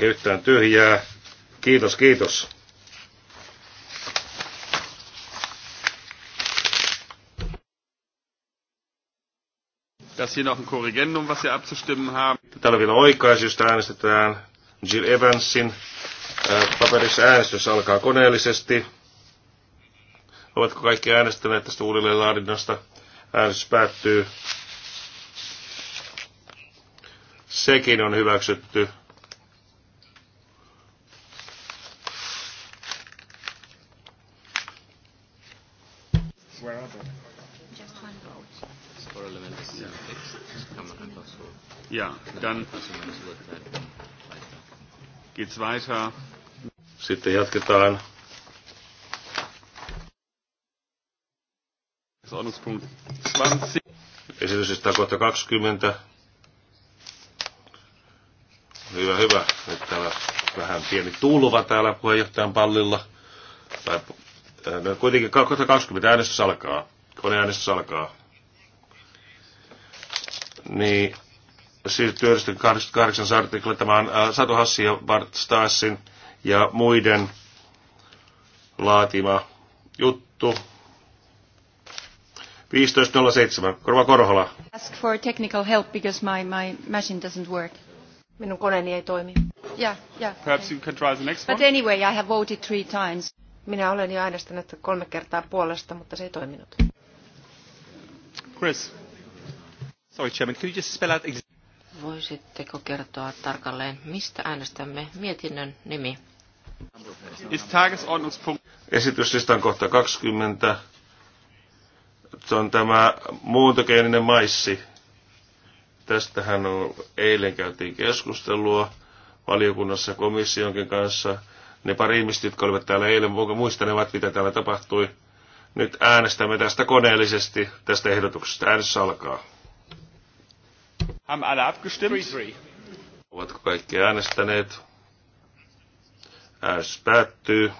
Yhtään tyhjää. Kiitos, kiitos. dass on Täällä vielä oikaisuista äänestetään Jill Evansin äh, paperissa äänestys alkaa koneellisesti. Ovatko kaikki äänestäneet tästä uudelleen laadinnasta? Äänestys päättyy. Sekin on hyväksytty. Dann geht's weiter. Sitten jatketaan. Ordnungspunkt 20. Esitys on kohta 20. Hyvä, hyvä. Nyt täällä vähän pieni tulva täällä puheenjohtajan pallilla. Tai, no kuitenkin kohta 20 äänestys alkaa. Koneäänestys alkaa. Niin, siirtyy 88 artikla. Tämä on äh, Satu Hassi ja Bart Stassin ja muiden laatima juttu. 15.07. Korva Korhola. Ask for technical help because my, my machine doesn't work. Minun koneeni ei toimi. Yeah, yeah. Perhaps okay. you can try the next one. But anyway, I have voted three times. Minä olen jo äänestänyt kolme kertaa puolesta, mutta se ei toiminut. Chris. Sorry, Chairman, could you just spell out exactly... Voisitteko kertoa tarkalleen, mistä äänestämme mietinnön nimi? Esityslistan kohta 20. Se on tämä muuntogeeninen maissi. Tästähän on, eilen käytiin keskustelua valiokunnassa komissionkin kanssa. Ne pari ihmistä, jotka olivat täällä eilen, muistanevat, mitä täällä tapahtui. Nyt äänestämme tästä koneellisesti, tästä ehdotuksesta. Äänestys alkaa. Haben alle abgestimmt? Ovatko kaikki äänestäneet? Äänestys päättyy.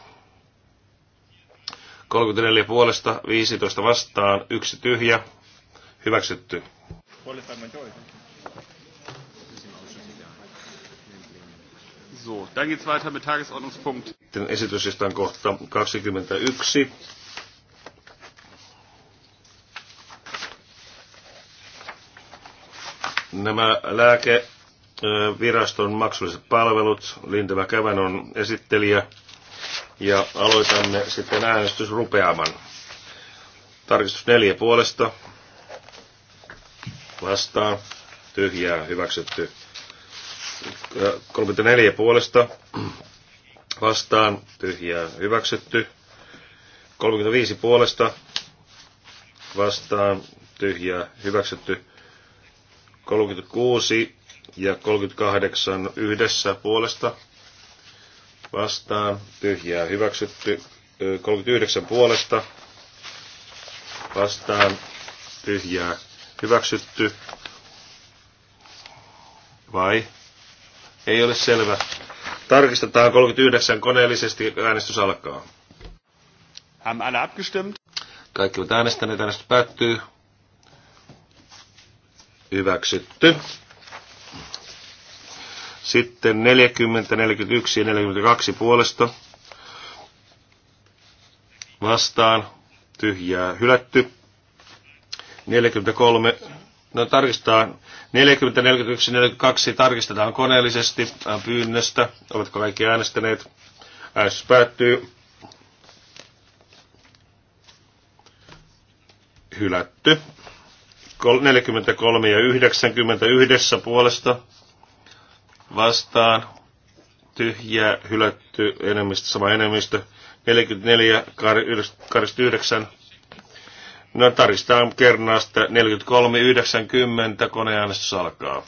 34 puolesta, 15 vastaan, yksi tyhjä. Hyväksytty. So, dann geht's weiter mit Tagesordnungspunkt. Esityslistan kohta 21. Nämä lääkeviraston maksulliset palvelut, lintevä Kävän on esittelijä, ja aloitamme sitten äänestysrupeaman. Tarkistus neljä puolesta. Vastaan. Tyhjää. Hyväksytty. 34 puolesta. Vastaan. Tyhjää. Hyväksytty. 35 puolesta. Vastaan. Tyhjää. Hyväksytty. 36 ja 38 yhdessä puolesta vastaan, tyhjää hyväksytty, 39 puolesta vastaan, tyhjää hyväksytty, vai? Ei ole selvä. Tarkistetaan 39 koneellisesti, äänestys alkaa. Haben alle abgestimmt? Kaikki ovat äänestäneet, äänestys päättyy hyväksytty. Sitten 40, 41 ja 42 puolesta vastaan tyhjää hylätty. 43, no tarkistetaan 40, 41, 42 tarkistetaan koneellisesti äh, pyynnöstä. Oletko kaikki äänestäneet? Äänestys päättyy. Hylätty. 43 ja 90 yhdessä puolesta vastaan. tyhjä, hylätty enemmistö, sama enemmistö. 44 89. No taristaan kernaasta 43 90 koneäänestys alkaa.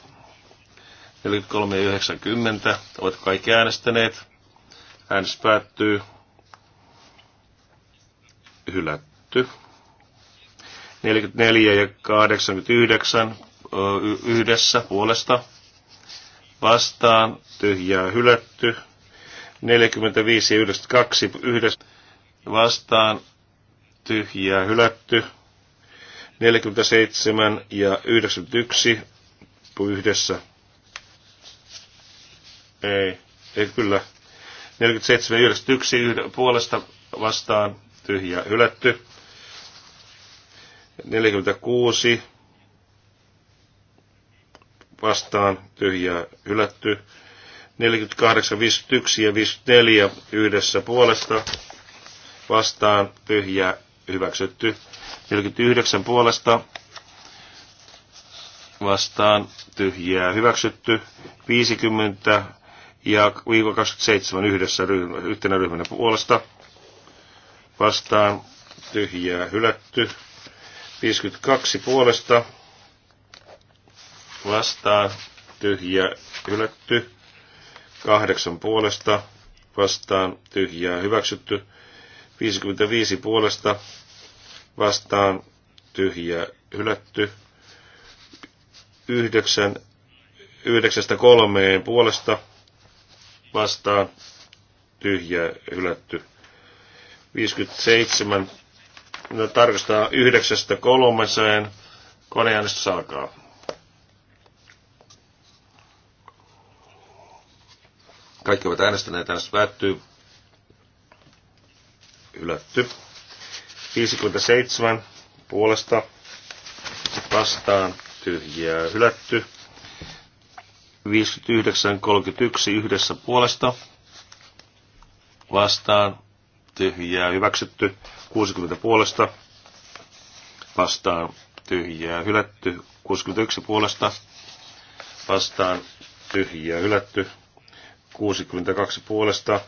43 90 ovat kaikki äänestäneet. Äänestys päättyy. Hylätty. 44 ja 89 yhdessä puolesta vastaan, tyhjää hylätty. 45 ja 92 yhdessä vastaan, tyhjää hylätty. 47 ja 91 yhdessä. Ei, ei kyllä. 47 ja 91 puolesta vastaan, tyhjää hylätty. 46 vastaan tyhjää hylätty. 48, 51 ja 54 yhdessä puolesta vastaan tyhjää hyväksytty. 49 puolesta vastaan tyhjää hyväksytty. 50 ja viikko 27 yhdessä ryhmä, yhtenä ryhmänä puolesta vastaan tyhjää hylätty. 52 puolesta vastaan tyhjä hylätty. 8 puolesta vastaan tyhjää hyväksytty. 55 puolesta vastaan tyhjää hylätty. 9, 9 kolmeen puolesta vastaan tyhjää hylätty. 57 tarkastaa yhdeksästä kolmeseen. Koneäänestys alkaa. Kaikki ovat äänestäneet, äänestys päättyy. Ylätty. 57 puolesta vastaan tyhjää hylätty. 59.31 yhdessä puolesta vastaan tyhjää hyväksytty. 60 puolesta vastaan tyhjää hylätty. 61 puolesta vastaan tyhjää hylätty. 62 puolesta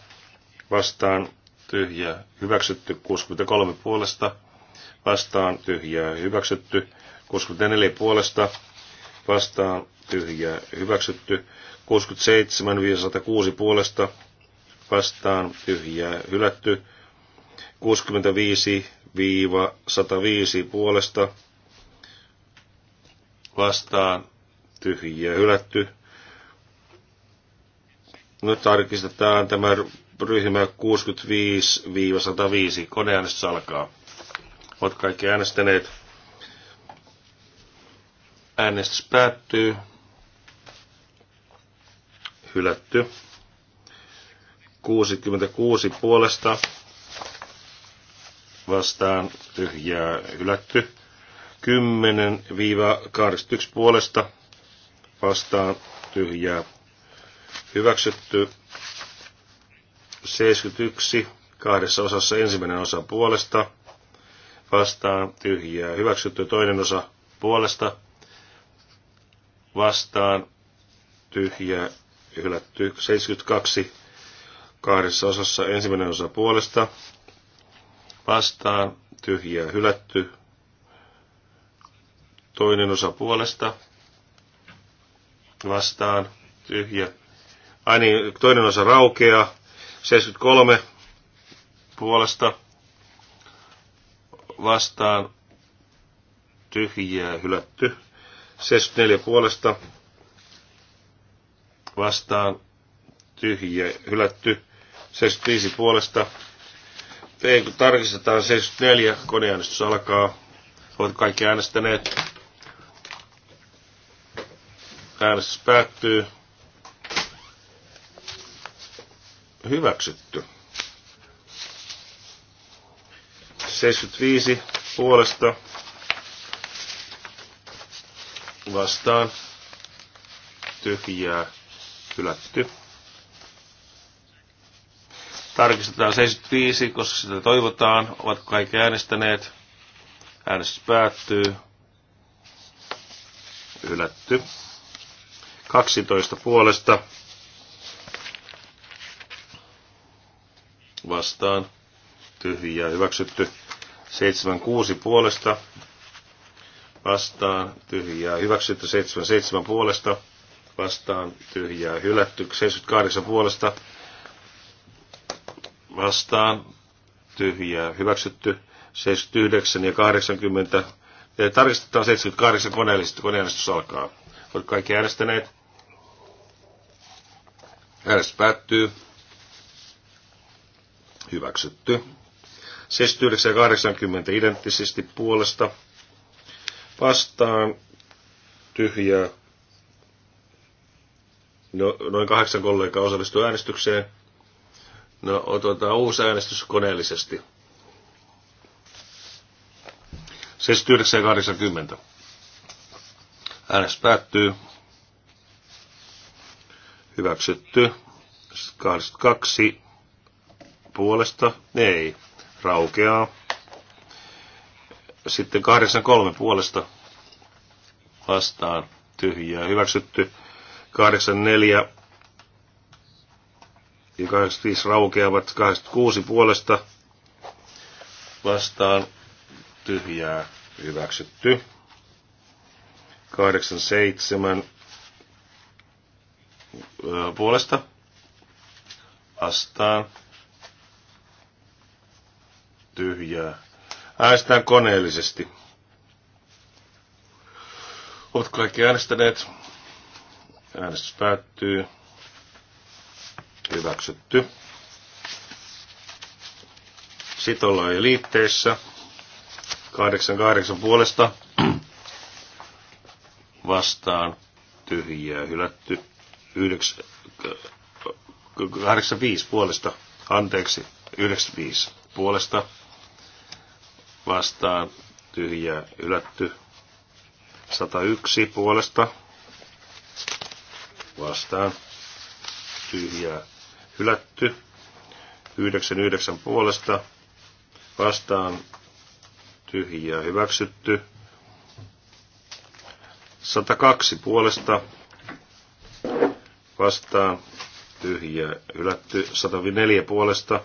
vastaan tyhjää hyväksytty. 63 puolesta vastaan tyhjää hyväksytty. 64 puolesta vastaan tyhjää hyväksytty. 67-106 puolesta vastaan tyhjää hylätty. 65-105 puolesta vastaan tyhjiä hylätty. Nyt tarkistetaan tämä ryhmä 65-105. Koneäänestys alkaa. Olet kaikki äänestäneet. Äänestys päättyy. Hylätty. 66 puolesta vastaan tyhjää hylätty. 10 21 puolesta vastaan tyhjää hyväksytty. 71 kahdessa osassa ensimmäinen osa puolesta vastaan tyhjää hyväksytty. Toinen osa puolesta vastaan tyhjää hylätty. 72 kahdessa osassa ensimmäinen osa puolesta vastaan, tyhjää hylätty. Toinen osa puolesta vastaan, tyhjä. Ai niin, toinen osa raukeaa. 73 puolesta vastaan, tyhjää hylätty. 74 puolesta vastaan, tyhjä hylätty. 75 puolesta tein, kun tarkistetaan 74, koneäänestys alkaa. Olet kaikki äänestäneet? Äänestys päättyy. Hyväksytty. 75 puolesta vastaan tyhjää hylätty. Tarkistetaan 75, koska sitä toivotaan. Ovatko kaikki äänestäneet? Äänestys päättyy. Ylätty. 12 puolesta. Vastaan. Tyhjiä hyväksytty. 76 puolesta. Vastaan. Tyhjää hyväksytty. 77 puolesta. Vastaan. Tyhjää hylätty. 78 puolesta vastaan, tyhjää, hyväksytty. 79 ja 80, tarkistetaan 78 koneellisesti, kun äänestys alkaa. Olet kaikki äänestäneet? Äänestys päättyy. Hyväksytty. 79 ja 80 identtisesti puolesta. Vastaan tyhjää. No, noin kahdeksan kollegaa osallistui äänestykseen. No, otetaan uusi äänestys koneellisesti. 7980. Siis äänestys päättyy. Hyväksytty. 82 puolesta. Ei. Raukeaa. Sitten 83 puolesta vastaan tyhjää. Hyväksytty. 84 ja niin 85 raukeavat 86 puolesta vastaan tyhjää hyväksytty. 87 puolesta vastaan tyhjää. Äänestetään koneellisesti. Ovat kaikki äänestäneet. Äänestys päättyy hyväksytty. Sitten ollaan jo liitteissä. 88 puolesta vastaan tyhjää hylätty. 85 puolesta, anteeksi, 95 puolesta vastaan tyhjää hylätty. 101 puolesta vastaan tyhjää hylätty. 99 puolesta vastaan tyhjää hyväksytty. 102 puolesta vastaan tyhjää hylätty. 104 puolesta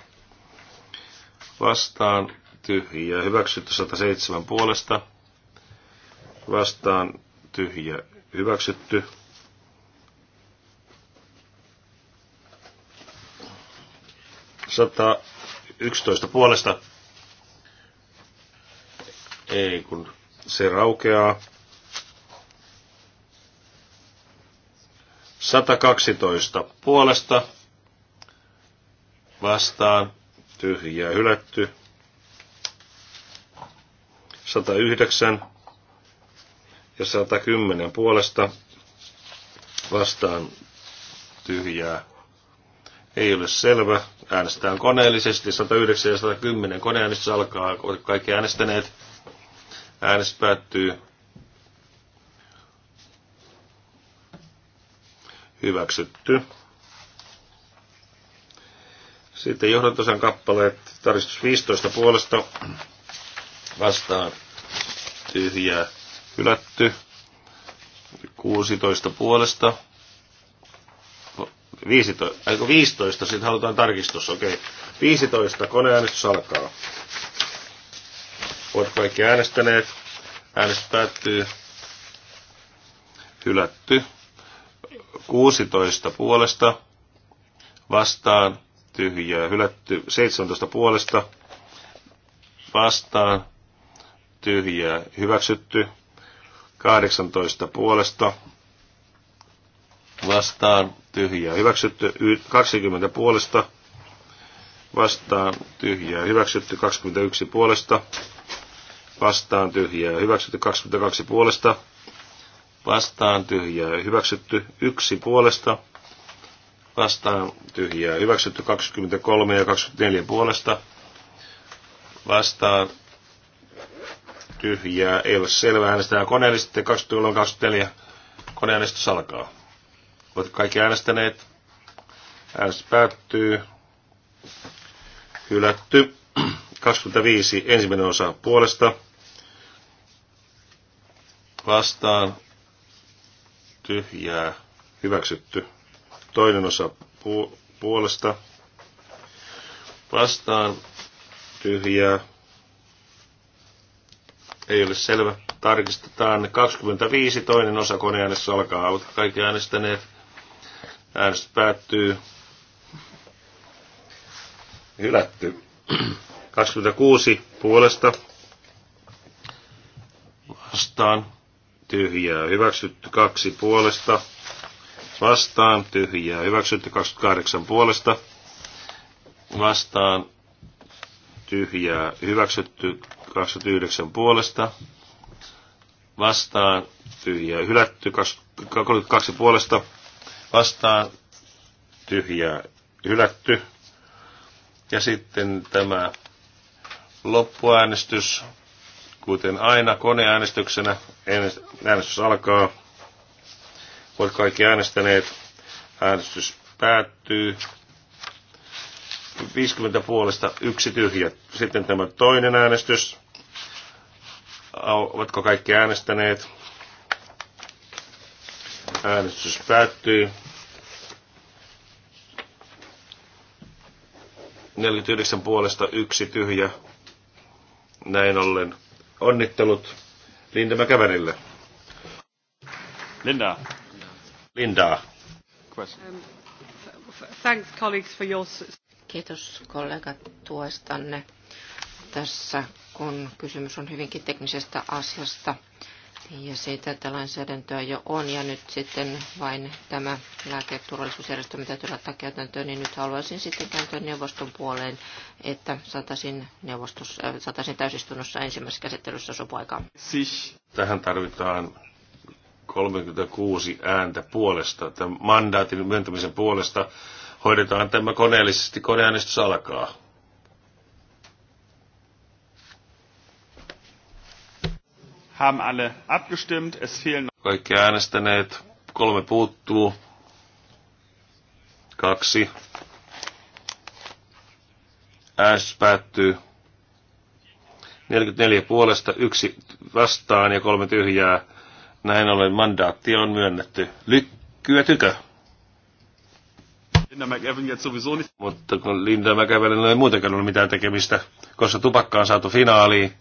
vastaan tyhjää hyväksytty. 107 puolesta vastaan tyhjä hyväksytty. 111 puolesta. Ei, kun se raukeaa. 112 puolesta vastaan tyhjää hylätty. 109 ja 110 puolesta vastaan tyhjää ei ole selvä. Äänestetään koneellisesti. 109 ja 110 koneäänestys alkaa. Kaikki äänestäneet. Äänestys päättyy. Hyväksytty. Sitten johdantosan kappaleet. Tarkistus 15 puolesta vastaan. Tyhjää hylätty. 16 puolesta 15, 15 äh, sitten halutaan tarkistus, okei. Okay. 15, koneäänestys alkaa. Ovat kaikki äänestäneet. Äänestys päättyy. Hylätty. 16 puolesta vastaan tyhjää hylätty. 17 puolesta vastaan tyhjää hyväksytty. 18 puolesta vastaan tyhjää hyväksytty, 20 puolesta vastaan tyhjää hyväksytty, 21 puolesta vastaan tyhjää hyväksytty, 22 puolesta vastaan tyhjää hyväksytty, 1 puolesta vastaan tyhjää hyväksytty, 23 ja 24 puolesta vastaan tyhjää ei ole selvää, äänestetään koneellisesti, 24 koneäänestys alkaa. Ovat kaikki äänestäneet. Äänestys päättyy. Hylätty. 25. Ensimmäinen osa puolesta. Vastaan. Tyhjää. Hyväksytty. Toinen osa pu- puolesta. Vastaan. Tyhjää. Ei ole selvä. Tarkistetaan 25. Toinen osa koneäänessä alkaa. Olet kaikki äänestäneet. Äänestys päättyy. Hylätty. 26 puolesta vastaan tyhjää hyväksytty kaksi puolesta vastaan tyhjää hyväksytty 28 puolesta vastaan tyhjää hyväksytty 29 puolesta vastaan tyhjää hylätty 32 puolesta vastaan tyhjää hylätty. Ja sitten tämä loppuäänestys, kuten aina koneäänestyksenä, äänestys alkaa. Voit kaikki äänestäneet, äänestys päättyy. 50 puolesta yksi tyhjä. Sitten tämä toinen äänestys. Ovatko kaikki äänestäneet? Äänestys päättyy. 49 puolesta yksi tyhjä. Näin ollen onnittelut Linda Mäkävärille. Linda. Lindaa. Thanks colleagues for your... Kiitos kollegat tuestanne tässä, kun kysymys on hyvinkin teknisestä asiasta ja siitä, että lainsäädäntöä jo on ja nyt sitten vain tämä mitä täytyy laittaa käytäntöön, niin nyt haluaisin sitten kääntyä neuvoston puoleen, että saataisiin, neuvostus, äh, saataisiin täysistunnossa ensimmäisessä käsittelyssä sopuaikaan. Siis tähän tarvitaan 36 ääntä puolesta, tämän mandaatin myöntämisen puolesta. Hoidetaan tämä koneellisesti, koneäänestys alkaa. haben alle abgestimmt. Es fehlen Kaikki äänestäneet. Kolme puuttuu. Kaksi. Äänestys päättyy. 44 puolesta, yksi vastaan ja kolme tyhjää. Näin ollen mandaatti on myönnetty. Lykkyä tykö. Linda McEvan jetzt sowieso nicht. Mutta kun Linda McEvanilla ei muutenkaan ollut mitään tekemistä, koska tupakka on saatu finaaliin.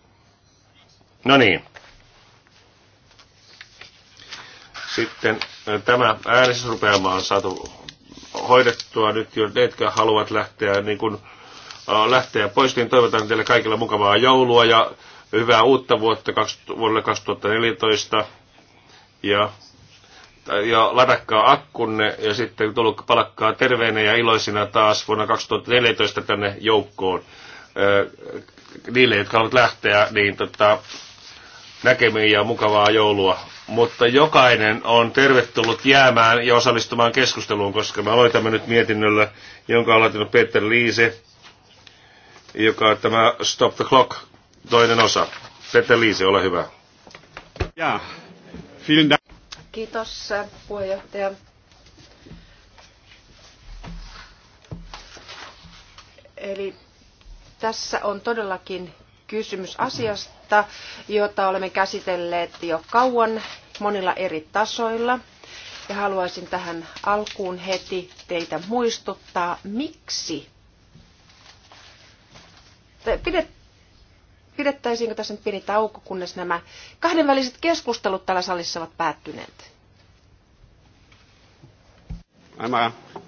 No niin. Sitten äh, tämä äänestysrupeama siis on saatu hoidettua nyt jo ne, jotka haluavat lähteä, niin kun, äh, lähteä pois, niin toivotan teille kaikille mukavaa joulua ja hyvää uutta vuotta vuodelle 2014. Ja ja ladakkaa akkunne ja sitten tullut palakkaa terveenä ja iloisina taas vuonna 2014 tänne joukkoon. Äh, niille, jotka haluavat lähteä, niin tota, näkemiin ja mukavaa joulua mutta jokainen on tervetullut jäämään ja osallistumaan keskusteluun, koska me aloitamme nyt mietinnöllä, jonka on laitanut Peter Liise, joka on tämä Stop the Clock, toinen osa. Peter Liise, ole hyvä. Ja, Kiitos puheenjohtaja. Eli tässä on todellakin kysymys asiasta, aihetta, jota olemme käsitelleet jo kauan monilla eri tasoilla. Ja haluaisin tähän alkuun heti teitä muistuttaa, miksi Pidet, pidettäisiinkö tässä nyt pieni tauko, kunnes nämä kahdenväliset keskustelut täällä salissa ovat päättyneet?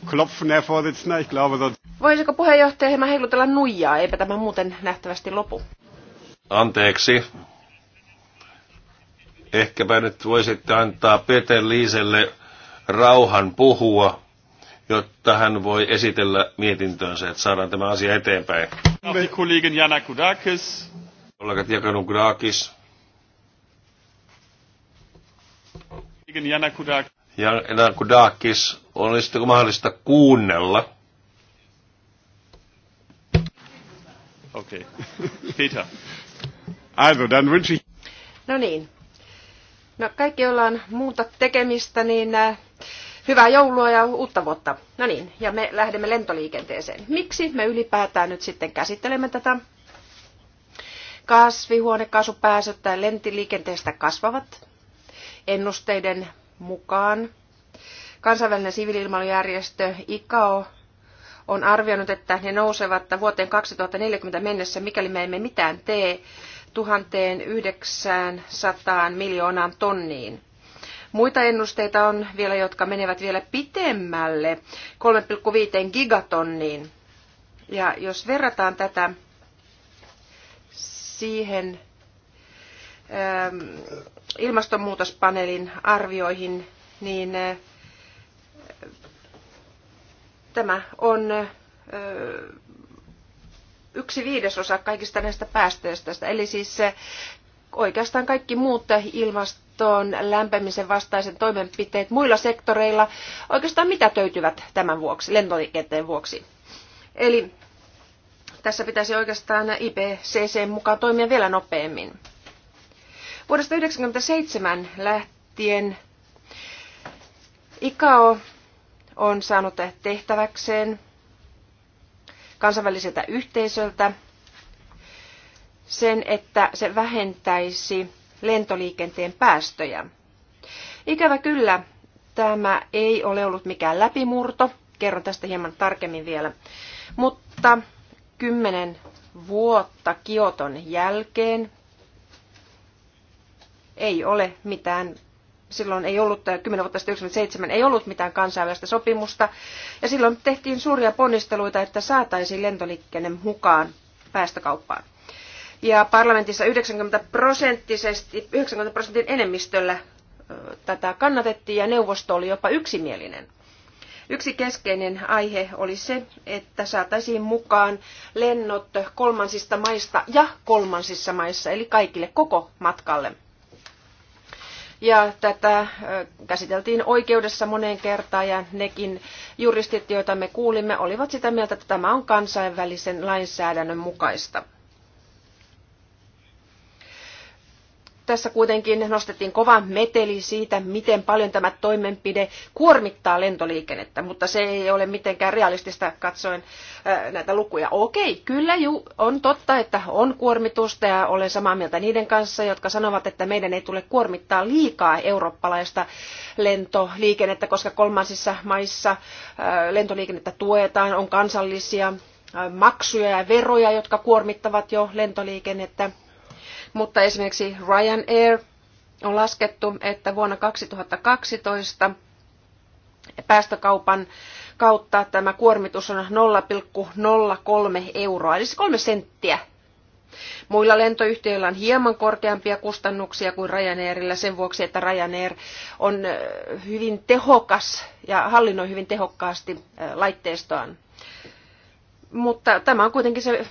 klopfen, Voisiko puheenjohtaja hieman heilutella nuijaa? Eipä tämä muuten nähtävästi lopu. Anteeksi. Ehkäpä nyt voisitte antaa Peter Liiselle rauhan puhua, jotta hän voi esitellä mietintönsä, että saadaan tämä asia eteenpäin. Kollegin Jana Kudakis. Kollegat Jakanu Kudakis. Jana Kudakis. Jana Kudakis, mahdollista kuunnella? Okei. Okay. Peter. Also, dann wünsche ich... No niin. No kaikki, ollaan muuta tekemistä, niin äh, hyvää joulua ja uutta vuotta. No niin, ja me lähdemme lentoliikenteeseen. Miksi me ylipäätään nyt sitten käsittelemme tätä? Kasvihuonekaasupäästöt tai lentiliikenteestä kasvavat ennusteiden mukaan. Kansainvälinen siviiliilmailujärjestö ICAO on arvioinut, että ne nousevat vuoteen 2040 mennessä, mikäli me emme mitään tee 1900 miljoonaan tonniin. Muita ennusteita on vielä, jotka menevät vielä pitemmälle, 3,5 gigatonniin. Ja jos verrataan tätä siihen ähm, ilmastonmuutospaneelin arvioihin, niin äh, tämä on äh, yksi viidesosa kaikista näistä päästöistä. Eli siis eh, oikeastaan kaikki muut ilmaston lämpenemisen vastaiset toimenpiteet muilla sektoreilla oikeastaan mitä tämän vuoksi, lentoliikenteen vuoksi. Eli tässä pitäisi oikeastaan IPCC mukaan toimia vielä nopeammin. Vuodesta 1997 lähtien ICAO on saanut tehtäväkseen kansainväliseltä yhteisöltä sen, että se vähentäisi lentoliikenteen päästöjä. Ikävä kyllä, tämä ei ole ollut mikään läpimurto. Kerron tästä hieman tarkemmin vielä. Mutta kymmenen vuotta Kioton jälkeen ei ole mitään silloin ei ollut, 10 vuotta sitten 97 ei ollut mitään kansainvälistä sopimusta, ja silloin tehtiin suuria ponnisteluita, että saataisiin lentoliikenne mukaan päästökauppaan. Ja parlamentissa 90 prosenttisesti, 90 prosentin enemmistöllä tätä kannatettiin ja neuvosto oli jopa yksimielinen. Yksi keskeinen aihe oli se, että saataisiin mukaan lennot kolmansista maista ja kolmansissa maissa, eli kaikille koko matkalle. Ja tätä käsiteltiin oikeudessa moneen kertaan ja nekin juristit, joita me kuulimme, olivat sitä mieltä, että tämä on kansainvälisen lainsäädännön mukaista. tässä kuitenkin nostettiin kova meteli siitä, miten paljon tämä toimenpide kuormittaa lentoliikennettä, mutta se ei ole mitenkään realistista katsoen näitä lukuja. Okei, kyllä ju, on totta, että on kuormitusta ja olen samaa mieltä niiden kanssa, jotka sanovat, että meidän ei tule kuormittaa liikaa eurooppalaista lentoliikennettä, koska kolmansissa maissa lentoliikennettä tuetaan, on kansallisia maksuja ja veroja, jotka kuormittavat jo lentoliikennettä mutta esimerkiksi Ryanair on laskettu, että vuonna 2012 päästökaupan kautta tämä kuormitus on 0,03 euroa, eli se kolme senttiä. Muilla lentoyhtiöillä on hieman korkeampia kustannuksia kuin Ryanairilla sen vuoksi, että Ryanair on hyvin tehokas ja hallinnoi hyvin tehokkaasti laitteistoaan. Mutta tämä on kuitenkin se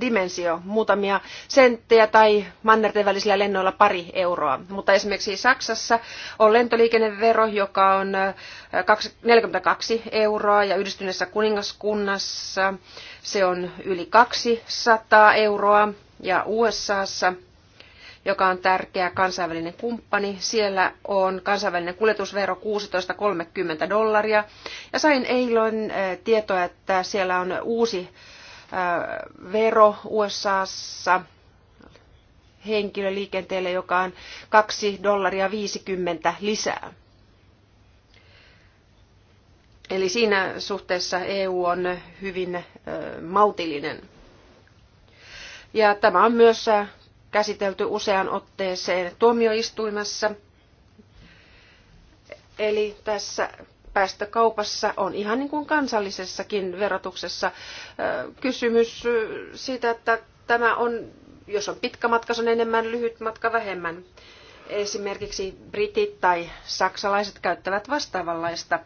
dimensio, muutamia senttejä tai mannerten välisillä lennoilla pari euroa. Mutta esimerkiksi Saksassa on lentoliikennevero, joka on 42 äh, euroa ja yhdistyneessä kuningaskunnassa se on yli 200 euroa ja USAssa joka on tärkeä kansainvälinen kumppani. Siellä on kansainvälinen kuljetusvero 16,30 dollaria. Ja sain eilen äh, tietoa, että siellä on uusi Äh, vero USAssa henkilöliikenteelle, joka on 2 dollaria 50 lisää. Eli siinä suhteessa EU on hyvin äh, maltillinen. Ja tämä on myös äh, käsitelty usean otteeseen tuomioistuimessa. Eli tässä päästökaupassa on ihan niin kuin kansallisessakin verotuksessa kysymys siitä, että tämä on, jos on pitkä matka, se on enemmän, lyhyt matka vähemmän. Esimerkiksi britit tai saksalaiset käyttävät vastaavanlaista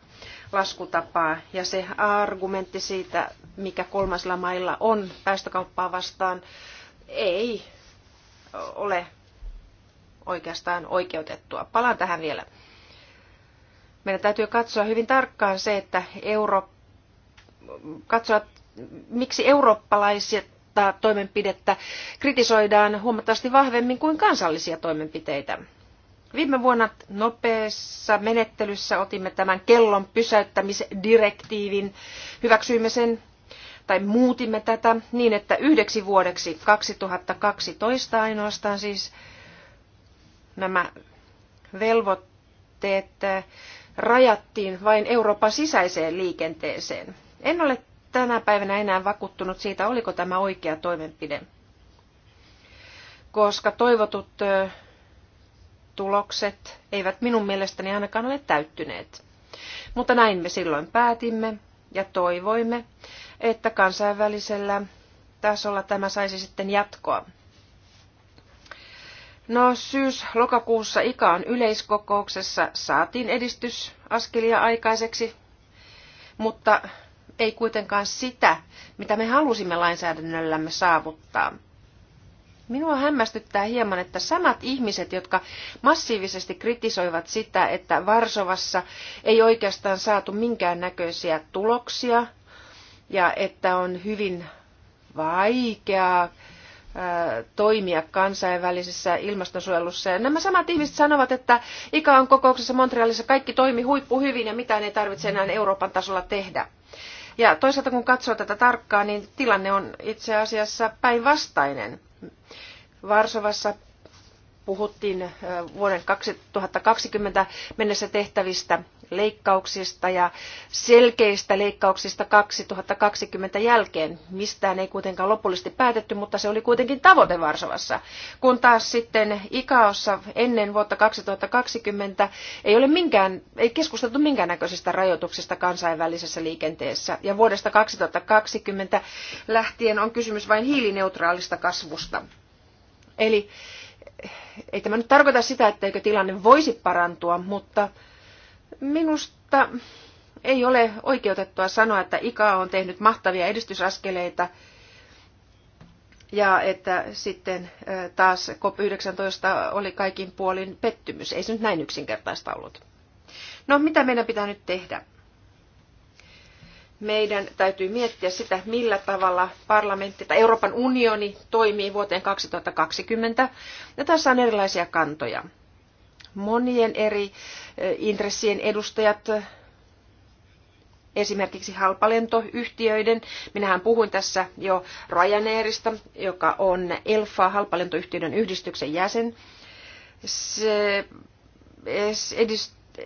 laskutapaa ja se argumentti siitä, mikä kolmasilla mailla on päästökauppaa vastaan, ei ole oikeastaan oikeutettua. Palaan tähän vielä. Meidän täytyy katsoa hyvin tarkkaan se, että Euro, katsoa, miksi eurooppalaisia toimenpidettä kritisoidaan huomattavasti vahvemmin kuin kansallisia toimenpiteitä. Viime vuonna nopeassa menettelyssä otimme tämän kellon pysäyttämisdirektiivin, hyväksyimme sen tai muutimme tätä niin, että yhdeksi vuodeksi 2012 ainoastaan siis nämä velvoitteet rajattiin vain Euroopan sisäiseen liikenteeseen. En ole tänä päivänä enää vakuuttunut siitä, oliko tämä oikea toimenpide, koska toivotut tulokset eivät minun mielestäni ainakaan ole täyttyneet. Mutta näin me silloin päätimme ja toivoimme, että kansainvälisellä tasolla tämä saisi sitten jatkoa. No syys-lokakuussa IKAan yleiskokouksessa saatiin edistysaskelia aikaiseksi, mutta ei kuitenkaan sitä, mitä me halusimme lainsäädännöllämme saavuttaa. Minua hämmästyttää hieman, että samat ihmiset, jotka massiivisesti kritisoivat sitä, että Varsovassa ei oikeastaan saatu minkäännäköisiä tuloksia ja että on hyvin vaikeaa toimia kansainvälisessä ilmastonsuojelussa. Ja nämä samat ihmiset sanovat, että on kokouksessa Montrealissa kaikki toimi huippu hyvin ja mitään ei tarvitse enää Euroopan tasolla tehdä. Ja toisaalta kun katsoo tätä tarkkaan, niin tilanne on itse asiassa päinvastainen. Varsovassa puhuttiin vuoden 2020 mennessä tehtävistä leikkauksista ja selkeistä leikkauksista 2020 jälkeen. Mistään ei kuitenkaan lopullisesti päätetty, mutta se oli kuitenkin tavoite Varsovassa. Kun taas sitten IKAOssa ennen vuotta 2020 ei, ole minkään, ei keskusteltu minkäännäköisistä rajoituksista kansainvälisessä liikenteessä. Ja vuodesta 2020 lähtien on kysymys vain hiilineutraalista kasvusta. Eli ei tämä nyt tarkoita sitä, etteikö tilanne voisi parantua, mutta Minusta ei ole oikeutettua sanoa, että IKA on tehnyt mahtavia edistysaskeleita ja että sitten taas COP19 oli kaikin puolin pettymys. Ei se nyt näin yksinkertaista ollut. No mitä meidän pitää nyt tehdä? Meidän täytyy miettiä sitä, millä tavalla parlamentti tai Euroopan unioni toimii vuoteen 2020. Ja tässä on erilaisia kantoja monien eri eh, intressien edustajat, esimerkiksi halpalentoyhtiöiden. Minähän puhuin tässä jo Ryanairista, joka on Elfa halpalentoyhtiöiden yhdistyksen jäsen. Se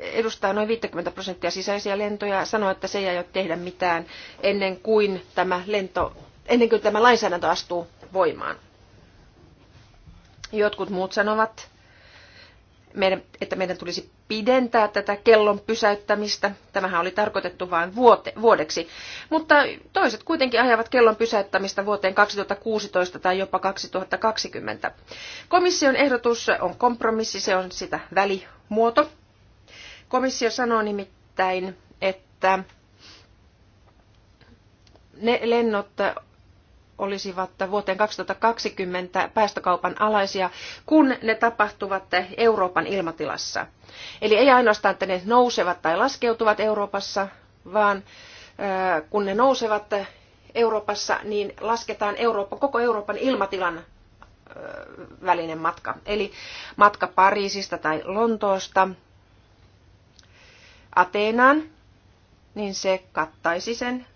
edustaa noin 50 prosenttia sisäisiä lentoja ja sanoo, että se ei aio tehdä mitään ennen kuin tämä, lento, ennen kuin tämä lainsäädäntö astuu voimaan. Jotkut muut sanovat, meidän, että meidän tulisi pidentää tätä kellon pysäyttämistä. Tämähän oli tarkoitettu vain vuote, vuodeksi. Mutta toiset kuitenkin ajavat kellon pysäyttämistä vuoteen 2016 tai jopa 2020. Komission ehdotus on kompromissi, se on sitä välimuoto. Komissio sanoo nimittäin, että ne lennot olisivat vuoteen 2020 päästökaupan alaisia, kun ne tapahtuvat Euroopan ilmatilassa. Eli ei ainoastaan, että ne nousevat tai laskeutuvat Euroopassa, vaan äh, kun ne nousevat Euroopassa, niin lasketaan Eurooppa, koko Euroopan ilmatilan äh, välinen matka. Eli matka Pariisista tai Lontoosta Ateenaan, niin se kattaisi sen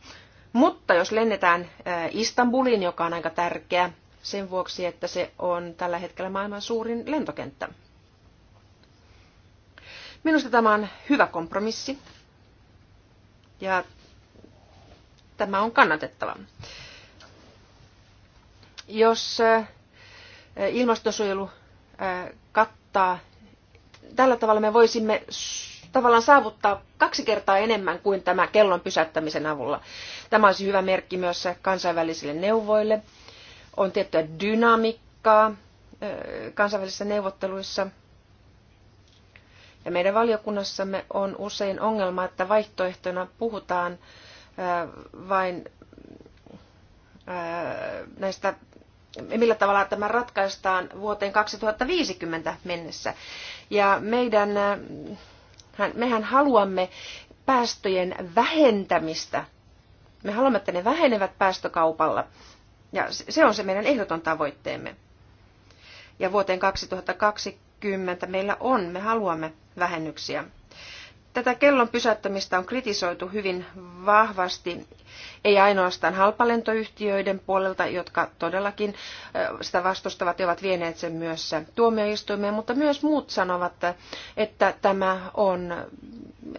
mutta jos lennetään äh, Istanbuliin, joka on aika tärkeä sen vuoksi, että se on tällä hetkellä maailman suurin lentokenttä. Minusta tämä on hyvä kompromissi ja tämä on kannatettava. Jos äh, ilmastosuojelu äh, kattaa, tällä tavalla me voisimme tavallaan saavuttaa kaksi kertaa enemmän kuin tämä kellon pysäyttämisen avulla. Tämä olisi hyvä merkki myös kansainvälisille neuvoille. On tiettyä dynamiikkaa kansainvälisissä neuvotteluissa. Ja meidän valiokunnassamme on usein ongelma, että vaihtoehtona puhutaan vain näistä millä tavalla tämä ratkaistaan vuoteen 2050 mennessä. Ja meidän mehän haluamme päästöjen vähentämistä. Me haluamme, että ne vähenevät päästökaupalla. Ja se on se meidän ehdoton tavoitteemme. Ja vuoteen 2020 meillä on, me haluamme vähennyksiä Tätä kellon pysäyttämistä on kritisoitu hyvin vahvasti, ei ainoastaan halpalentoyhtiöiden puolelta, jotka todellakin sitä vastustavat ja ovat vieneet sen myös tuomioistuimeen, mutta myös muut sanovat, että tämä on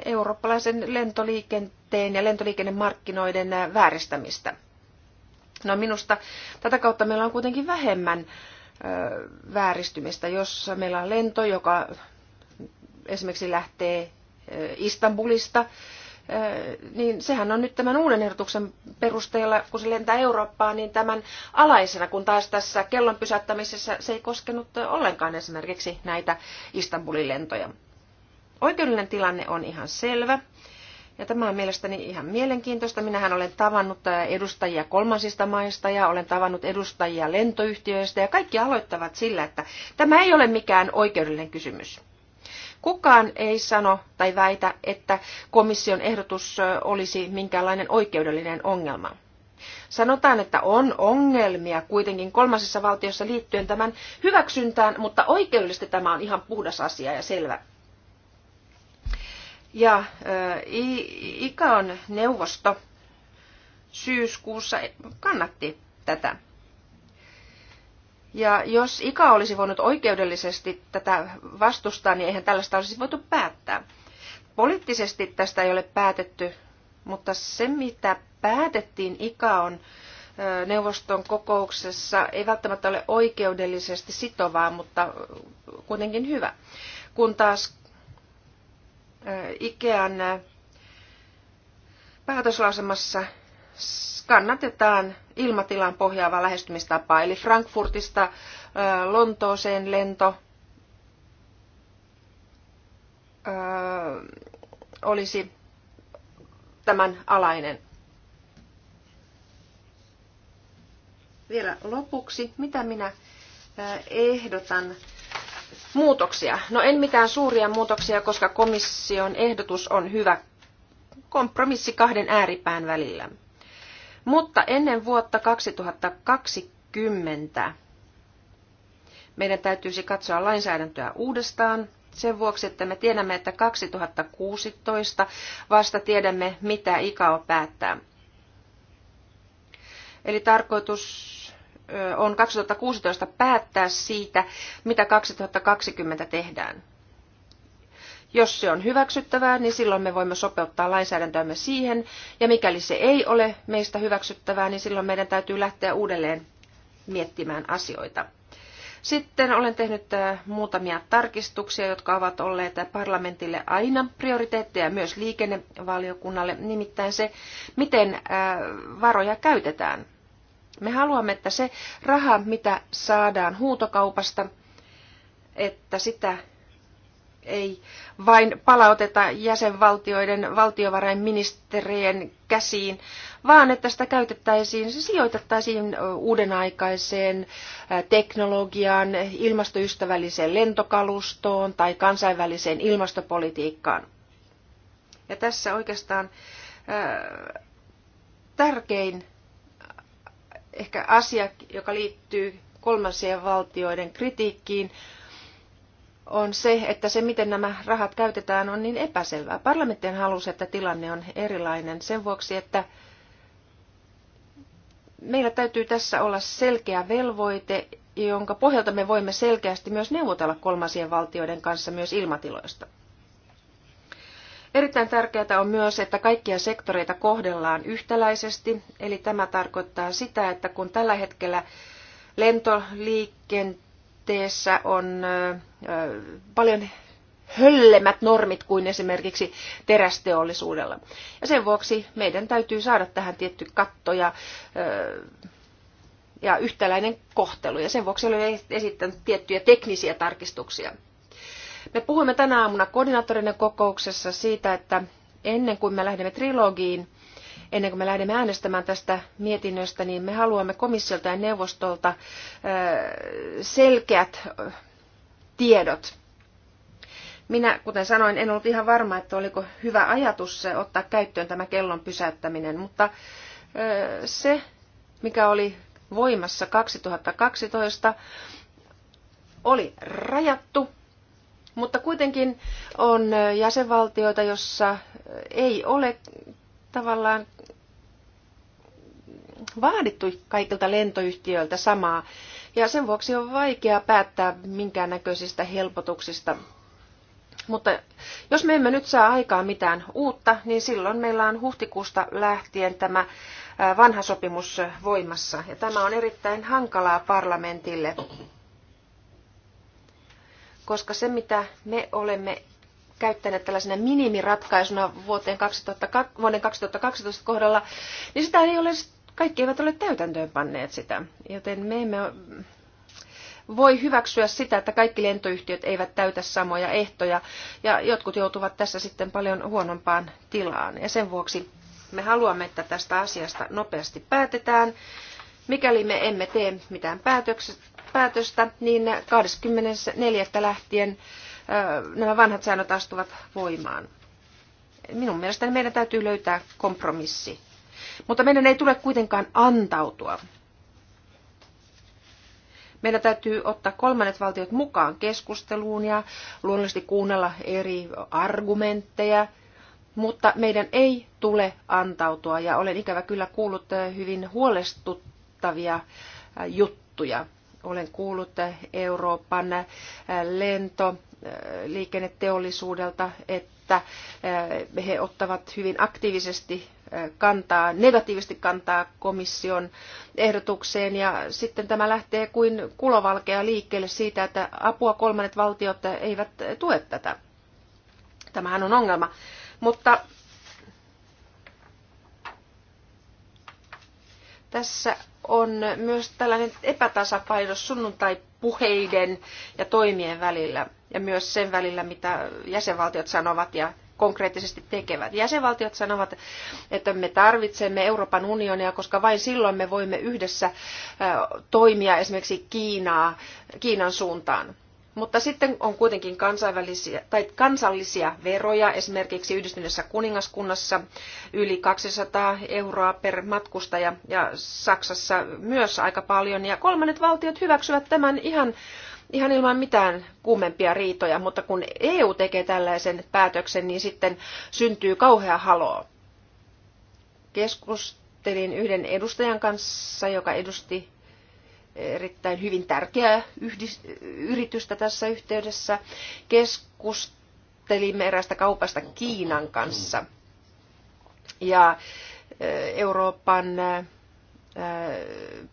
eurooppalaisen lentoliikenteen ja lentoliikennemarkkinoiden vääristämistä. No minusta tätä kautta meillä on kuitenkin vähemmän vääristymistä, jos meillä on lento, joka esimerkiksi lähtee Eh, Istanbulista, eh, niin sehän on nyt tämän uuden ehdotuksen perusteella, kun se lentää Eurooppaan, niin tämän alaisena, kun taas tässä kellon pysäyttämisessä se ei koskenut ollenkaan esimerkiksi näitä Istanbulin lentoja. Oikeudellinen tilanne on ihan selvä. Ja tämä on mielestäni ihan mielenkiintoista. Minähän olen tavannut edustajia kolmansista maista ja olen tavannut edustajia lentoyhtiöistä ja kaikki aloittavat sillä, että tämä ei ole mikään oikeudellinen kysymys. Kukaan ei sano tai väitä, että komission ehdotus olisi minkäänlainen oikeudellinen ongelma. Sanotaan, että on ongelmia kuitenkin kolmasessa valtiossa liittyen tämän hyväksyntään, mutta oikeudellisesti tämä on ihan puhdas asia ja selvä. Ja ICAon neuvosto syyskuussa kannatti tätä ja jos IKA olisi voinut oikeudellisesti tätä vastustaa, niin eihän tällaista olisi voitu päättää. Poliittisesti tästä ei ole päätetty, mutta se mitä päätettiin on neuvoston kokouksessa ei välttämättä ole oikeudellisesti sitovaa, mutta kuitenkin hyvä. Kun taas Ikean päätöslausemassa kannatetaan ilmatilan pohjaavaa lähestymistapaa, eli Frankfurtista Lontooseen lento olisi tämän alainen. Vielä lopuksi, mitä minä ehdotan muutoksia. No en mitään suuria muutoksia, koska komission ehdotus on hyvä kompromissi kahden ääripään välillä. Mutta ennen vuotta 2020 meidän täytyisi katsoa lainsäädäntöä uudestaan sen vuoksi, että me tiedämme, että 2016 vasta tiedämme, mitä ICAO päättää. Eli tarkoitus on 2016 päättää siitä, mitä 2020 tehdään. Jos se on hyväksyttävää, niin silloin me voimme sopeuttaa lainsäädäntöämme siihen, ja mikäli se ei ole meistä hyväksyttävää, niin silloin meidän täytyy lähteä uudelleen miettimään asioita. Sitten olen tehnyt äh, muutamia tarkistuksia, jotka ovat olleet parlamentille aina prioriteetteja myös liikennevaliokunnalle, nimittäin se, miten äh, varoja käytetään. Me haluamme, että se raha, mitä saadaan huutokaupasta, että sitä ei vain palauteta jäsenvaltioiden valtiovarainministerien käsiin, vaan että sitä käytettäisiin, se sijoitettaisiin uudenaikaiseen teknologiaan, ilmastoystävälliseen lentokalustoon tai kansainväliseen ilmastopolitiikkaan. Ja tässä oikeastaan tärkein ehkä asia, joka liittyy kolmansien valtioiden kritiikkiin, on se, että se miten nämä rahat käytetään on niin epäselvää. Parlamentti halusi, että tilanne on erilainen sen vuoksi, että meillä täytyy tässä olla selkeä velvoite, jonka pohjalta me voimme selkeästi myös neuvotella kolmansien valtioiden kanssa myös ilmatiloista. Erittäin tärkeää on myös, että kaikkia sektoreita kohdellaan yhtäläisesti, eli tämä tarkoittaa sitä, että kun tällä hetkellä lentoliikenteen liikenteessä on paljon höllemmät normit kuin esimerkiksi terästeollisuudella. Ja sen vuoksi meidän täytyy saada tähän tietty katto ja, ja yhtäläinen kohtelu. Ja sen vuoksi olen esittänyt tiettyjä teknisiä tarkistuksia. Me puhuimme tänä aamuna koordinaattorinen kokouksessa siitä, että ennen kuin me lähdemme trilogiin, ennen kuin me lähdemme äänestämään tästä mietinnöstä, niin me haluamme komissiolta ja neuvostolta selkeät tiedot. Minä, kuten sanoin, en ollut ihan varma, että oliko hyvä ajatus ottaa käyttöön tämä kellon pysäyttäminen, mutta se, mikä oli voimassa 2012, oli rajattu, mutta kuitenkin on jäsenvaltioita, jossa ei ole tavallaan vaadittu kaikilta lentoyhtiöiltä samaa. Ja sen vuoksi on vaikea päättää näköisistä helpotuksista. Mutta jos me emme nyt saa aikaa mitään uutta, niin silloin meillä on huhtikuusta lähtien tämä vanha sopimus voimassa. Ja tämä on erittäin hankalaa parlamentille, koska se mitä me olemme käyttäneet tällaisena minimiratkaisuna vuoteen 2000, vuoden 2012 kohdalla, niin sitä ei ole, kaikki eivät ole täytäntöön panneet sitä. Joten me emme voi hyväksyä sitä, että kaikki lentoyhtiöt eivät täytä samoja ehtoja ja jotkut joutuvat tässä sitten paljon huonompaan tilaan. Ja sen vuoksi me haluamme, että tästä asiasta nopeasti päätetään. Mikäli me emme tee mitään päätöstä, niin 24. lähtien nämä vanhat säännöt astuvat voimaan. Minun mielestäni meidän täytyy löytää kompromissi. Mutta meidän ei tule kuitenkaan antautua. Meidän täytyy ottaa kolmannet valtiot mukaan keskusteluun ja luonnollisesti kuunnella eri argumentteja, mutta meidän ei tule antautua ja olen ikävä kyllä kuullut hyvin huolestuttavia juttuja. Olen kuullut Euroopan äh, lentoliikenneteollisuudelta, äh, että äh, he ottavat hyvin aktiivisesti kantaa, negatiivisesti kantaa komission ehdotukseen ja sitten tämä lähtee kuin kulovalkea liikkeelle siitä, että apua kolmannet valtiot eivät tue tätä. Tämähän on ongelma. Mutta tässä on myös tällainen epätasapaino sunnuntai-puheiden ja toimien välillä ja myös sen välillä, mitä jäsenvaltiot sanovat ja konkreettisesti tekevät. Jäsenvaltiot sanovat, että me tarvitsemme Euroopan unionia, koska vain silloin me voimme yhdessä toimia esimerkiksi Kiinaa, Kiinan suuntaan. Mutta sitten on kuitenkin kansainvälisiä, tai kansallisia veroja, esimerkiksi yhdistyneessä kuningaskunnassa yli 200 euroa per matkustaja ja Saksassa myös aika paljon. Ja kolmannet valtiot hyväksyvät tämän ihan, ihan ilman mitään kummempia riitoja, mutta kun EU tekee tällaisen päätöksen, niin sitten syntyy kauhea haloo. Keskustelin yhden edustajan kanssa, joka edusti erittäin hyvin tärkeää yritystä tässä yhteydessä. Keskustelimme eräästä kaupasta Kiinan kanssa. Ja Euroopan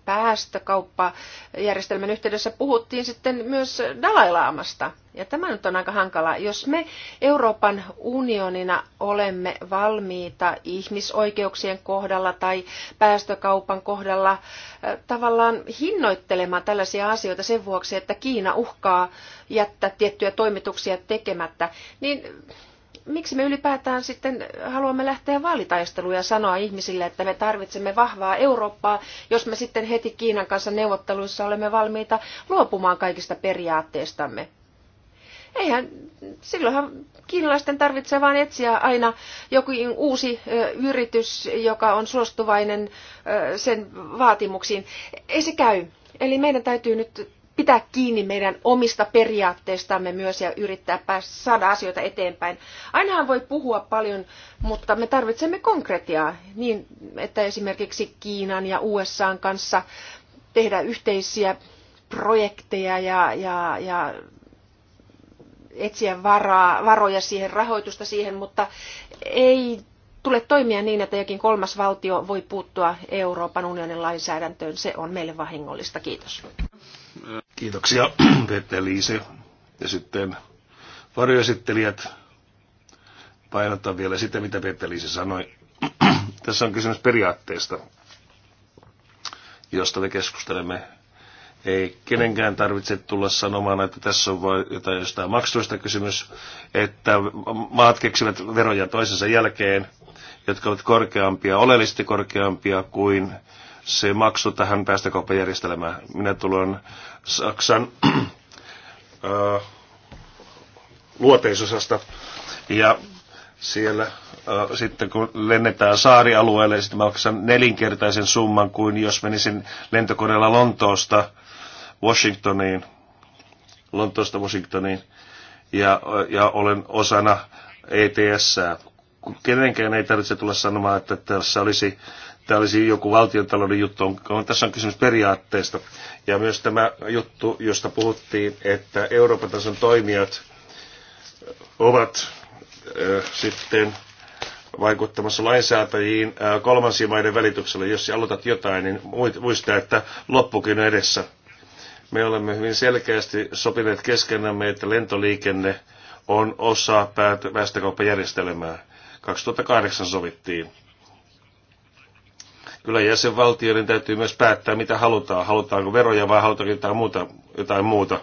päästökauppajärjestelmän yhteydessä puhuttiin sitten myös Dalailaamasta. Ja tämä nyt on aika hankalaa. Jos me Euroopan unionina olemme valmiita ihmisoikeuksien kohdalla tai päästökaupan kohdalla tavallaan hinnoittelemaan tällaisia asioita sen vuoksi, että Kiina uhkaa jättää tiettyjä toimituksia tekemättä, niin miksi me ylipäätään sitten haluamme lähteä vaalitaisteluun ja sanoa ihmisille, että me tarvitsemme vahvaa Eurooppaa, jos me sitten heti Kiinan kanssa neuvotteluissa olemme valmiita luopumaan kaikista periaatteistamme? Eihän, silloinhan kiinalaisten tarvitsee vain etsiä aina jokin uusi ö, yritys, joka on suostuvainen ö, sen vaatimuksiin. Ei se käy. Eli meidän täytyy nyt pitää kiinni meidän omista periaatteistamme myös ja yrittää päästä, saada asioita eteenpäin. Ainahan voi puhua paljon, mutta me tarvitsemme konkretiaa, niin että esimerkiksi Kiinan ja USAn kanssa tehdä yhteisiä projekteja ja, ja, ja etsiä varaa, varoja siihen, rahoitusta siihen, mutta ei tule toimia niin, että jokin kolmas valtio voi puuttua Euroopan unionin lainsäädäntöön. Se on meille vahingollista. Kiitos. Kiitoksia Peter Liise. Ja sitten varjoesittelijät painotan vielä sitä, mitä Peter Liise sanoi. Tässä on kysymys periaatteesta, josta me keskustelemme. Ei kenenkään tarvitse tulla sanomaan, että tässä on vain jotain jostain maksuista kysymys, että maat keksivät veroja toisensa jälkeen, jotka ovat korkeampia, oleellisesti korkeampia kuin se maksu tähän päästökauppajärjestelmään. Minä tulen Saksan äh, luoteisosasta ja siellä äh, sitten kun lennetään saarialueelle, niin sitten maksan nelinkertaisen summan kuin jos menisin lentokoneella Lontoosta Washingtoniin. Lontoosta Washingtoniin ja, ja olen osana ETS. Kenenkään ei tarvitse tulla sanomaan, että tässä olisi tämä olisi joku valtiontalouden juttu. On, tässä on kysymys periaatteesta. Ja myös tämä juttu, josta puhuttiin, että Euroopan tason toimijat ovat äh, sitten vaikuttamassa lainsäätäjiin äh, kolmansien maiden välityksellä. Jos aloitat jotain, niin muista, että loppukin on edessä. Me olemme hyvin selkeästi sopineet keskenämme, että lentoliikenne on osa päästökauppajärjestelmää. 2008 sovittiin kyllä jäsenvaltioiden täytyy myös päättää, mitä halutaan. Halutaanko veroja vai halutaanko jotain muuta. Jotain muuta.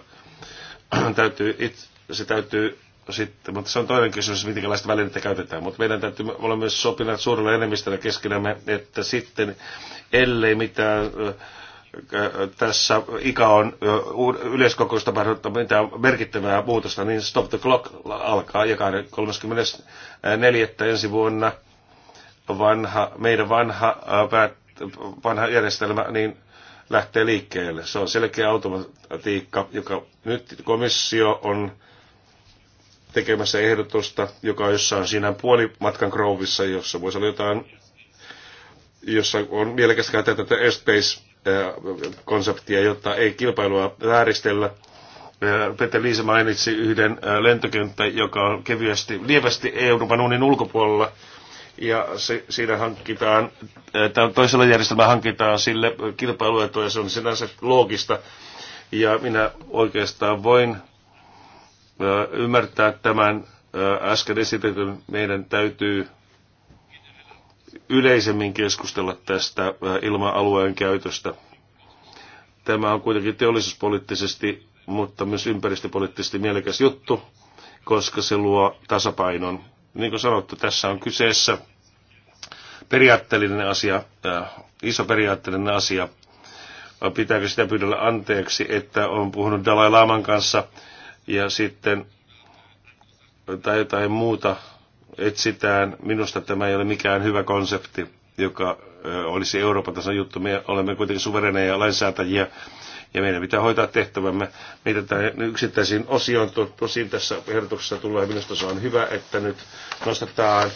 täytyy it, se täytyy sitten, mutta se on toinen kysymys, minkälaista välineitä käytetään. Mutta meidän täytyy olla myös sopineet suurella enemmistöllä keskenämme, että sitten, ellei mitään tässä ikä on yleiskokousta mitään merkittävää muutosta, niin Stop the Clock alkaa ja 34. ensi vuonna – vanha, meidän vanha, äh, vanha järjestelmä niin lähtee liikkeelle. Se on selkeä automatiikka, joka nyt komissio on tekemässä ehdotusta, joka jossa on siinä puolimatkan krouvissa, jossa voisi olla jotain, jossa on mielekästä käyttää tätä airspace-konseptia, äh, jotta ei kilpailua vääristellä. Äh, Peter Liisa mainitsi yhden lentokenttä, joka on kevyesti, lievästi Euroopan unionin ulkopuolella, ja se, siinä hankitaan, äh, toisella järjestelmällä hankitaan sille kilpailuetua ja se on sinänsä loogista. Ja minä oikeastaan voin äh, ymmärtää tämän äh, äsken esitetyn, meidän täytyy yleisemmin keskustella tästä ilma-alueen käytöstä. Tämä on kuitenkin teollisuuspoliittisesti, mutta myös ympäristöpoliittisesti mielekäs juttu, koska se luo tasapainon niin kuin sanottu, tässä on kyseessä periaatteellinen asia, äh, iso periaatteellinen asia. Pitääkö sitä pyydellä anteeksi, että on puhunut Dalai Laman kanssa ja sitten tai jotain muuta etsitään. Minusta tämä ei ole mikään hyvä konsepti, joka äh, olisi Euroopan tason juttu. Me olemme kuitenkin suvereneja lainsäätäjiä ja meidän pitää hoitaa tehtävämme. Mitä tämän yksittäisiin osioon tosin tässä ehdotuksessa tulee, minusta se on hyvä, että nyt nostetaan,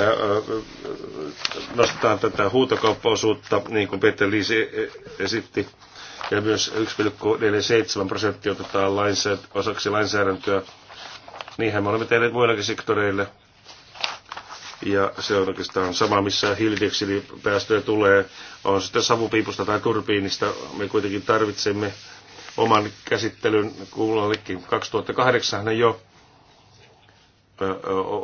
ää, nostetaan tätä huutokauppaosuutta, niin kuin Peter Liisi e- e- esitti, ja myös 1,47 prosenttia otetaan lainsäädä, osaksi lainsäädäntöä. Niinhän me olemme tehneet muillakin sektoreille ja se on oikeastaan sama, missä hiilidioksidipäästöjä tulee, on sitten savupiipusta tai turbiinista. Me kuitenkin tarvitsemme oman käsittelyn kuulollekin 2008 jo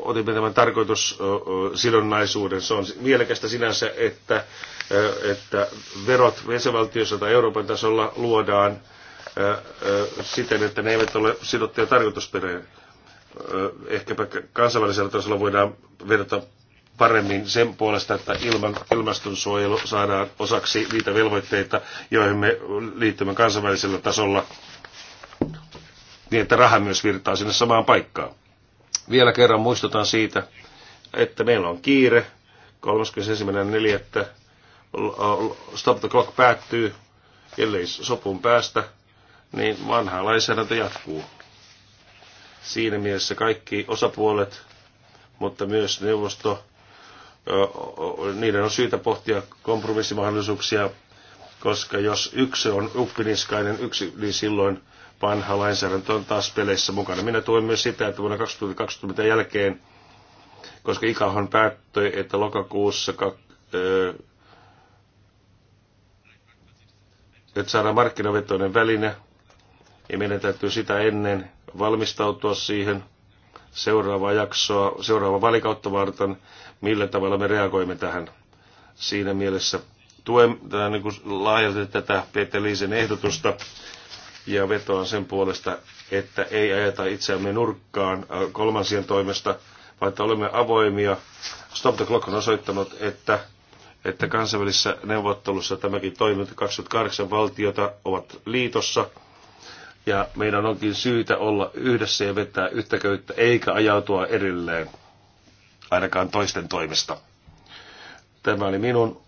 otimme tämän tarkoitussidonnaisuuden. Se on mielekästä sinänsä, että, että verot jäsenvaltiossa tai Euroopan tasolla luodaan siten, että ne eivät ole sidottuja tarkoitusperäjä ehkäpä kansainvälisellä tasolla voidaan vedota paremmin sen puolesta, että ilman, ilmastonsuojelu saadaan osaksi niitä velvoitteita, joihin me liittymme kansainvälisellä tasolla, niin että raha myös virtaa sinne samaan paikkaan. Vielä kerran muistutan siitä, että meillä on kiire. 31.4. Stop the Clock päättyy, ellei sopun päästä, niin vanha lainsäädäntö jatkuu. Siinä mielessä kaikki osapuolet, mutta myös neuvosto, niiden on syytä pohtia kompromissimahdollisuuksia, koska jos yksi on uppiniskainen yksi, niin silloin vanha lainsäädäntö on taas peleissä mukana. Minä tuen myös sitä, että vuonna 2020 jälkeen, koska ikahan päättyi, että lokakuussa että saadaan markkinavetoinen väline, ja meidän täytyy sitä ennen valmistautua siihen seuraavaa jaksoa, seuraava valikautta varten, millä tavalla me reagoimme tähän. Siinä mielessä tuen niin kuin laajalti tätä Peter Liisen ehdotusta ja vetoan sen puolesta, että ei ajeta itseämme nurkkaan äh, kolmansien toimesta, vaan että olemme avoimia. Stop the Clock on osoittanut, että, että kansainvälisessä neuvottelussa tämäkin toiminta 28 valtiota ovat liitossa – ja meidän onkin syytä olla yhdessä ja vetää yhtä köyttä, eikä ajautua erilleen, ainakaan toisten toimesta. Tämä oli minun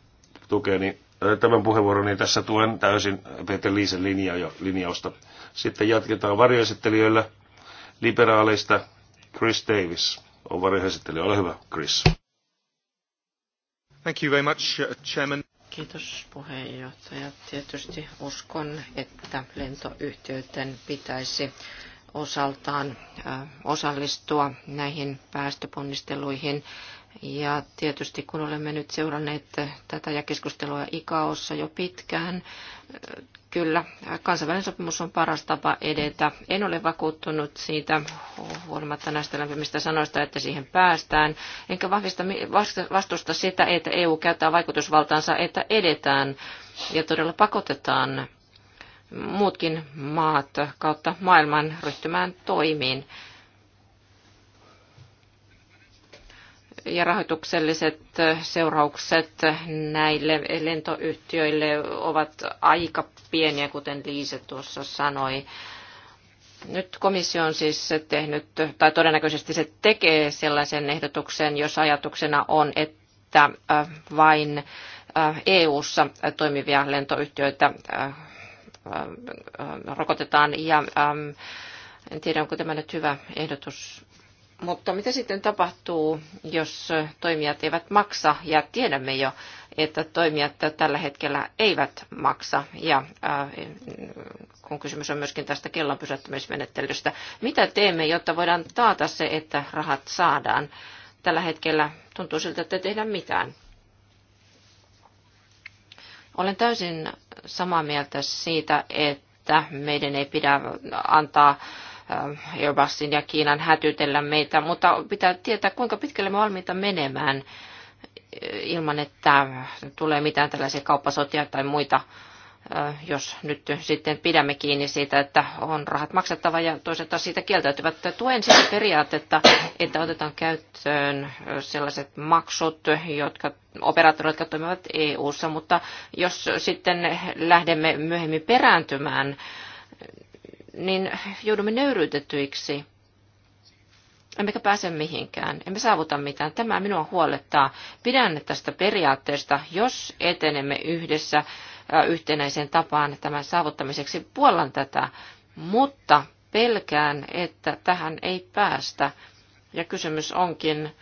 tukeni äh, tämän puheenvuoroni tässä tuen täysin Peter Liisen linja ja linjausta. Sitten jatketaan varjoesittelijöillä liberaaleista. Chris Davis on varjoesittelijä. Ole hyvä, Chris. Thank you very much, uh, Chairman. Kiitos puheenjohtaja. Tietysti uskon, että lentoyhtiöiden pitäisi osaltaan osallistua näihin päästöponnisteluihin. Ja tietysti kun olemme nyt seuranneet tätä ja keskustelua ikaossa jo pitkään, kyllä kansainvälinen sopimus on paras tapa edetä. En ole vakuuttunut siitä huolimatta näistä lämpimistä sanoista, että siihen päästään. Enkä vahvista, vastusta sitä, että EU käyttää vaikutusvaltaansa, että edetään ja todella pakotetaan muutkin maat kautta maailman ryhtymään toimiin. ja rahoitukselliset seuraukset näille lentoyhtiöille ovat aika pieniä, kuten Liise tuossa sanoi. Nyt komissio on siis tehnyt, tai todennäköisesti se tekee sellaisen ehdotuksen, jos ajatuksena on, että äh, vain äh, EU-ssa toimivia lentoyhtiöitä äh, rokotetaan. Ja ähm, en tiedä, onko tämä nyt hyvä ehdotus mutta mitä sitten tapahtuu, jos toimijat eivät maksa, ja tiedämme jo, että toimijat tällä hetkellä eivät maksa, ja äh, kun kysymys on myöskin tästä kellon pysäyttämismenettelystä, mitä teemme, jotta voidaan taata se, että rahat saadaan? Tällä hetkellä tuntuu siltä, että ei tehdä mitään. Olen täysin samaa mieltä siitä, että meidän ei pidä antaa äh, Äh, Airbusin ja Kiinan hätytellä meitä, mutta pitää tietää, kuinka pitkälle me valmiita menemään äh, ilman, että tulee mitään tällaisia kauppasotia tai muita, äh, jos nyt sitten pidämme kiinni siitä, että on rahat maksettava ja toisaalta siitä kieltäytyvät. Tuen sitä periaatetta, että otetaan käyttöön sellaiset maksut, jotka operaattorit, jotka toimivat EU-ssa, mutta jos sitten lähdemme myöhemmin perääntymään niin joudumme nöyryytetyiksi. Emmekä pääse mihinkään, emme saavuta mitään. Tämä minua huolettaa. Pidän tästä periaatteesta, jos etenemme yhdessä yhtenäiseen tapaan tämän saavuttamiseksi, Puolan tätä, mutta pelkään, että tähän ei päästä. Ja kysymys onkin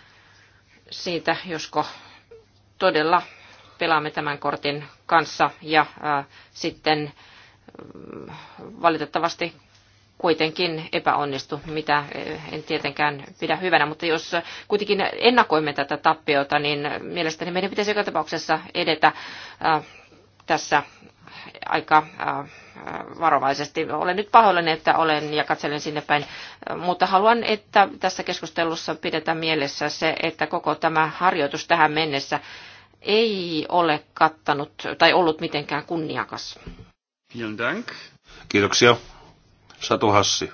siitä, josko todella pelaamme tämän kortin kanssa ja ää, sitten valitettavasti kuitenkin epäonnistu, mitä eh, en tietenkään pidä hyvänä, mutta jos kuitenkin ennakoimme tätä tappiota, niin mielestäni meidän pitäisi joka tapauksessa edetä äh, tässä aika äh, äh, varovaisesti. Olen nyt pahoillani, että olen ja katselen sinne päin, mutta haluan, että tässä keskustelussa pidetään mielessä se, että koko tämä harjoitus tähän mennessä ei ole kattanut tai ollut mitenkään kunniakas. Kiitoksia. Satu Hassi.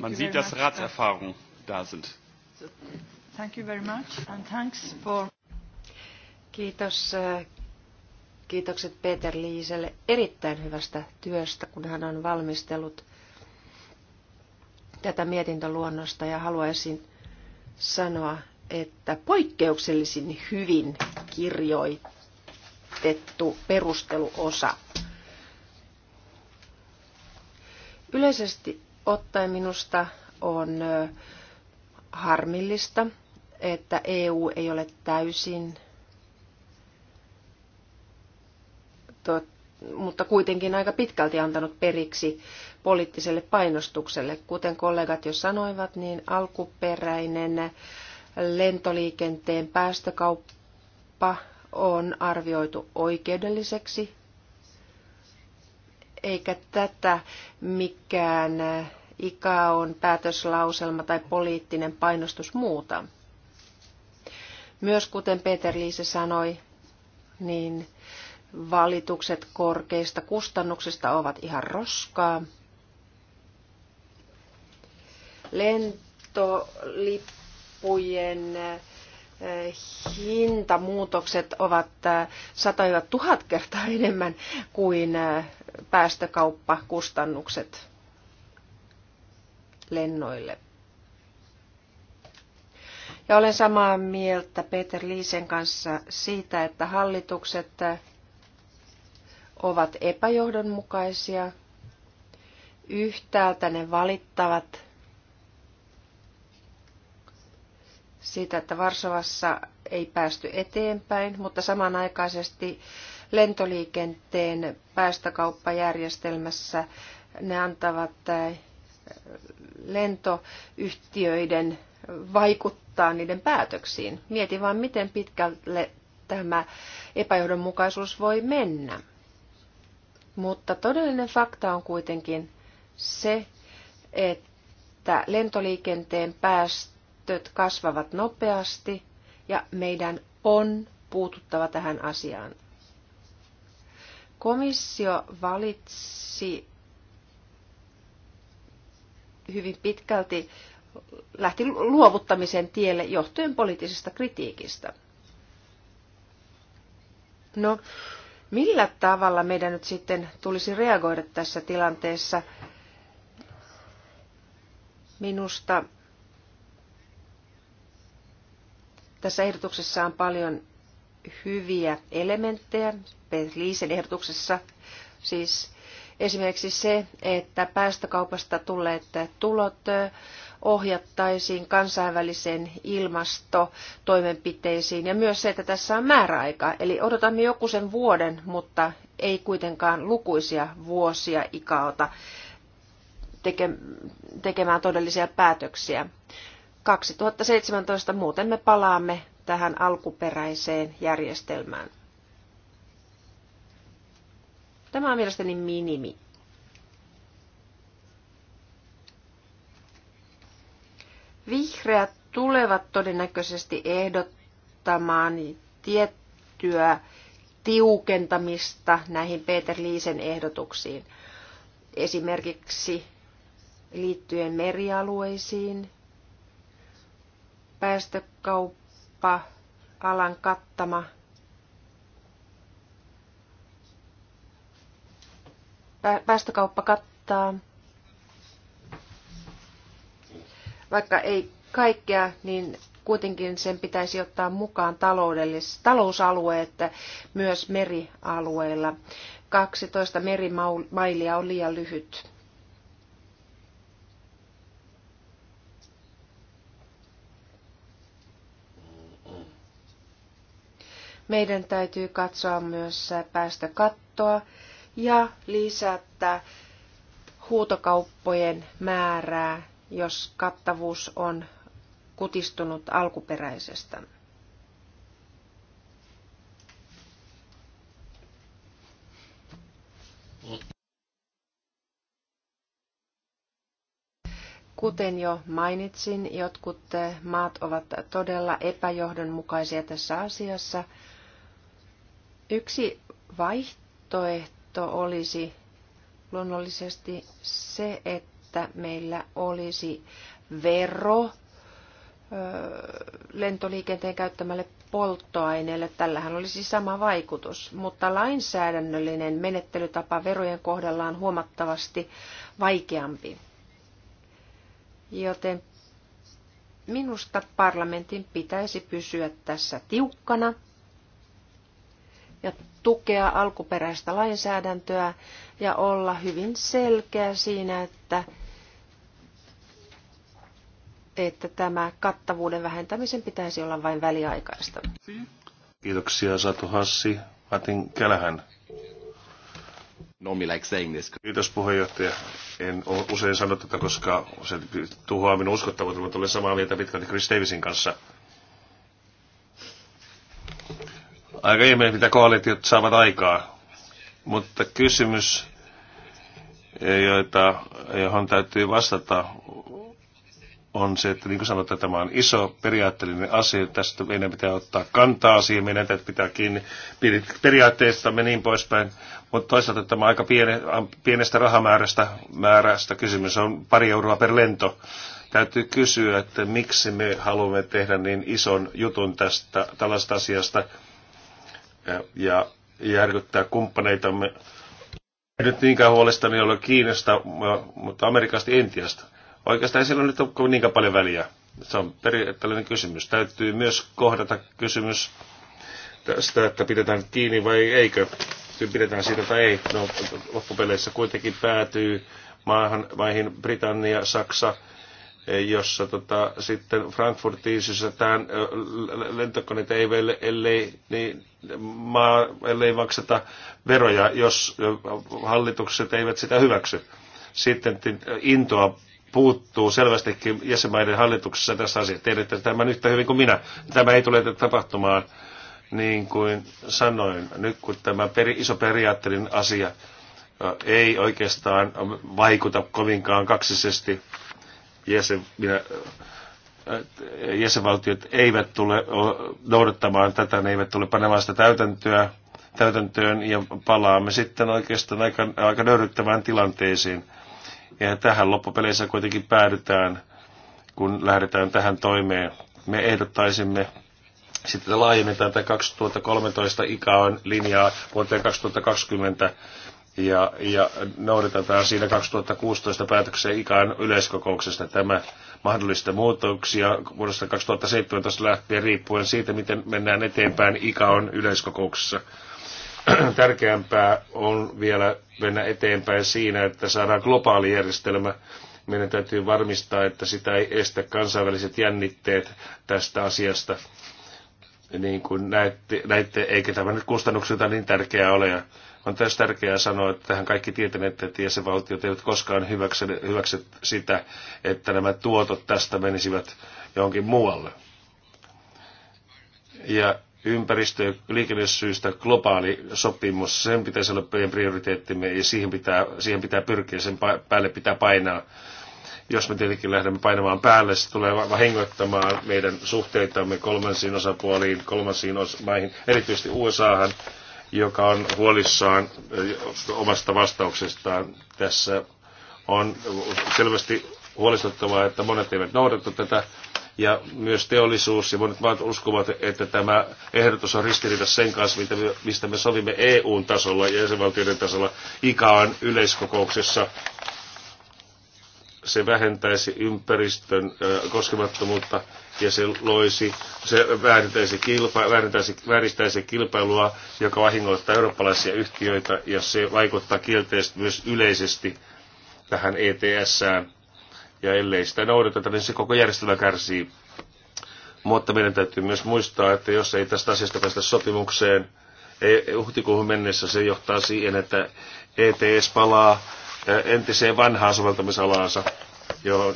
Man sieht, dass Ratserfahrungen da sind. Thank you very much and thanks for... Kiitos. Äh, kiitokset Peter Liiselle erittäin hyvästä työstä, kun hän on valmistellut tätä mietintöluonnosta ja haluaisin sanoa, että poikkeuksellisin hyvin kirjoitti katettu perusteluosa. Yleisesti ottaen minusta on harmillista, että EU ei ole täysin, mutta kuitenkin aika pitkälti antanut periksi poliittiselle painostukselle. Kuten kollegat jo sanoivat, niin alkuperäinen lentoliikenteen päästökauppa on arvioitu oikeudelliseksi, eikä tätä mikään on päätöslauselma tai poliittinen painostus muuta. Myös kuten Peter Liise sanoi, niin valitukset korkeista kustannuksista ovat ihan roskaa. Lentolippujen hintamuutokset ovat 100-1000 äh, kertaa enemmän kuin äh, päästökauppakustannukset lennoille. Ja olen samaa mieltä Peter Liisen kanssa siitä, että hallitukset äh, ovat epäjohdonmukaisia. Yhtäältä ne valittavat siitä, että Varsovassa ei päästy eteenpäin, mutta samanaikaisesti lentoliikenteen päästökauppajärjestelmässä ne antavat äh, lentoyhtiöiden vaikuttaa niiden päätöksiin. Mieti vaan, miten pitkälle tämä epäjohdonmukaisuus voi mennä. Mutta todellinen fakta on kuitenkin se, että lentoliikenteen päästö päästöt kasvavat nopeasti ja meidän on puututtava tähän asiaan. Komissio valitsi hyvin pitkälti lähti luovuttamisen tielle johtuen poliittisesta kritiikistä. No, millä tavalla meidän nyt sitten tulisi reagoida tässä tilanteessa? Minusta Tässä ehdotuksessa on paljon hyviä elementtejä. Liisen ehdotuksessa siis esimerkiksi se, että päästökaupasta tulleet tulot ohjattaisiin kansainväliseen ilmastotoimenpiteisiin ja myös se, että tässä on määräaika. Eli odotamme joku sen vuoden, mutta ei kuitenkaan lukuisia vuosia ikaota tekemään todellisia päätöksiä. 2017 muuten me palaamme tähän alkuperäiseen järjestelmään. Tämä on mielestäni minimi. Vihreät tulevat todennäköisesti ehdottamaan tiettyä tiukentamista näihin Peter Liisen ehdotuksiin, esimerkiksi liittyen merialueisiin päästökauppa-alan kattama päästökauppa kattaa, vaikka ei kaikkea, niin kuitenkin sen pitäisi ottaa mukaan taloudellis- talousalueet myös merialueilla. 12 merimailia on liian lyhyt. Meidän täytyy katsoa myös kattoa ja lisätä huutokauppojen määrää, jos kattavuus on kutistunut alkuperäisestä. Kuten jo mainitsin, jotkut maat ovat todella epäjohdonmukaisia tässä asiassa, Yksi vaihtoehto olisi luonnollisesti se, että meillä olisi vero lentoliikenteen käyttämälle polttoaineelle. Tällähän olisi sama vaikutus, mutta lainsäädännöllinen menettelytapa verojen kohdalla on huomattavasti vaikeampi. Joten minusta parlamentin pitäisi pysyä tässä tiukkana – ja tukea alkuperäistä lainsäädäntöä ja olla hyvin selkeä siinä, että, että tämä kattavuuden vähentämisen pitäisi olla vain väliaikaista. Kiitoksia Satu Hassi. Atin Kälähän. Normally like saying this. Kiitos puheenjohtaja. En usein sanottu, tätä, koska se tuhoaa minun uskottavuutta, mutta olen samaa mieltä pitkälti Chris Davisin kanssa – aika ihmeellinen, mitä koalitiot saavat aikaa. Mutta kysymys, joita, johon täytyy vastata, on se, että niin kuin sanoit, tämä on iso periaatteellinen asia, tästä meidän pitää ottaa kantaa siihen, meidän pitää kiinni me niin poispäin, mutta toisaalta tämä aika piene, pienestä rahamäärästä määrästä kysymys on pari euroa per lento. Täytyy kysyä, että miksi me haluamme tehdä niin ison jutun tästä tällaista asiasta, ja järkyttää kumppaneitamme. En nyt niinkään huolestani ole Kiinasta, mutta Amerikasta Intiasta. Oikeastaan ei sillä nyt ole niinkään paljon väliä. Se on periaatteellinen kysymys. Täytyy myös kohdata kysymys tästä, että pidetään kiinni vai eikö. Pidetään siitä tai ei. No, loppupeleissä kuitenkin päätyy maahan, maihin Britannia, Saksa, jossa tota, sitten Frankfurtiin sysätään lentokoneita, ei, ellei, niin, maa, ellei makseta veroja, jos hallitukset eivät sitä hyväksy. Sitten intoa puuttuu selvästikin jäsenmaiden hallituksessa tässä asiassa. Tiedätte tämän yhtä hyvin kuin minä. Tämä ei tule tapahtumaan, niin kuin sanoin, nyt kun tämä peri, iso periaatteellinen asia ei oikeastaan vaikuta kovinkaan kaksisesti jäsen, minä, äh, jäsenvaltiot eivät tule noudattamaan tätä, ne eivät tule panemaan sitä täytäntöä, täytäntöön ja palaamme sitten oikeastaan aika, aika nöyryttävään tilanteeseen. Ja tähän loppupeleissä kuitenkin päädytään, kun lähdetään tähän toimeen. Me ehdottaisimme sitten laajennetaan tätä 2013 icao linjaa vuoteen 2020 ja, ja noudatetaan siinä 2016 päätöksiä ikään yleiskokouksesta. Tämä mahdollista muutoksia vuodesta 2017 lähtien riippuen siitä, miten mennään eteenpäin on yleiskokouksessa. Tärkeämpää on vielä mennä eteenpäin siinä, että saadaan globaali järjestelmä. Meidän täytyy varmistaa, että sitä ei estä kansainväliset jännitteet tästä asiasta. Niin kuin näette, näette eikä tämä nyt kustannuksilta niin tärkeää ole. On tässä tärkeää sanoa, että tähän kaikki tietävät, että jäsenvaltiot eivät koskaan hyväksy, hyväksy sitä, että nämä tuotot tästä menisivät johonkin muualle. Ja ympäristö- ja liikennesyistä globaali sopimus, sen pitäisi olla meidän prioriteettimme ja siihen pitää, siihen pitää pyrkiä, sen päälle pitää painaa. Jos me tietenkin lähdemme painamaan päälle, se tulee vahingoittamaan meidän suhteitamme kolmansiin osapuoliin, kolmansiin os- maihin, erityisesti USAhan, joka on huolissaan omasta vastauksestaan. Tässä on selvästi huolestuttavaa, että monet eivät noudata tätä ja myös teollisuus ja monet maat uskovat, että tämä ehdotus on ristiriidassa sen kanssa, mitä me, mistä me sovimme EUn tasolla ja jäsenvaltioiden tasolla ikaan yleiskokouksessa. Se vähentäisi ympäristön koskemattomuutta ja se loisi, se vääristäisi, kilpa, vääristäisi, vääristäisi kilpailua, joka vahingoittaa eurooppalaisia yhtiöitä ja se vaikuttaa kielteisesti myös yleisesti tähän ETS-ään. Ja ellei sitä noudateta, niin se koko järjestelmä kärsii. Mutta meidän täytyy myös muistaa, että jos ei tästä asiasta päästä sopimukseen, huhtikuuhun mennessä se johtaa siihen, että ETS palaa entiseen vanhaan soveltamisalaansa,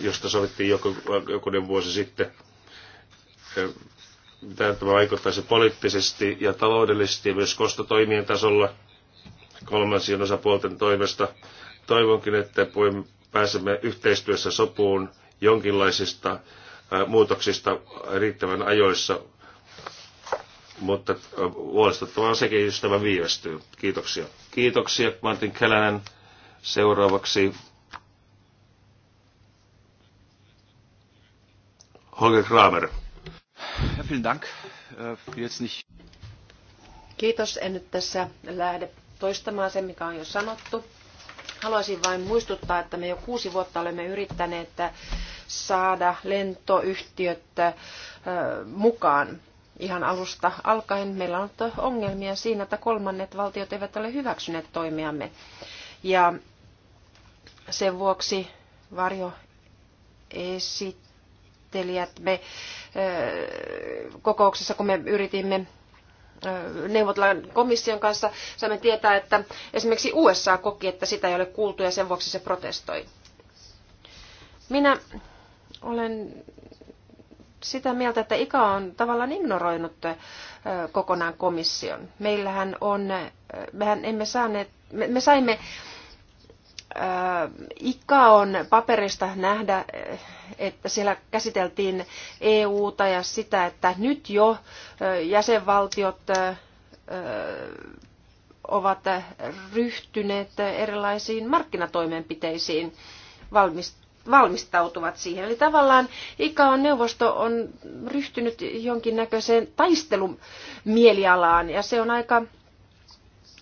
josta sovittiin joku, jokunen vuosi sitten mitä tämä vaikuttaisi poliittisesti ja taloudellisesti ja myös kostotoimien tasolla kolmansien osapuolten toimesta. Toivonkin, että pääsemme yhteistyössä sopuun jonkinlaisista muutoksista riittävän ajoissa, mutta huolestuttavaa on sekin, jos tämä viivästyy. Kiitoksia. Kiitoksia Martin Kälänen. Seuraavaksi Holger Kramer vielen Dank. Äh, jetzt nicht. Kiitos. En nyt tässä lähde toistamaan sen, mikä on jo sanottu. Haluaisin vain muistuttaa, että me jo kuusi vuotta olemme yrittäneet äh, saada lentoyhtiöt äh, mukaan ihan alusta alkaen. Meillä on ollut ongelmia siinä, että kolmannet valtiot eivät ole hyväksyneet toimiamme. Ja sen vuoksi varjo esittää esittelijät me kokouksessa, kun me yritimme neuvotella komission kanssa, saimme tietää, että esimerkiksi USA koki, että sitä ei ole kuultu ja sen vuoksi se protestoi. Minä olen sitä mieltä, että IKA on tavallaan ignoroinut kokonaan komission. Meillähän on, mehän emme saaneet, me, me saimme on paperista nähdä, että siellä käsiteltiin EUta ja sitä, että nyt jo jäsenvaltiot ovat ryhtyneet erilaisiin markkinatoimenpiteisiin, valmistautuvat siihen. Eli tavallaan on neuvosto on ryhtynyt jonkinnäköiseen taistelumielialaan ja se on aika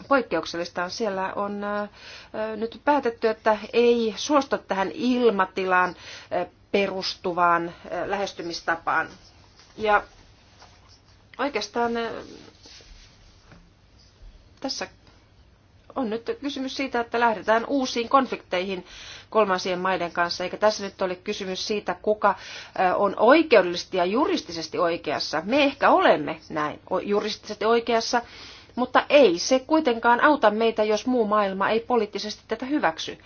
poikkeuksellista on, siellä on nyt päätetty, että ei suostu tähän ilmatilaan perustuvaan lähestymistapaan. Ja oikeastaan tässä on nyt kysymys siitä, että lähdetään uusiin konflikteihin kolmansien maiden kanssa, eikä tässä nyt ole kysymys siitä, kuka on oikeudellisesti ja juristisesti oikeassa. Me ehkä olemme näin juristisesti oikeassa, mutta ei se kuitenkaan auta meitä, jos muu maailma ei poliittisesti tätä hyväksy.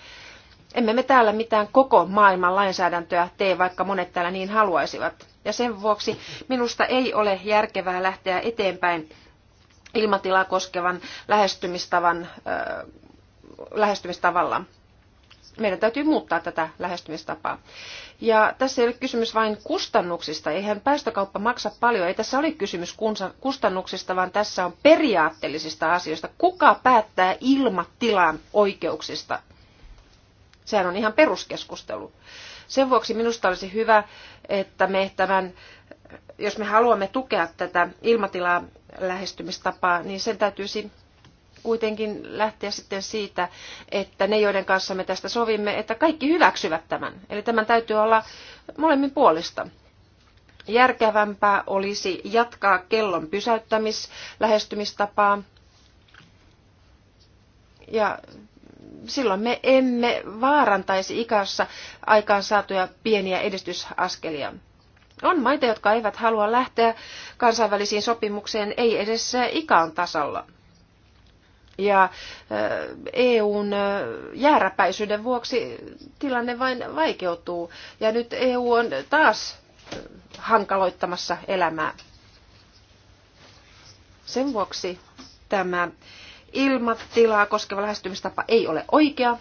Emme me täällä mitään koko maailman lainsäädäntöä tee, vaikka monet täällä niin haluaisivat. Ja sen vuoksi minusta ei ole järkevää lähteä eteenpäin ilmatilaa koskevan lähestymistavan, äh, lähestymistavalla. Meidän täytyy muuttaa tätä lähestymistapaa. Ja tässä ei ole kysymys vain kustannuksista. Eihän päästökauppa maksa paljon. Ei tässä ole kysymys kustannuksista, vaan tässä on periaatteellisista asioista. Kuka päättää ilmatilan oikeuksista? Sehän on ihan peruskeskustelu. Sen vuoksi minusta olisi hyvä, että me tämän, jos me haluamme tukea tätä ilmatilaa lähestymistapaa, niin sen täytyisi kuitenkin lähteä sitten siitä, että ne, joiden kanssa me tästä sovimme, että kaikki hyväksyvät tämän. Eli tämän täytyy olla molemmin puolista. Järkevämpää olisi jatkaa kellon pysäyttämislähestymistapaa. Ja silloin me emme vaarantaisi ikässä aikaan saatuja pieniä edistysaskelia. On maita, jotka eivät halua lähteä kansainvälisiin sopimukseen, ei edes ikaan tasolla. Ja EUn jääräpäisyyden vuoksi tilanne vain vaikeutuu. Ja nyt EU on taas hankaloittamassa elämää. Sen vuoksi tämä ilmatilaa koskeva lähestymistapa ei ole oikea.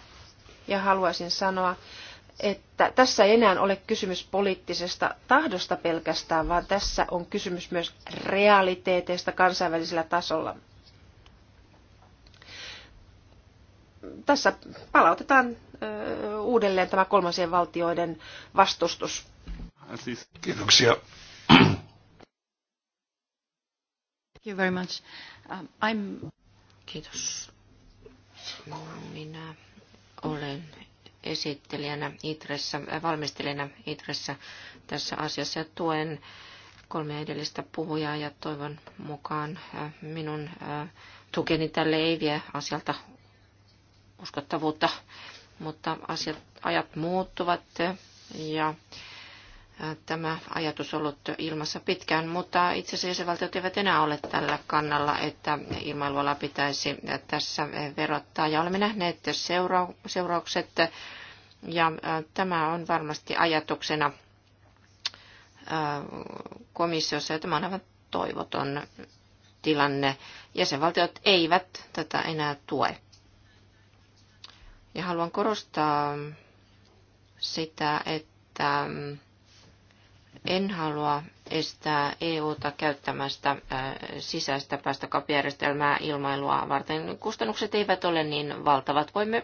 Ja haluaisin sanoa, että tässä ei enää ole kysymys poliittisesta tahdosta pelkästään, vaan tässä on kysymys myös realiteeteista kansainvälisellä tasolla. tässä palautetaan uudelleen tämä kolmansien valtioiden vastustus. Siis kiitoksia. Thank you very much. Um, I'm... Kiitos. Minä olen esittelijänä Itressä, äh, valmistelijana Itressä tässä asiassa ja tuen kolme edellistä puhujaa ja toivon mukaan äh, minun äh, tukeni tälle ei vie asialta uskottavuutta, mutta asiat, ajat muuttuvat ja tämä ajatus on ollut ilmassa pitkään, mutta itse asiassa jäsenvaltiot eivät enää ole tällä kannalla, että ilmailuala pitäisi tässä verottaa. Ja olemme nähneet seuraukset, ja tämä on varmasti ajatuksena komissiossa, ja tämä on aivan toivoton tilanne. Jäsenvaltiot eivät tätä enää tue. Ja haluan korostaa sitä, että en halua estää EUta käyttämästä äh, sisäistä päästökauppajärjestelmää ilmailua varten. Kustannukset eivät ole niin valtavat. Voimme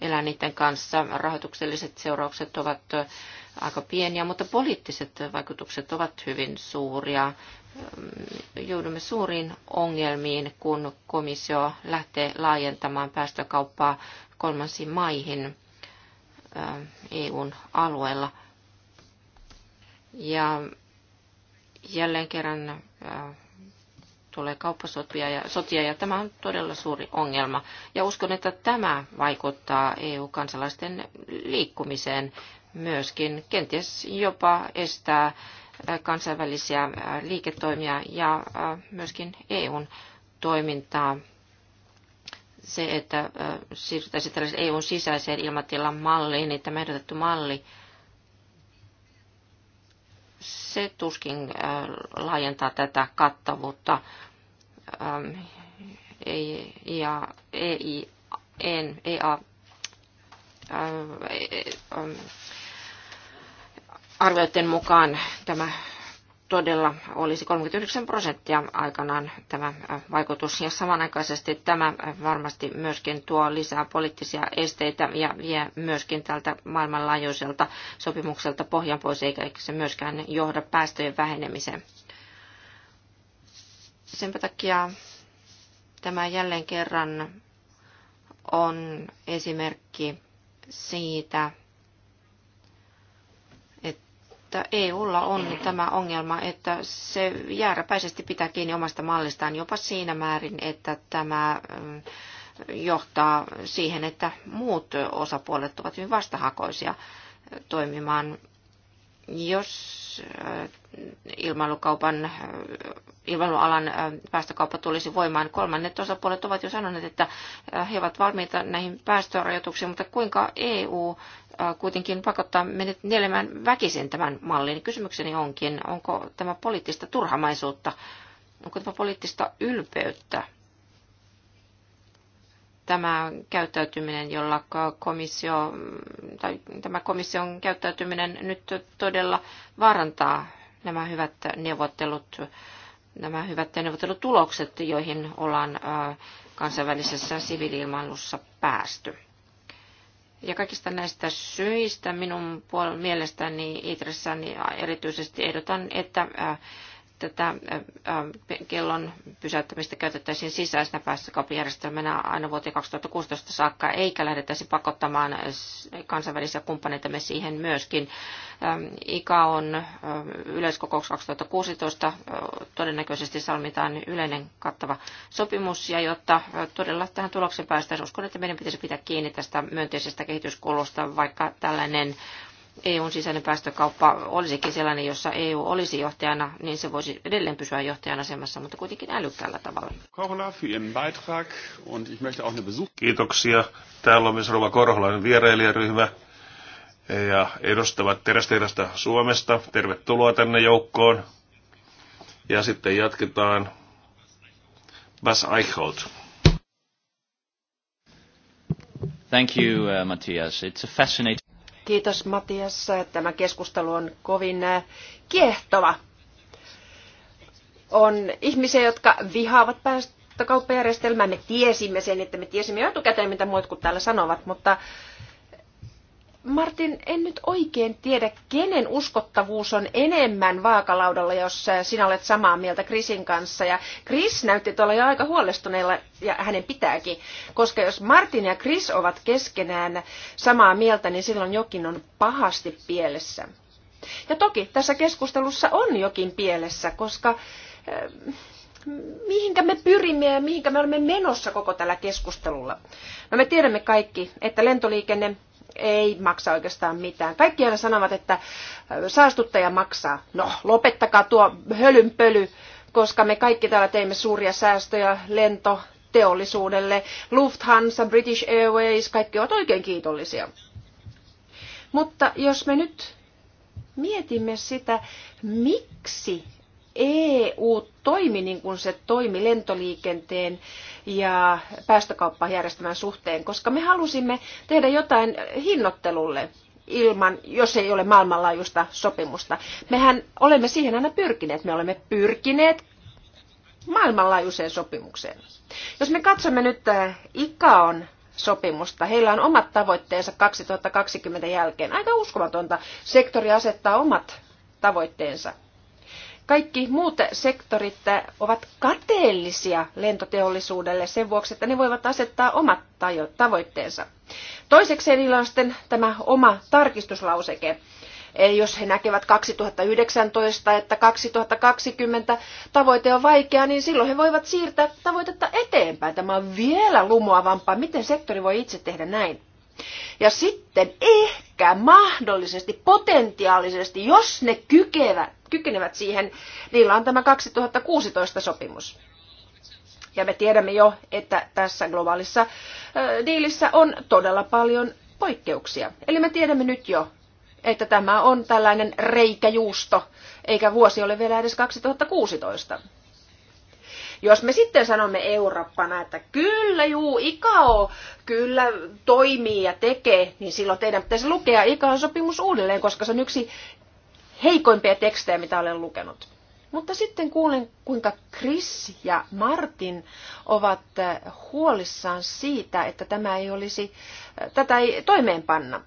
elää niiden kanssa. Rahoitukselliset seuraukset ovat äh, aika pieniä, mutta poliittiset vaikutukset ovat hyvin suuria. Mm, joudumme suuriin ongelmiin, kun komissio lähtee laajentamaan päästökauppaa kolmansiin maihin EUn alueella. Ja jälleen kerran tulee kauppasotia ja, sotia, ja tämä on todella suuri ongelma. Ja uskon, että tämä vaikuttaa EU-kansalaisten liikkumiseen myöskin, kenties jopa estää kansainvälisiä liiketoimia ja myöskin EUn toimintaa se, että äh, siirryttäisiin tällaisen EUn sisäiseen ilmatilan malliin, niin tämä ehdotettu malli, se tuskin äh, laajentaa tätä kattavuutta. Ähm, ei, ja ei, en, ei, a, e, e, äh, e, ähm, arvioiden mukaan tämä todella olisi 39 prosenttia aikanaan tämä vaikutus. Ja samanaikaisesti tämä varmasti myöskin tuo lisää poliittisia esteitä ja vie myöskin tältä maailmanlaajuiselta sopimukselta pohjan pois, eikä se myöskään johda päästöjen vähenemiseen. Senpä takia tämä jälleen kerran on esimerkki siitä, että EUlla on tämä ongelma, että se jääräpäisesti pitää kiinni omasta mallistaan jopa siinä määrin, että tämä mm, johtaa siihen, että muut osapuolet ovat hyvin vastahakoisia toimimaan jos äh, ilmailukaupan, äh, ilmailualan äh, päästökauppa tulisi voimaan. Kolmannet osapuolet ovat jo sanoneet, että he ovat valmiita näihin päästörajoituksiin, mutta kuinka EU kuitenkin pakottaa menet nielemään väkisin tämän mallin? Kysymykseni onkin, onko tämä poliittista turhamaisuutta, onko tämä poliittista ylpeyttä? tämä käyttäytyminen, jolla komissio, tai tämä komission käyttäytyminen nyt todella vaarantaa nämä hyvät neuvottelut, nämä hyvät neuvottelutulokset, joihin ollaan kansainvälisessä siviiliilmailussa päästy. Ja kaikista näistä syistä minun mielestäni Itressäni niin erityisesti ehdotan, että tätä kellon pysäyttämistä käytettäisiin sisäisenä päästökauppajärjestelmänä aina vuoteen 2016 saakka, eikä lähdettäisi pakottamaan kansainvälisiä kumppaneitamme siihen myöskin. IKA on yleiskokouksessa 2016 todennäköisesti salmitaan yleinen kattava sopimus, ja jotta todella tähän tulokseen päästään, uskon, että meidän pitäisi pitää kiinni tästä myönteisestä kehityskulusta, vaikka tällainen EUn sisäinen päästökauppa olisikin sellainen, jossa EU olisi johtajana, niin se voisi edelleen pysyä johtajan asemassa, mutta kuitenkin älykkäällä tavalla. Kiitoksia. Täällä on myös Rova Korholan vierailijaryhmä ja edustavat terästehdasta Suomesta. Tervetuloa tänne joukkoon. Ja sitten jatketaan. Bas Eichholt. Thank you, uh, Matthias. It's a fascinating... Kiitos Matias. Tämä keskustelu on kovin äh, kiehtova. On ihmisiä, jotka vihaavat päästökauppajärjestelmää. Me tiesimme sen, että me tiesimme jo etukäteen, mitä muut kuin täällä sanovat, mutta Martin, en nyt oikein tiedä, kenen uskottavuus on enemmän vaakalaudalla, jos sinä olet samaa mieltä Krisin kanssa. Ja Kris näytti tuolla jo aika huolestuneella, ja hänen pitääkin, koska jos Martin ja Kris ovat keskenään samaa mieltä, niin silloin jokin on pahasti pielessä. Ja toki tässä keskustelussa on jokin pielessä, koska eh, mihinkä me pyrimme ja mihinkä me olemme menossa koko tällä keskustelulla. No me tiedämme kaikki, että lentoliikenne ei maksa oikeastaan mitään. Kaikki aina sanovat, että saastuttaja maksaa. No, lopettakaa tuo hölynpöly, koska me kaikki täällä teimme suuria säästöjä lento teollisuudelle. Lufthansa, British Airways, kaikki ovat oikein kiitollisia. Mutta jos me nyt mietimme sitä, miksi EU toimi niin kuin se toimi lentoliikenteen ja päästökauppajärjestelmän suhteen, koska me halusimme tehdä jotain hinnoittelulle ilman, jos ei ole maailmanlaajuista sopimusta. Mehän olemme siihen aina pyrkineet. Me olemme pyrkineet maailmanlaajuiseen sopimukseen. Jos me katsomme nyt äh, ICAON sopimusta. Heillä on omat tavoitteensa 2020 jälkeen. Aika uskomatonta. Sektori asettaa omat tavoitteensa. Kaikki muut sektorit ovat kateellisia lentoteollisuudelle sen vuoksi, että ne voivat asettaa omat tavoitteensa. Toiseksi niillä on sitten tämä oma tarkistuslauseke. Eli jos he näkevät 2019, että 2020 tavoite on vaikea, niin silloin he voivat siirtää tavoitetta eteenpäin. Tämä on vielä lumoavampaa. Miten sektori voi itse tehdä näin? Ja sitten ehkä mahdollisesti, potentiaalisesti, jos ne kykevät, kykenevät siihen, niillä on tämä 2016 sopimus. Ja me tiedämme jo, että tässä globaalissa diilissä on todella paljon poikkeuksia. Eli me tiedämme nyt jo, että tämä on tällainen reikäjuusto, eikä vuosi ole vielä edes 2016. Jos me sitten sanomme Eurooppana, että kyllä juu, ICAO kyllä toimii ja tekee, niin silloin teidän pitäisi lukea icao sopimus uudelleen, koska se on yksi heikoimpia tekstejä, mitä olen lukenut. Mutta sitten kuulen, kuinka Chris ja Martin ovat äh, huolissaan siitä, että tämä ei olisi, äh, tätä ei toimeenpanna.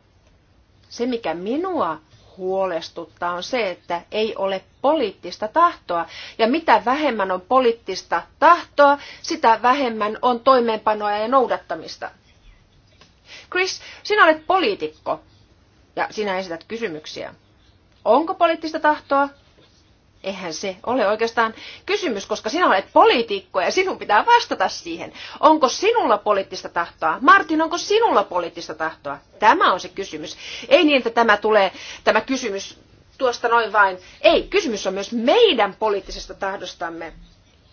Se, mikä minua huolestuttaa, on se, että ei ole poliittista tahtoa. Ja mitä vähemmän on poliittista tahtoa, sitä vähemmän on toimeenpanoa ja noudattamista. Chris, sinä olet poliitikko ja sinä esität kysymyksiä. Onko poliittista tahtoa? Eihän se ole oikeastaan kysymys, koska sinä olet poliitikko ja sinun pitää vastata siihen. Onko sinulla poliittista tahtoa? Martin, onko sinulla poliittista tahtoa? Tämä on se kysymys. Ei niin, että tämä tulee, tämä kysymys tuosta noin vain. Ei, kysymys on myös meidän poliittisesta tahdostamme.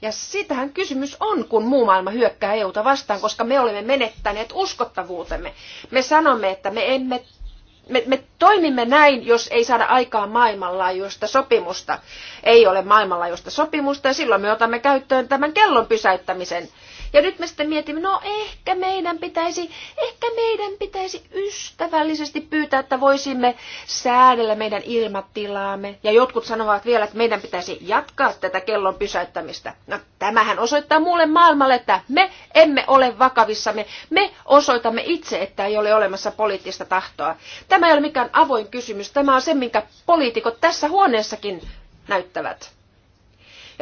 Ja sitähän kysymys on, kun muu maailma hyökkää EUta vastaan, koska me olemme menettäneet uskottavuutemme. Me sanomme, että me emme me, me toimimme näin, jos ei saada aikaan maailmanlaajuista sopimusta. Ei ole maailmanlaajuista sopimusta ja silloin me otamme käyttöön tämän kellon pysäyttämisen. Ja nyt me sitten mietimme, no ehkä meidän pitäisi, ehkä meidän pitäisi ystävällisesti pyytää, että voisimme säädellä meidän ilmatilaamme. Ja jotkut sanovat vielä, että meidän pitäisi jatkaa tätä kellon pysäyttämistä. No tämähän osoittaa muulle maailmalle, että me emme ole vakavissamme. Me osoitamme itse, että ei ole olemassa poliittista tahtoa. Tämä ei ole mikään avoin kysymys. Tämä on se, minkä poliitikot tässä huoneessakin näyttävät.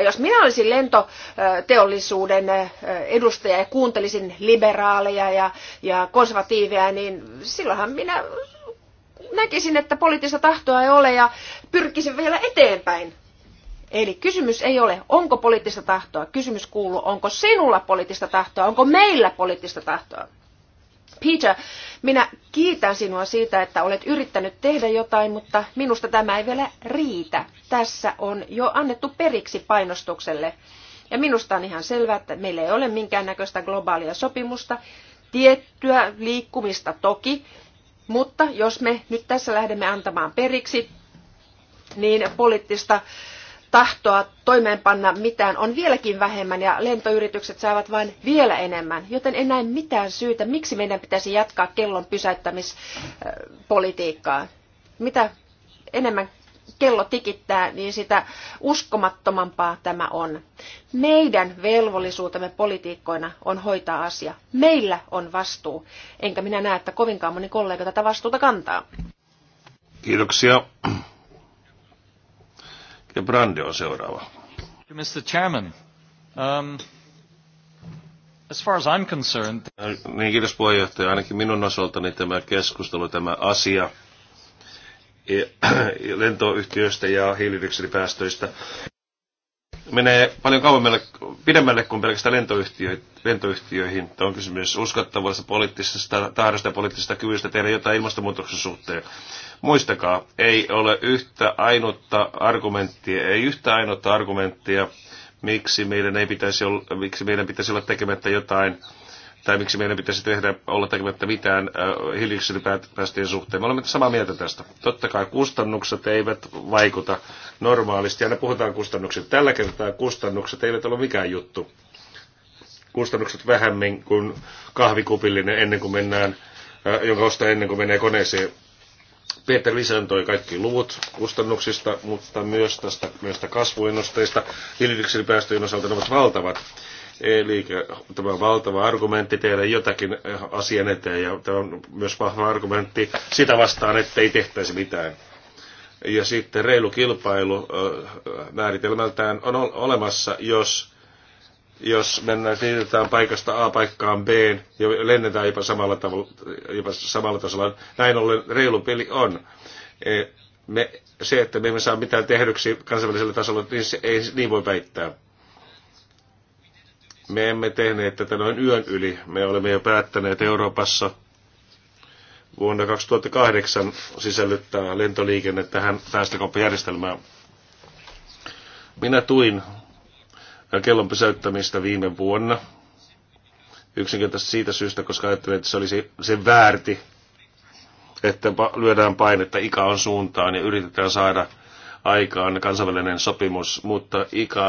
Ja jos minä olisin lentoteollisuuden edustaja ja kuuntelisin liberaaleja ja, ja konservatiiveja, niin silloinhan minä näkisin, että poliittista tahtoa ei ole ja pyrkisin vielä eteenpäin. Eli kysymys ei ole, onko poliittista tahtoa. Kysymys kuuluu, onko sinulla poliittista tahtoa, onko meillä poliittista tahtoa. Peter, minä kiitän sinua siitä, että olet yrittänyt tehdä jotain, mutta minusta tämä ei vielä riitä. Tässä on jo annettu periksi painostukselle. Ja minusta on ihan selvää, että meillä ei ole minkäännäköistä globaalia sopimusta, tiettyä liikkumista toki, mutta jos me nyt tässä lähdemme antamaan periksi, niin poliittista tahtoa toimeenpanna mitään on vieläkin vähemmän ja lentoyritykset saavat vain vielä enemmän, joten en näe mitään syytä, miksi meidän pitäisi jatkaa kellon pysäyttämispolitiikkaa. Mitä enemmän kello tikittää, niin sitä uskomattomampaa tämä on. Meidän velvollisuutemme politiikkoina on hoitaa asia. Meillä on vastuu, enkä minä näe, että kovinkaan moni kollega tätä vastuuta kantaa. Kiitoksia. Ja Brande on seuraava. Mr. Chairman, um, as far as I'm concerned... Niin, kiitos puheenjohtaja. Ainakin minun osaltani tämä keskustelu, tämä asia e, lentoyhtiöistä ja hiilidioksidipäästöistä menee paljon kauemmalle, pidemmälle kuin pelkästään lentoyhtiöihin. lentoyhtiöihin. On kysymys uskottavuudesta, poliittisesta tahdosta ja poliittisesta kyvystä tehdä jotain ilmastonmuutoksen suhteen. Muistakaa, ei ole yhtä ainutta argumenttia, ei yhtä ainutta argumenttia, miksi meidän, ei pitäisi olla, miksi meidän pitäisi olla tekemättä jotain, tai miksi meidän pitäisi tehdä, olla tekemättä mitään äh, hiilidioksidipäästöjen suhteen. Me olemme samaa mieltä tästä. Totta kai kustannukset eivät vaikuta normaalisti. Aina puhutaan kustannuksista. Tällä kertaa kustannukset eivät ole mikään juttu. Kustannukset vähemmän kuin kahvikupillinen ennen kuin mennään, äh, jonka ostaa ennen kuin menee koneeseen. Peter Lisi antoi kaikki luvut kustannuksista, mutta myös tästä, myös tästä kasvuennusteista. Hiilidioksidipäästöjen osalta ne ovat valtavat. Eli tämä valtava argumentti tehdä jotakin eh, asian eteen, ja tämä on myös vahva argumentti sitä vastaan, että ei tehtäisi mitään. Ja sitten reilu kilpailu eh, määritelmältään on olemassa, jos jos mennään, siirrytään paikasta A paikkaan B ja lennetään jopa samalla, tavalla, jopa samalla tasolla. Näin ollen reilu peli on. E, me, se, että me emme saa mitään tehdyksi kansainvälisellä tasolla, niin se ei niin voi väittää. Me emme tehneet tätä noin yön yli. Me olemme jo päättäneet Euroopassa vuonna 2008 sisällyttää lentoliikenne tähän päästökauppajärjestelmään. Minä tuin kellon pysäyttämistä viime vuonna. Yksinkertaisesti siitä syystä, koska ajattelin, että se olisi se väärti, että lyödään painetta on suuntaan ja yritetään saada aikaan kansainvälinen sopimus, mutta ikä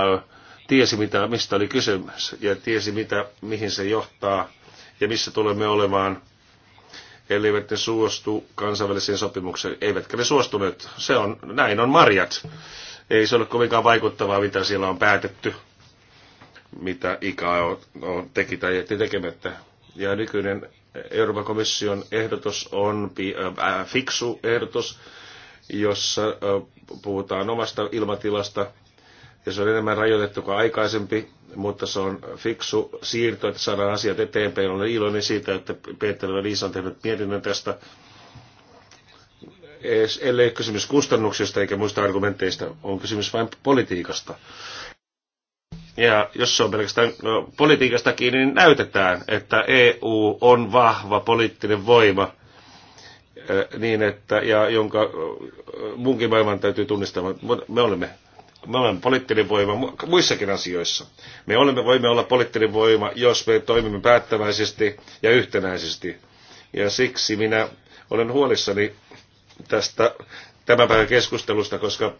tiesi, mitä, mistä oli kysymys ja tiesi, mitä, mihin se johtaa ja missä tulemme olemaan, eivät ne suostu kansainväliseen sopimukseen. Eivätkä ne suostuneet. Se on, näin on marjat. Ei se ole kovinkaan vaikuttavaa, mitä siellä on päätetty mitä on teki tai jätti tekemättä. Ja nykyinen Euroopan komission ehdotus on äh, äh, fiksu ehdotus, jossa äh, puhutaan omasta ilmatilasta, ja se on enemmän rajoitettu kuin aikaisempi, mutta se on fiksu siirto, että saadaan asiat eteenpäin. Olen iloinen siitä, että Peter ja Liisa on tehnyt mietinnön tästä, ellei kysymys kustannuksista eikä muista argumenteista, on kysymys vain politiikasta. Ja jos se on pelkästään no, politiikasta kiinni, niin näytetään, että EU on vahva poliittinen voima niin, että, ja jonka munkin maailman täytyy tunnistaa, me olemme, me olemme poliittinen voima muissakin asioissa. Me olemme, voimme olla poliittinen voima, jos me toimimme päättäväisesti ja yhtenäisesti. Ja siksi minä olen huolissani tästä tämän päivän keskustelusta, koska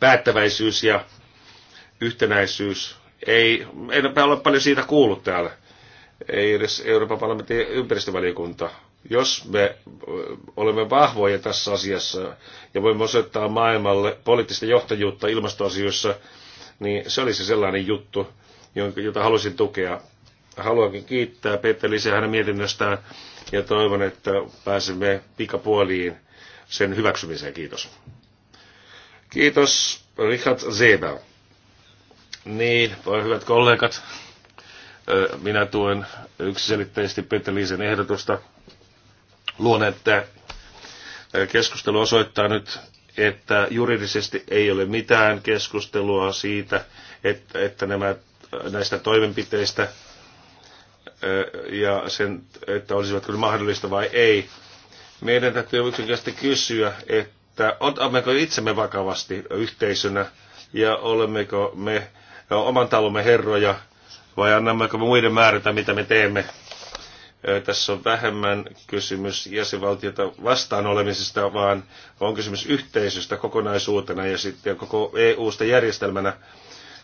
päättäväisyys ja yhtenäisyys. Ei, enpä ole paljon siitä kuullut täällä. Ei edes Euroopan parlamentin ympäristövaliokunta. Jos me olemme vahvoja tässä asiassa ja voimme osoittaa maailmalle poliittista johtajuutta ilmastoasioissa, niin se olisi sellainen juttu, jota halusin tukea. Haluankin kiittää Peter Lisiä hänen mietinnöstään ja toivon, että pääsemme pikapuoliin sen hyväksymiseen. Kiitos. Kiitos Richard Zeber. Niin, hyvät kollegat, minä tuen yksiselitteisesti Peter Liisen ehdotusta. Luon, että keskustelu osoittaa nyt, että juridisesti ei ole mitään keskustelua siitä, että, että nämä, näistä toimenpiteistä ja sen, että olisivatko ne mahdollista vai ei. Meidän täytyy yksinkertaisesti kysyä, että otammeko itsemme vakavasti yhteisönä ja olemmeko me oman talomme herroja vai annammeko me muiden määrätä, mitä me teemme? Tässä on vähemmän kysymys jäsenvaltiota vastaan olemisesta, vaan on kysymys yhteisöstä kokonaisuutena ja sitten koko EU-sta järjestelmänä.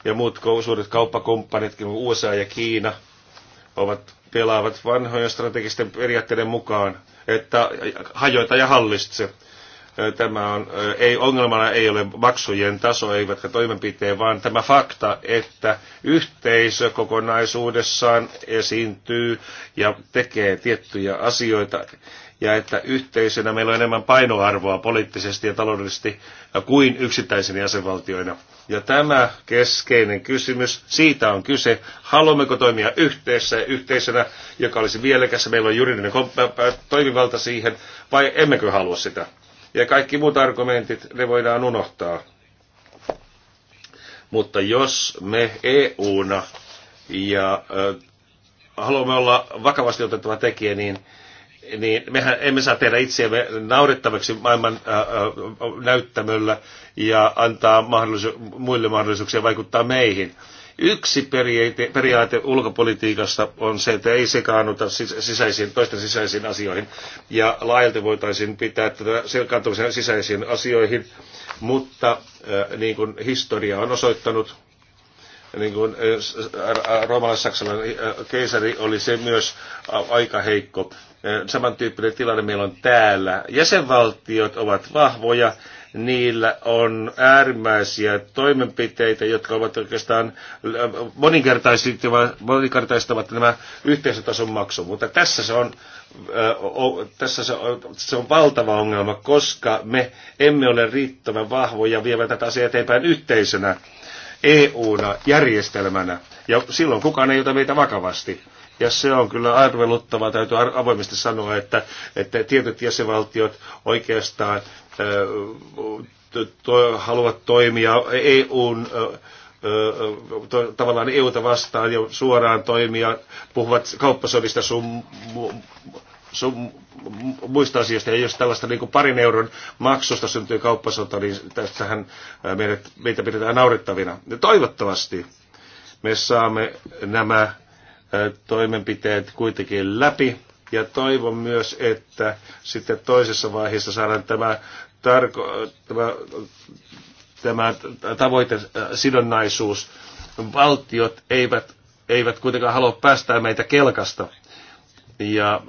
Ja muut suuret kauppakumppanitkin, USA ja Kiina, ovat pelaavat vanhojen strategisten periaatteiden mukaan, että hajoita ja hallitse. Tämä on, ei, ongelmana ei ole maksujen taso eivätkä toimenpiteen, vaan tämä fakta, että yhteisö kokonaisuudessaan esiintyy ja tekee tiettyjä asioita ja että yhteisönä meillä on enemmän painoarvoa poliittisesti ja taloudellisesti kuin yksittäisinä jäsenvaltioina. Ja tämä keskeinen kysymys, siitä on kyse, haluammeko toimia yhteisessä yhteisönä, joka olisi mielekässä, meillä on juridinen toimivalta siihen, vai emmekö halua sitä ja kaikki muut argumentit, ne voidaan unohtaa. Mutta jos me EU: EU-na ja äh, haluamme olla vakavasti otettava tekijä, niin, niin mehän emme saa tehdä itseämme naurettavaksi maailman äh, näyttämöllä ja antaa mahdollisu- muille mahdollisuuksia vaikuttaa meihin. Yksi periaate, periaate ulkopolitiikassa on se, että ei sekaannuta sisäisiin, toisten sisäisiin asioihin. Ja laajalti voitaisiin pitää tätä sekaantumisen sisäisiin asioihin, mutta äh, niin kuin historia on osoittanut, niin kuin äh, äh, roomalais-saksalainen keisari oli se myös aika heikko. Samantyyppinen tilanne meillä on täällä. Jäsenvaltiot ovat vahvoja, niillä on äärimmäisiä toimenpiteitä, jotka ovat oikeastaan moninkertaistavat nämä yhteisötason maksu. Mutta tässä se on, tässä se on, se on valtava ongelma, koska me emme ole riittävän vahvoja viemään tätä asiaa eteenpäin yhteisönä, eu järjestelmänä. Ja silloin kukaan ei ota meitä vakavasti. Ja se on kyllä arveluttavaa, täytyy avoimesti sanoa, että, että tietyt jäsenvaltiot oikeastaan to, haluavat toimia EUn to, tavallaan EUta vastaan ja suoraan toimia, puhuvat kauppasodista sun, sun muista asioista, ja jos tällaista niin parin euron maksusta syntyy kauppasota, niin tästähän meitä pidetään naurettavina. Ja toivottavasti me saamme nämä toimenpiteet kuitenkin läpi. Ja toivon myös, että sitten toisessa vaiheessa saadaan tämä, tarko- tämä, tämä tavoitesidonnaisuus. Valtiot eivät, eivät kuitenkaan halua päästää meitä kelkasta ja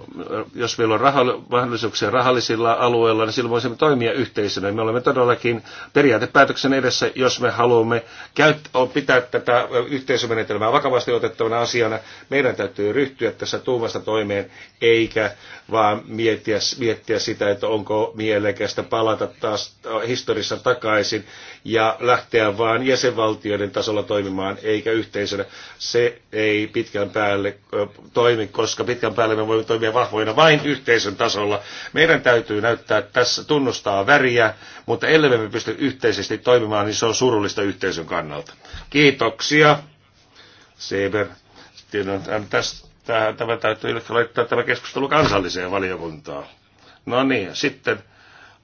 jos meillä on rahall- mahdollisuuksia rahallisilla alueilla, niin silloin voisimme toimia yhteisönä. Me olemme todellakin periaatepäätöksen edessä, jos me haluamme käyt- pitää tätä yhteisömenetelmää vakavasti otettavana asiana. Meidän täytyy ryhtyä tässä tuumasta toimeen, eikä vaan miettiä, miettiä sitä, että onko mielekästä palata taas historiassa takaisin ja lähteä vaan jäsenvaltioiden tasolla toimimaan, eikä yhteisönä. Se ei pitkän päälle toimi, koska pitkän päälle me voimme toimia vahvoina vain yhteisön tasolla. Meidän täytyy näyttää tässä, tunnustaa väriä, mutta ellei me pysty yhteisesti toimimaan, niin se on surullista yhteisön kannalta. Kiitoksia, Seber. tämä täytyy laittaa tämä keskustelu kansalliseen valiokuntaan. No niin, sitten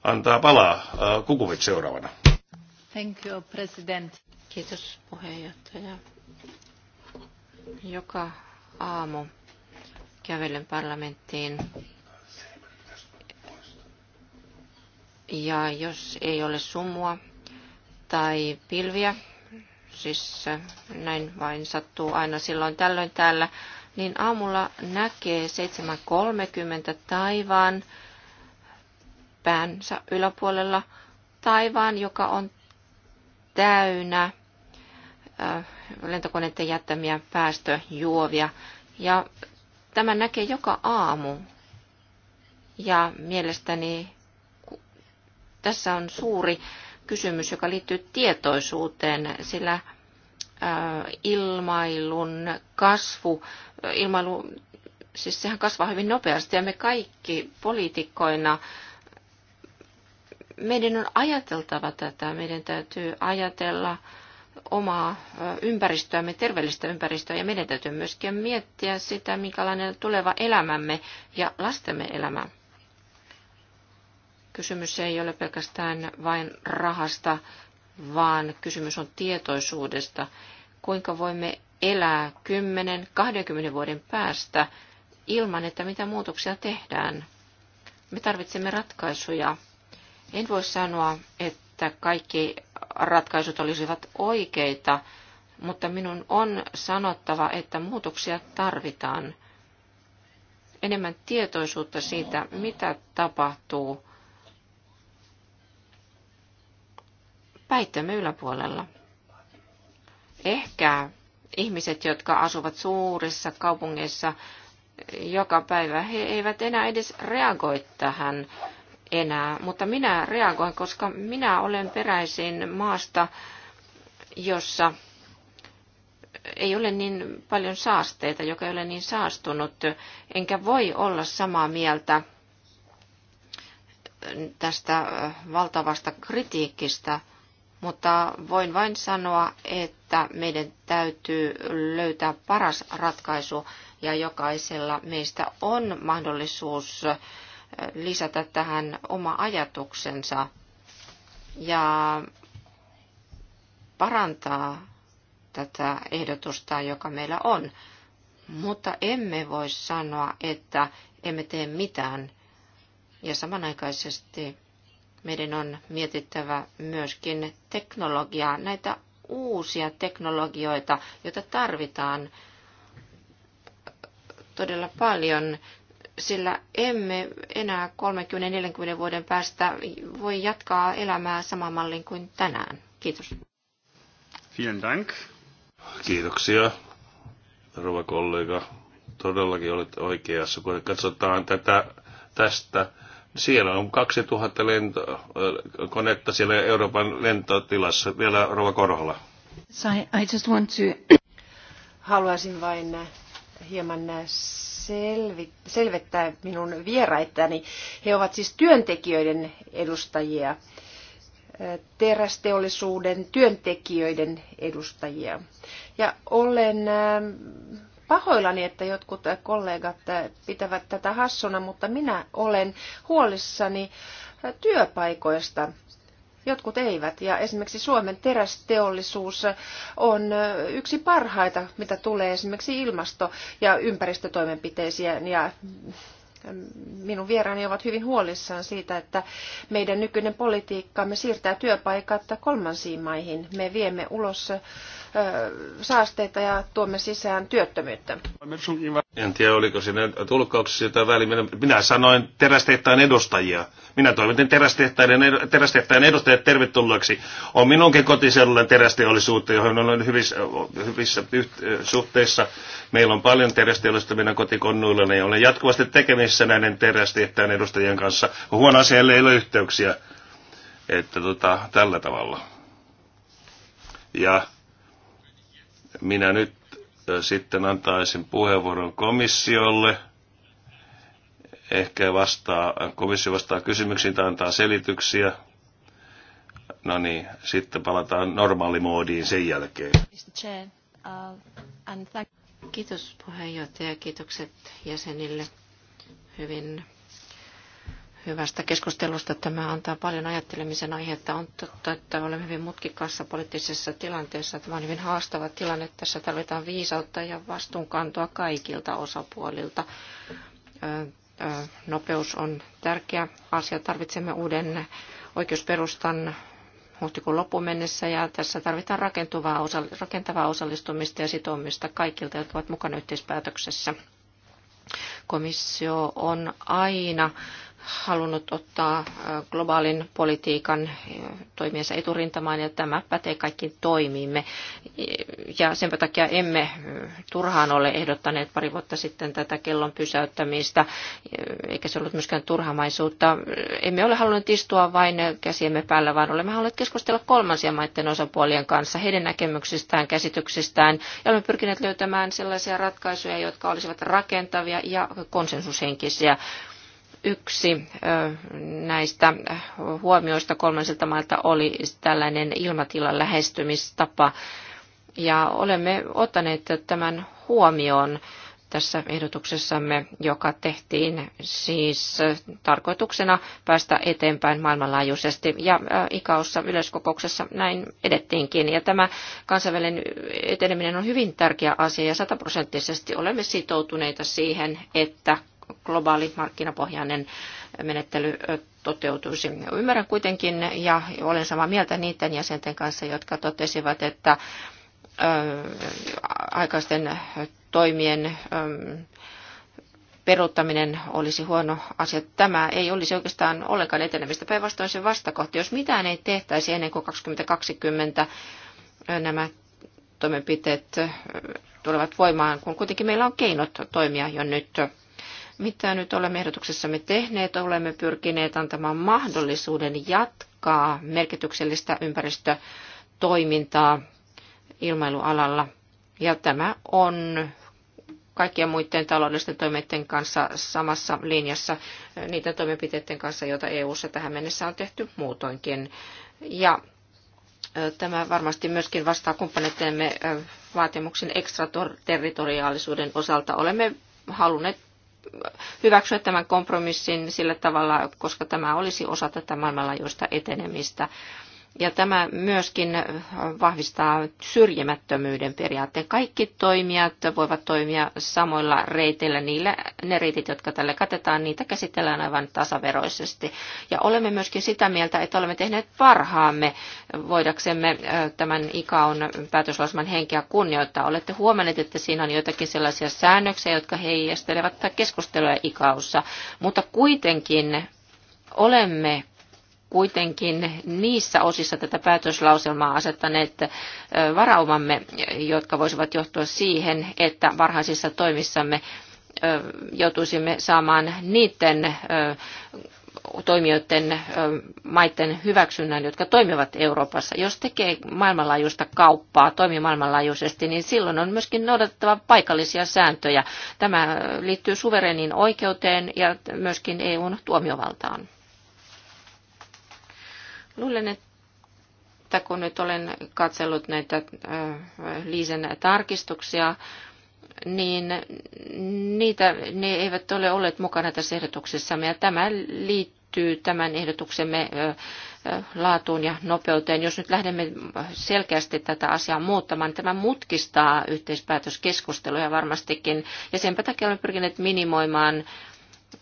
antaa palaa äh, Kukuvit seuraavana. Thank you, president. Kiitos puheenjohtaja. Joka aamu Kävelen parlamenttiin. Ja jos ei ole sumua tai pilviä, siis näin vain sattuu aina silloin tällöin täällä, niin aamulla näkee 7.30 taivaan päänsä yläpuolella taivaan, joka on täynnä äh, lentokoneiden jättämiä päästöjuovia. Ja Tämän näkee joka aamu. Ja mielestäni tässä on suuri kysymys, joka liittyy tietoisuuteen, sillä ilmailun kasvu, ilmailu, siis sehän kasvaa hyvin nopeasti ja me kaikki poliitikkoina meidän on ajateltava tätä, meidän täytyy ajatella omaa ympäristöämme, terveellistä ympäristöä, ja meidän täytyy myöskin miettiä sitä, minkälainen tuleva elämämme ja lastemme elämä. Kysymys ei ole pelkästään vain rahasta, vaan kysymys on tietoisuudesta, kuinka voimme elää 10-20 vuoden päästä ilman, että mitä muutoksia tehdään. Me tarvitsemme ratkaisuja. En voi sanoa, että kaikki ratkaisut olisivat oikeita, mutta minun on sanottava, että muutoksia tarvitaan. Enemmän tietoisuutta siitä, mitä tapahtuu päittämme yläpuolella. Ehkä ihmiset, jotka asuvat suurissa kaupungeissa joka päivä, he eivät enää edes reagoi tähän enää, mutta minä reagoin, koska minä olen peräisin maasta, jossa ei ole niin paljon saasteita, joka ei ole niin saastunut, enkä voi olla samaa mieltä tästä valtavasta kritiikistä, mutta voin vain sanoa, että meidän täytyy löytää paras ratkaisu ja jokaisella meistä on mahdollisuus lisätä tähän oma ajatuksensa ja parantaa tätä ehdotusta, joka meillä on. Mutta emme voi sanoa, että emme tee mitään. Ja samanaikaisesti meidän on mietittävä myöskin teknologiaa, näitä uusia teknologioita, joita tarvitaan todella paljon sillä emme enää 30-40 vuoden päästä voi jatkaa elämää saman mallin kuin tänään. Kiitos. Vielen dank. Kiitoksia, rouva kollega. Todellakin olet oikeassa, kun katsotaan tätä tästä. Siellä on 2000 lento, äh, konetta siellä Euroopan lentotilassa. Vielä rouva Korhola. I just want to... Haluaisin vain hieman selvi, selvittää minun vieraittani. He ovat siis työntekijöiden edustajia, terästeollisuuden työntekijöiden edustajia. Ja olen pahoillani, että jotkut kollegat pitävät tätä hassuna, mutta minä olen huolissani työpaikoista jotkut eivät. Ja esimerkiksi Suomen terästeollisuus on yksi parhaita, mitä tulee esimerkiksi ilmasto- ja ympäristötoimenpiteisiin. Ja mm, minun vieraani ovat hyvin huolissaan siitä, että meidän nykyinen politiikkaamme siirtää työpaikat kolmansiin maihin. Me viemme ulos saasteita ja tuomme sisään työttömyyttä. En tiedä, oliko siinä tulkauksessa jotain väliä. Minä sanoin terästehtaan edustajia. Minä toimitin terästehtaiden, terästehtaiden edustajat tervetulleeksi. On minunkin kotiseudullani terästeollisuutta, johon olen hyvissä, hyvissä suhteissa. Meillä on paljon terästeollisuutta minä kotikonnuilla, ja niin olen jatkuvasti tekemissä näiden terästehtaan edustajien kanssa. huono asia, ei ole yhteyksiä. Että tota, tällä tavalla. Ja minä nyt sitten antaisin puheenvuoron komissiolle. Ehkä vastaa, komissio vastaa kysymyksiin tai antaa selityksiä. No niin, sitten palataan normaalimoodiin sen jälkeen. Uh, Kiitos puheenjohtaja, kiitokset jäsenille hyvin hyvästä keskustelusta. Tämä antaa paljon ajattelemisen aihetta. On totta, että olemme hyvin mutkikassa poliittisessa tilanteessa. Tämä on hyvin haastava tilanne. Tässä tarvitaan viisautta ja vastuunkantoa kaikilta osapuolilta. Nopeus on tärkeä asia. Tarvitsemme uuden oikeusperustan huhtikuun loppuun mennessä ja tässä tarvitaan rakentuvaa, rakentavaa osallistumista ja sitoumista kaikilta, jotka ovat mukana yhteispäätöksessä. Komissio on aina halunnut ottaa globaalin politiikan toimiensa eturintamaan ja tämä pätee kaikkiin toimiimme. Ja sen takia emme turhaan ole ehdottaneet pari vuotta sitten tätä kellon pysäyttämistä, eikä se ollut myöskään turhamaisuutta. Emme ole halunneet istua vain käsiemme päällä, vaan olemme halunneet keskustella kolmansien maiden osapuolien kanssa, heidän näkemyksistään, käsityksistään, ja olemme pyrkineet löytämään sellaisia ratkaisuja, jotka olisivat rakentavia ja konsensushenkisiä Yksi näistä huomioista kolmansilta mailta oli tällainen ilmatilan lähestymistapa. Ja olemme ottaneet tämän huomioon tässä ehdotuksessamme, joka tehtiin siis tarkoituksena päästä eteenpäin maailmanlaajuisesti. Ja ikaussa yleiskokouksessa näin edettiinkin. Ja tämä kansainvälinen eteneminen on hyvin tärkeä asia ja sataprosenttisesti olemme sitoutuneita siihen, että globaali markkinapohjainen menettely toteutuisi. Ymmärrän kuitenkin ja olen samaa mieltä niiden jäsenten kanssa, jotka totesivat, että aikaisten toimien peruuttaminen olisi huono asia. Tämä ei olisi oikeastaan ollenkaan etenemistä. Päinvastoin se vastakohti, jos mitään ei tehtäisi ennen kuin 2020 nämä toimenpiteet tulevat voimaan, kun kuitenkin meillä on keinot toimia jo nyt mitä nyt olemme ehdotuksessamme tehneet? Olemme pyrkineet antamaan mahdollisuuden jatkaa merkityksellistä ympäristötoimintaa ilmailualalla. Ja tämä on kaikkien muiden taloudellisten toimijoiden kanssa samassa linjassa niiden toimenpiteiden kanssa, joita EU-ssa tähän mennessä on tehty muutoinkin. Ja tämä varmasti myöskin vastaa kumppaneidemme vaatimuksen ekstraterritoriaalisuuden osalta. Olemme halunneet hyväksyä tämän kompromissin sillä tavalla, koska tämä olisi osa tätä maailmanlaajuista etenemistä. Ja tämä myöskin vahvistaa syrjimättömyyden periaatteen. Kaikki toimijat voivat toimia samoilla reiteillä. Niillä, ne reitit, jotka tälle katetaan, niitä käsitellään aivan tasaveroisesti. Ja olemme myöskin sitä mieltä, että olemme tehneet parhaamme voidaksemme tämän ICAON päätöslausman henkeä kunnioittaa. Olette huomanneet, että siinä on joitakin sellaisia säännöksiä, jotka heijastelevat keskustelua ICAOssa, mutta kuitenkin olemme kuitenkin niissä osissa tätä päätöslauselmaa asettaneet varaumamme, jotka voisivat johtua siihen, että varhaisissa toimissamme joutuisimme saamaan niiden toimijoiden maiden hyväksynnän, jotka toimivat Euroopassa. Jos tekee maailmanlaajuista kauppaa, toimii maailmanlaajuisesti, niin silloin on myöskin noudatettava paikallisia sääntöjä. Tämä liittyy suvereniin oikeuteen ja myöskin EUn tuomiovaltaan. Luulen, että kun nyt olen katsellut näitä äh, Liisen tarkistuksia, niin niitä, ne eivät ole olleet mukana tässä ehdotuksessa, Ja tämä liittyy tämän ehdotuksemme äh, äh, laatuun ja nopeuteen. Jos nyt lähdemme selkeästi tätä asiaa muuttamaan, niin tämä mutkistaa yhteispäätöskeskusteluja varmastikin. Ja senpä takia olemme pyrkineet minimoimaan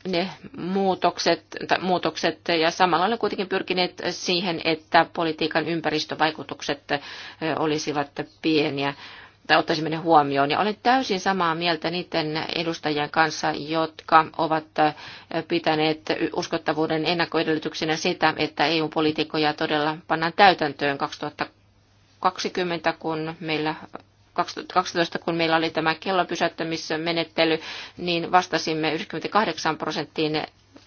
ne muutokset, muutokset ja samalla olen kuitenkin pyrkineet siihen, että politiikan ympäristövaikutukset olisivat pieniä tai ottaisimme ne huomioon. Ja olen täysin samaa mieltä niiden edustajien kanssa, jotka ovat pitäneet uskottavuuden ennakkoedellytyksenä sitä, että EU-politiikkoja todella pannaan täytäntöön 2020, kun meillä 2012, kun meillä oli tämä pysäyttämismenettely, niin vastasimme 98 prosenttiin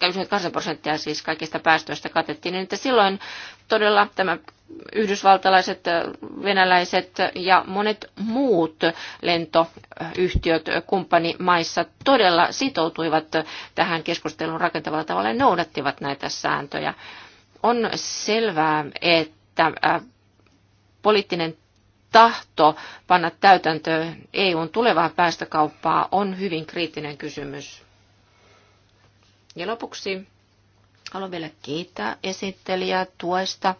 98 prosenttia siis kaikista päästöistä katettiin, niin että silloin todella tämä yhdysvaltalaiset, venäläiset ja monet muut lentoyhtiöt kumppanimaissa todella sitoutuivat tähän keskusteluun rakentavalla tavalla ja noudattivat näitä sääntöjä. On selvää, että äh, poliittinen tahto panna täytäntöön EUn tulevaa päästökauppaa on hyvin kriittinen kysymys. Ja lopuksi haluan vielä kiittää esittelijää tuesta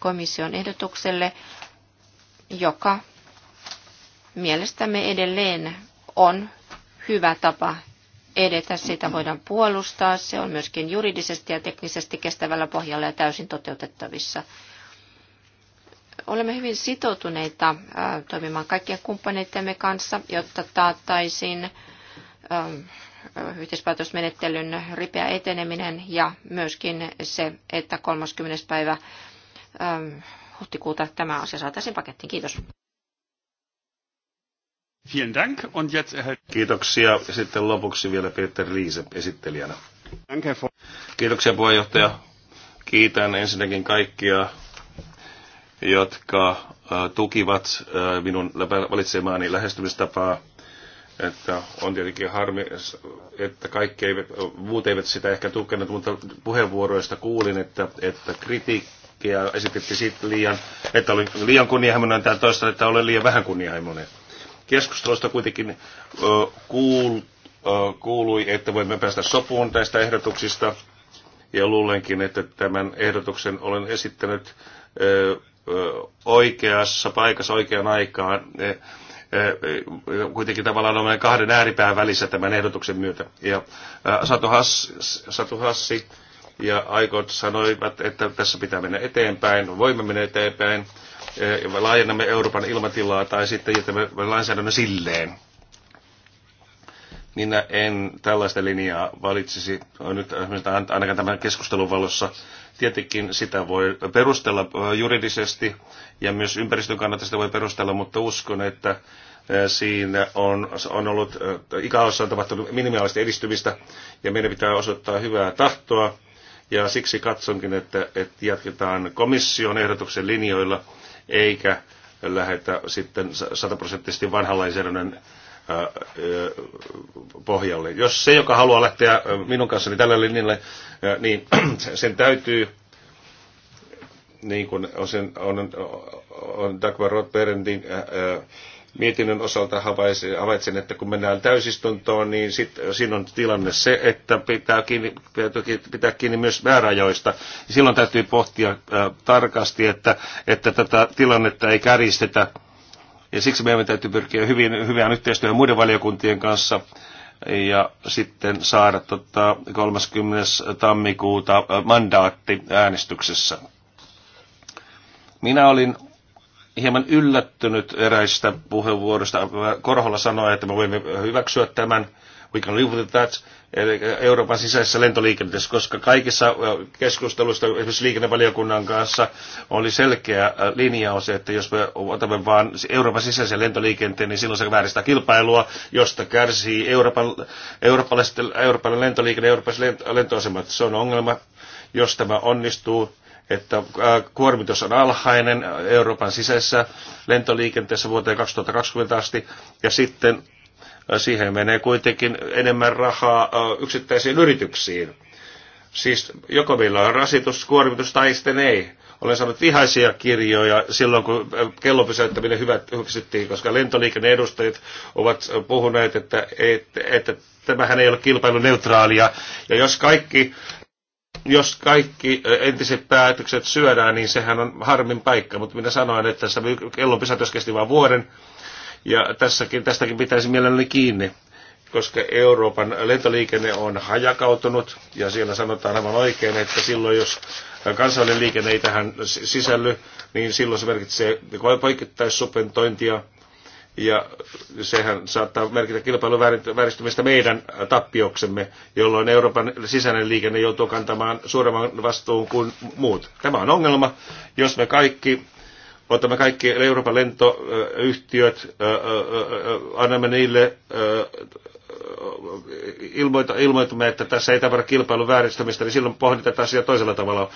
komission ehdotukselle, joka mielestämme edelleen on hyvä tapa edetä. Sitä voidaan puolustaa. Se on myöskin juridisesti ja teknisesti kestävällä pohjalla ja täysin toteutettavissa. Olemme hyvin sitoutuneita toimimaan kaikkien kumppaneittemme kanssa, jotta taattaisiin yhteispäätösmenettelyn ripeä eteneminen ja myöskin se, että 30. päivä huhtikuuta tämä asia saataisiin pakettiin. Kiitos. Vielen Dank und jetzt Kiitoksia. Sitten lopuksi vielä Peter Riise esittelijänä. Kiitoksia puheenjohtaja. Kiitän ensinnäkin kaikkia jotka äh, tukivat äh, minun valitsemaani lähestymistapaa. Että on tietenkin harmi, että kaikki eivät, muut eivät sitä ehkä tukeneet, mutta puheenvuoroista kuulin, että, että kritiikkiä esitettiin siitä liian, että oli liian kunnianhimoinen tai toista, että olen liian vähän kunnianhimoinen. Keskustelusta kuitenkin kuul, kuului, että voimme päästä sopuun näistä ehdotuksista ja luulenkin, että tämän ehdotuksen olen esittänyt oikeassa paikassa oikeaan aikaan. E, e, kuitenkin tavallaan olemme kahden ääripään välissä tämän ehdotuksen myötä. Ja Satu, Hassi, Satu Hassi ja Aikot sanoivat, että tässä pitää mennä eteenpäin, voimme mennä eteenpäin, e, laajennamme Euroopan ilmatilaa tai sitten jätämme lainsäädännön silleen. Minä en tällaista linjaa valitsisi nyt ainakaan tämän keskustelun valossa. Tietenkin sitä voi perustella juridisesti ja myös ympäristön kannalta sitä voi perustella, mutta uskon, että siinä on, on ollut, ikäossa on tapahtunut minimaalista edistymistä ja meidän pitää osoittaa hyvää tahtoa. Ja siksi katsonkin, että, että jatketaan komission ehdotuksen linjoilla eikä lähetä sitten sataprosenttisesti vanhan lainsäädännön pohjalle. Jos se, joka haluaa lähteä minun kanssani tällä linjalle, niin sen täytyy niin kuin osin, on, on Dagmar Rothbergin mietinnön osalta havaitsen, että kun mennään täysistuntoon, niin sit, siinä on tilanne se, että pitää kiinni, pitää kiinni myös määräajoista. Silloin täytyy pohtia tarkasti, että, että tätä tilannetta ei käristetä. Ja siksi meidän täytyy pyrkiä hyvin, hyvään yhteistyöhön muiden valiokuntien kanssa ja sitten saada tota, 30. tammikuuta mandaatti äänestyksessä. Minä olin hieman yllättynyt eräistä puheenvuoroista. Korholla sanoi, että me voimme hyväksyä tämän we can live with that, eh, Euroopan sisäisessä lentoliikenteessä, koska kaikissa eh, keskusteluissa esimerkiksi liikennevaliokunnan kanssa oli selkeä eh, linjaus, että jos me otamme vain Euroopan sisäisen lentoliikenteen, niin silloin se vääristää kilpailua, josta kärsii Euroopan, eurooppalaiset, eurooppalainen lentoliikenne, eurooppalaiset lentoasemat. Se on ongelma, jos tämä onnistuu että kuormitus on alhainen Euroopan sisäisessä lentoliikenteessä vuoteen 2020 asti, ja sitten siihen menee kuitenkin enemmän rahaa yksittäisiin yrityksiin. Siis joko meillä on rasitus, kuormitus tai sitten ei. Olen saanut vihaisia kirjoja silloin, kun kellon pysäyttäminen hyvät hyväksyttiin, koska lentoliikenneedustajat ovat puhuneet, että, että, että tämähän ei ole kilpailuneutraalia. Ja jos kaikki jos kaikki entiset päätökset syödään, niin sehän on harmin paikka, mutta minä sanoin, että tässä kellon pysäytys kesti vain vuoden, ja tässäkin, tästäkin pitäisi mielelläni kiinni, koska Euroopan lentoliikenne on hajakautunut ja siellä sanotaan aivan oikein, että silloin jos kansallinen liikenne ei tähän sisälly, niin silloin se merkitsee poikittaissupentointia ja sehän saattaa merkitä kilpailuvääristymistä meidän tappioksemme, jolloin Euroopan sisäinen liikenne joutuu kantamaan suuremman vastuun kuin muut. Tämä on ongelma, jos me kaikki otamme kaikki Euroopan lentoyhtiöt, annamme niille, ilmoita, ilmoitumme, että tässä ei tapahdu kilpailun vääristämistä, niin silloin pohditaan tätä asiaa toisella tavalla.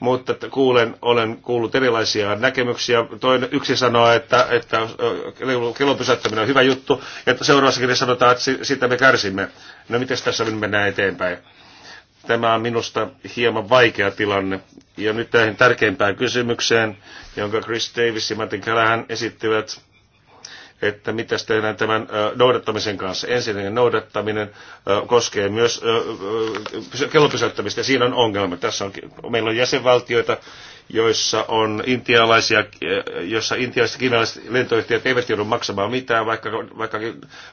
Mutta kuulen, olen kuullut erilaisia näkemyksiä. Toinen, yksi sanoo, että, että kelon pysäyttäminen on hyvä juttu, ja seuraavassakin sanotaan, että sitä me kärsimme. No miten tässä nyt mennään eteenpäin? Tämä on minusta hieman vaikea tilanne. Ja nyt tähän tärkeimpään kysymykseen, jonka Chris Davis ja Martin Callahan esittivät, että mitä tehdään tämän noudattamisen kanssa. Ensinnäkin noudattaminen koskee myös kellopysäyttämistä. Siinä on ongelma. Tässä on, meillä on jäsenvaltioita, joissa on intialaisia, eh, jossa intialaiset ja kiinalaiset lentoyhtiöt eivät joudu maksamaan mitään, vaikka, vaikka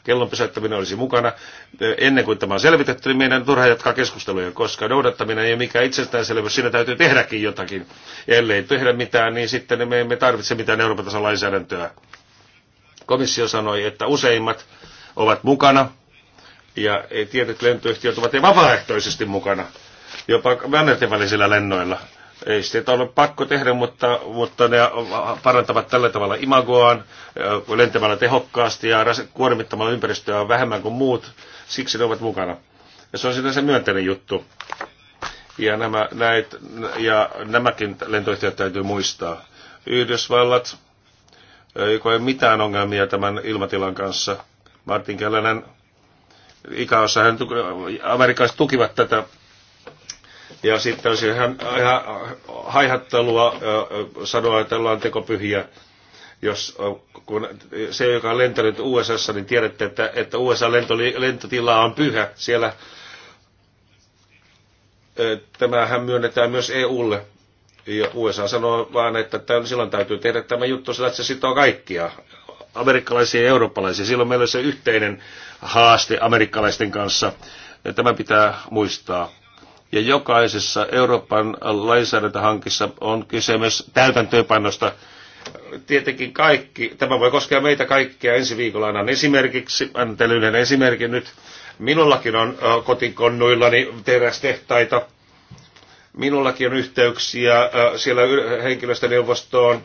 kellon pysäyttäminen olisi mukana. Eh, ennen kuin tämä on selvitetty, niin meidän turha jatkaa keskusteluja, koska noudattaminen ei ole mikään itsestäänselvyys, siinä täytyy tehdäkin jotakin. ellei tehdä mitään, niin sitten me emme tarvitse mitään Euroopan tason lainsäädäntöä. Komissio sanoi, että useimmat ovat mukana, ja tietyt lentoyhtiöt ovat vapaaehtoisesti mukana, jopa mannerten välisillä lennoilla ei sitä ole pakko tehdä, mutta, mutta ne parantavat tällä tavalla imagoaan lentämällä tehokkaasti ja kuormittamalla ympäristöä vähemmän kuin muut. Siksi ne ovat mukana. Ja se on sinänsä myönteinen juttu. Ja, nämä, näit, ja nämäkin lentoyhtiöt täytyy muistaa. Yhdysvallat, joka ei ole mitään ongelmia tämän ilmatilan kanssa. Martin Kellänen ikäossa hän, amerikkalaiset tukivat tätä ja sitten olisi ihan, ihan haihattelua sanoa, että ollaan tekopyhiä. Jos, kun se, joka on lentänyt USA, niin tiedätte, että, että USA lentotila on pyhä. Siellä tämähän myönnetään myös EUlle. Ja USA sanoo vaan, että tämän, silloin täytyy tehdä tämä juttu sillä, se sitoo kaikkia amerikkalaisia ja eurooppalaisia. Silloin meillä on se yhteinen haaste amerikkalaisten kanssa. Ja tämä pitää muistaa ja jokaisessa Euroopan lainsäädäntöhankissa on kyse myös täytäntöönpannosta. Tietenkin kaikki, tämä voi koskea meitä kaikkia ensi viikolla annan esimerkiksi, annan teille yhden esimerkin nyt. Minullakin on kotikonnuillani terästehtaita, minullakin on yhteyksiä siellä henkilöstöneuvostoon,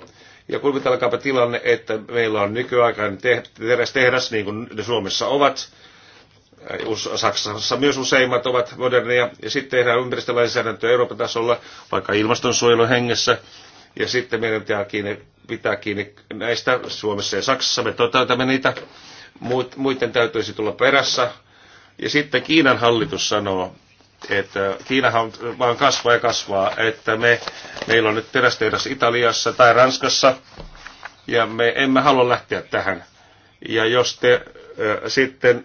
ja kuvitelkaapa tilanne, että meillä on nykyaikainen terästehdas, niin kuin ne Suomessa ovat, Saksassa myös useimmat ovat moderneja, ja sitten tehdään ympäristölainsäädäntöä Euroopan tasolla, vaikka ilmastonsuojelun hengessä, ja sitten meidän pitää kiinni, pitää kiinni näistä Suomessa ja Saksassa, me toteutamme niitä, Muut, muiden täytyisi tulla perässä. Ja sitten Kiinan hallitus sanoo, että Kiinahan vaan kasvaa ja kasvaa, että me, meillä on nyt terästehdas Italiassa tai Ranskassa, ja me emme halua lähteä tähän. Ja jos te äh, sitten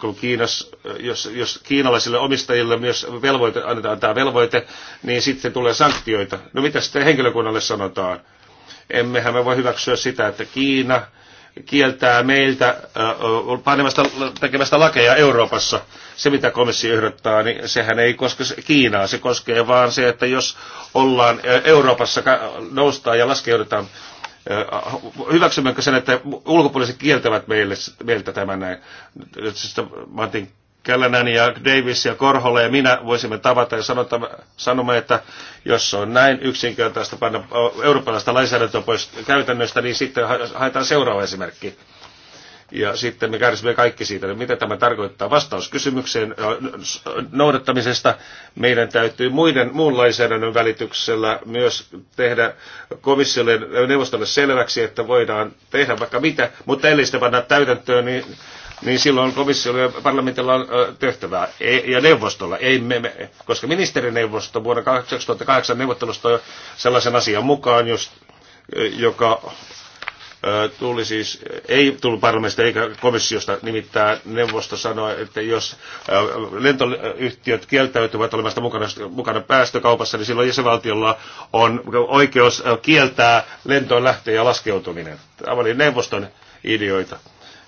kun Kiinas, jos, jos kiinalaisille omistajille myös velvoite, annetaan tämä velvoite, niin sitten tulee sanktioita. No mitä sitten henkilökunnalle sanotaan? Emmehän me voi hyväksyä sitä, että Kiina kieltää meiltä panemasta, tekemästä lakeja Euroopassa. Se, mitä komissio ehdottaa, niin sehän ei koske Kiinaa, se koskee vaan se, että jos ollaan Euroopassa, noustaan ja laskeudutaan hyväksymmekö sen, että ulkopuoliset kieltävät meille, meiltä tämän näin. Siis Martin Källänän ja Davis ja Korhola ja minä voisimme tavata ja sanota, sanomme, että jos on näin yksinkertaista panna eurooppalaista lainsäädäntöä pois käytännöstä, niin sitten haetaan seuraava esimerkki ja sitten me kärsimme kaikki siitä, mitä tämä tarkoittaa vastauskysymykseen noudattamisesta. Meidän täytyy muiden muun lainsäädännön välityksellä myös tehdä komissiolle ja neuvostolle selväksi, että voidaan tehdä vaikka mitä, mutta ellei sitä panna täytäntöön, niin niin silloin komissiolla ja parlamentilla on tehtävää, e, ja neuvostolla, ei me, me, koska ministerineuvosto vuonna 2008 neuvottelusta on sellaisen asian mukaan, just, joka tuli siis, ei tullut parlamentista eikä komissiosta, nimittäin neuvosto sanoi, että jos lentoyhtiöt kieltäytyvät olemasta mukana, mukana päästökaupassa, niin silloin jäsenvaltiolla on oikeus kieltää lentoon lähtö ja laskeutuminen. Tämä oli neuvoston ideoita.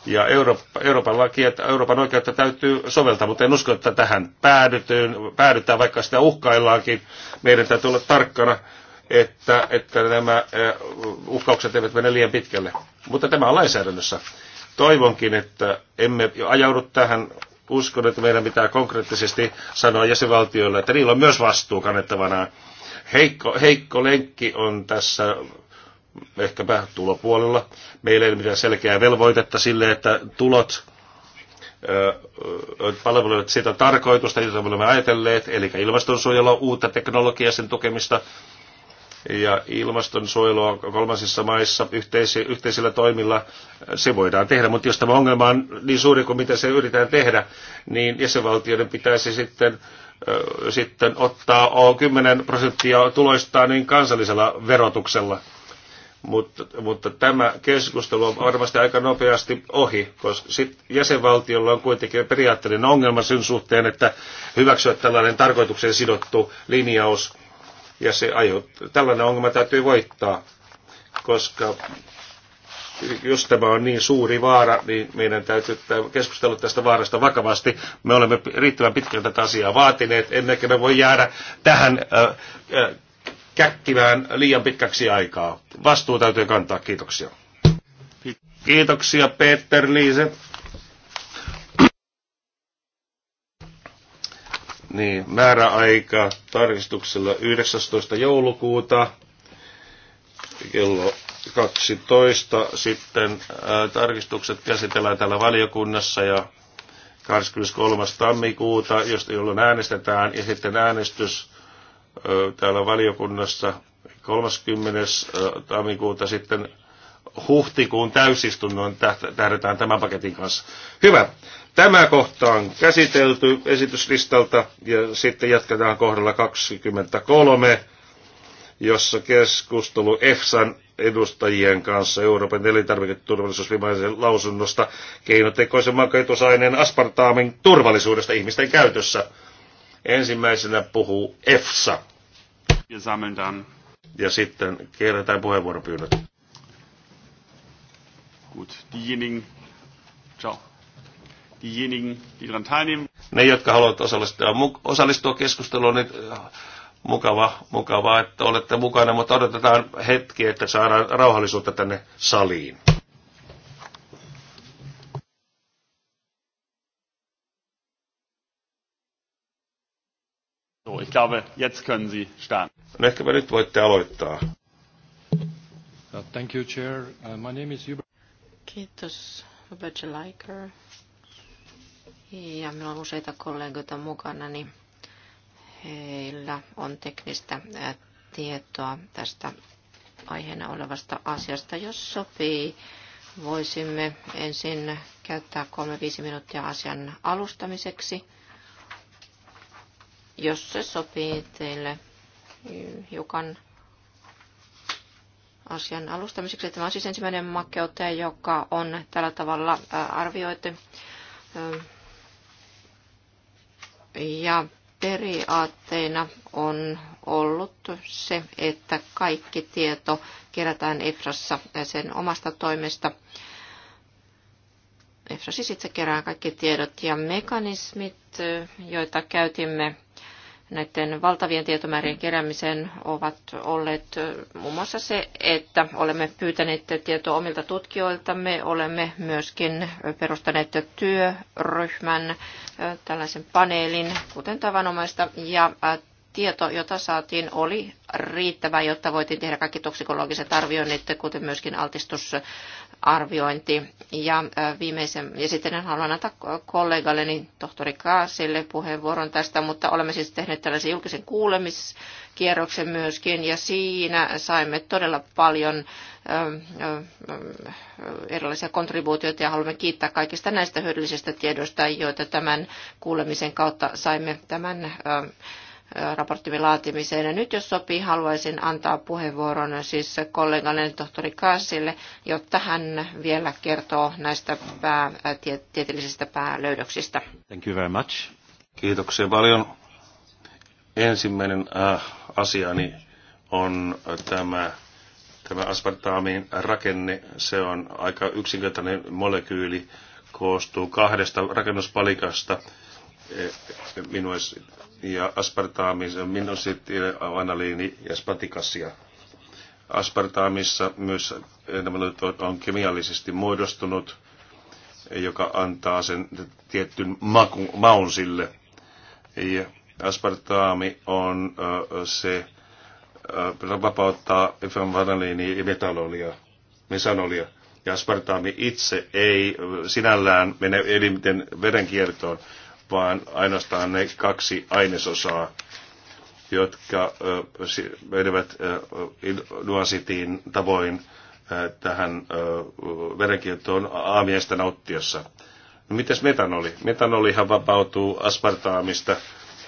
Ja Eurooppa, Euroopan että Euroopan oikeutta täytyy soveltaa, mutta en usko, että tähän päädytään, päädytään vaikka sitä uhkaillaankin. Meidän täytyy olla tarkkana että, että nämä äh, uhkaukset eivät mene liian pitkälle. Mutta tämä on lainsäädännössä. Toivonkin, että emme ajaudu tähän uskon, että meidän pitää konkreettisesti sanoa jäsenvaltioille, että niillä on myös vastuu kannettavana. Heikko, heikko lenkki on tässä ehkäpä tulopuolella. Meillä ei ole mitään selkeää velvoitetta sille, että tulot äh, äh, palvelut, sitä tarkoitusta, jota me olemme ajatelleet, eli ilmastonsuojelua, uutta teknologiaa, sen tukemista, ja ilmastonsuojelua kolmansissa maissa yhteisi, yhteisillä toimilla, se voidaan tehdä. Mutta jos tämä ongelma on niin suuri kuin mitä se yritetään tehdä, niin jäsenvaltioiden pitäisi sitten, äh, sitten ottaa 10 prosenttia tuloistaan niin kansallisella verotuksella. Mutta, mutta tämä keskustelu on varmasti aika nopeasti ohi, koska sit jäsenvaltiolla on kuitenkin periaatteellinen ongelma sen suhteen, että hyväksyä tällainen tarkoitukseen sidottu linjaus – ja se aiheuttaa, tällainen ongelma täytyy voittaa, koska jos tämä on niin suuri vaara, niin meidän täytyy keskustella tästä vaarasta vakavasti. Me olemme riittävän pitkään tätä asiaa vaatineet, ennenkä me voi jäädä tähän äh, äh, käkkivään liian pitkäksi aikaa. Vastuu täytyy kantaa. Kiitoksia. Kiitoksia Peter Liise. Niin, määräaika tarkistuksella 19. joulukuuta kello 12. Sitten ää, tarkistukset käsitellään täällä valiokunnassa ja 23. tammikuuta, josta jolloin äänestetään, ja sitten äänestys ää, täällä valiokunnassa 30. tammikuuta sitten huhtikuun täysistunnon tähdetään tämän paketin kanssa. Hyvä. Tämä kohta on käsitelty esityslistalta ja sitten jatketaan kohdalla 23, jossa keskustelu EFSAn edustajien kanssa Euroopan elintarviketurvallisuusvimaisen lausunnosta keinotekoisen makeutusaineen aspartaamin turvallisuudesta ihmisten käytössä. Ensimmäisenä puhuu EFSA. Ja sitten kerätään puheenvuoropyynnöt. Gut, diejenigen. Ciao diejenigen, die daran teilnehmen. Ne, jotka haluavat osallistua, osallistua keskusteluun, niin äh, mukava, mukavaa, että olette mukana, mutta odotetaan hetki, että saadaan rauhallisuutta tänne saliin. So, ich glaube, jetzt können Sie starten. me no, nyt voitte aloittaa. Uh, thank you, Chair. Uh, my name is Hubert. Kiitos, Hubert Leiker ja meillä on useita kollegoita mukana, niin heillä on teknistä tietoa tästä aiheena olevasta asiasta. Jos sopii, voisimme ensin käyttää 3-5 minuuttia asian alustamiseksi. Jos se sopii teille hiukan asian alustamiseksi. Tämä on siis ensimmäinen makeute, joka on tällä tavalla arvioitu ja periaatteena on ollut se, että kaikki tieto kerätään EFRassa sen omasta toimesta. EFRA siis itse kerää kaikki tiedot ja mekanismit, joita käytimme näiden valtavien tietomäärien keräämiseen ovat olleet muun mm. muassa se, että olemme pyytäneet tietoa omilta tutkijoiltamme, olemme myöskin perustaneet työryhmän, tällaisen paneelin, kuten tavanomaista, ja tieto, jota saatiin, oli riittävä, jotta voitiin tehdä kaikki toksikologiset arvioinnit, kuten myöskin altistusarviointi. Ja, viimeisen, ja sitten haluan antaa kollegalleni tohtori Kaasille puheenvuoron tästä, mutta olemme siis tehneet tällaisen julkisen kuulemiskierroksen myöskin, ja siinä saimme todella paljon erilaisia kontribuutioita ja haluamme kiittää kaikista näistä hyödyllisistä tiedoista, joita tämän kuulemisen kautta saimme tämän raporttimin laatimiseen. Ja nyt jos sopii, haluaisin antaa puheenvuoron siis kollegalle tohtori Kaasille, jotta hän vielä kertoo näistä pää, tie, tieteellisistä päälöydöksistä. Thank you very much. Kiitoksia paljon. Ensimmäinen äh, asiani on tämä, tämä aspartaamin rakenne. Se on aika yksinkertainen molekyyli, koostuu kahdesta rakennuspalikasta. E, minua ja aspartaamissa minosittia, vanaliini ja spatikassia. Aspartaamissa myös eh, on kemiallisesti muodostunut, joka antaa sen tietyn maku, maun sille. Ja aspartaami on eh, se, äh, vapauttaa fenvanaliiniä ja metanolia, mesanolia. Ja aspartaami itse ei sinällään mene elimiten verenkiertoon, vaan ainoastaan ne kaksi ainesosaa, jotka menevät Nuasitiin tavoin tähän verenkiertoon aamiestä nauttiossa. No mitäs metanoli? Metanolihan vapautuu aspartaamista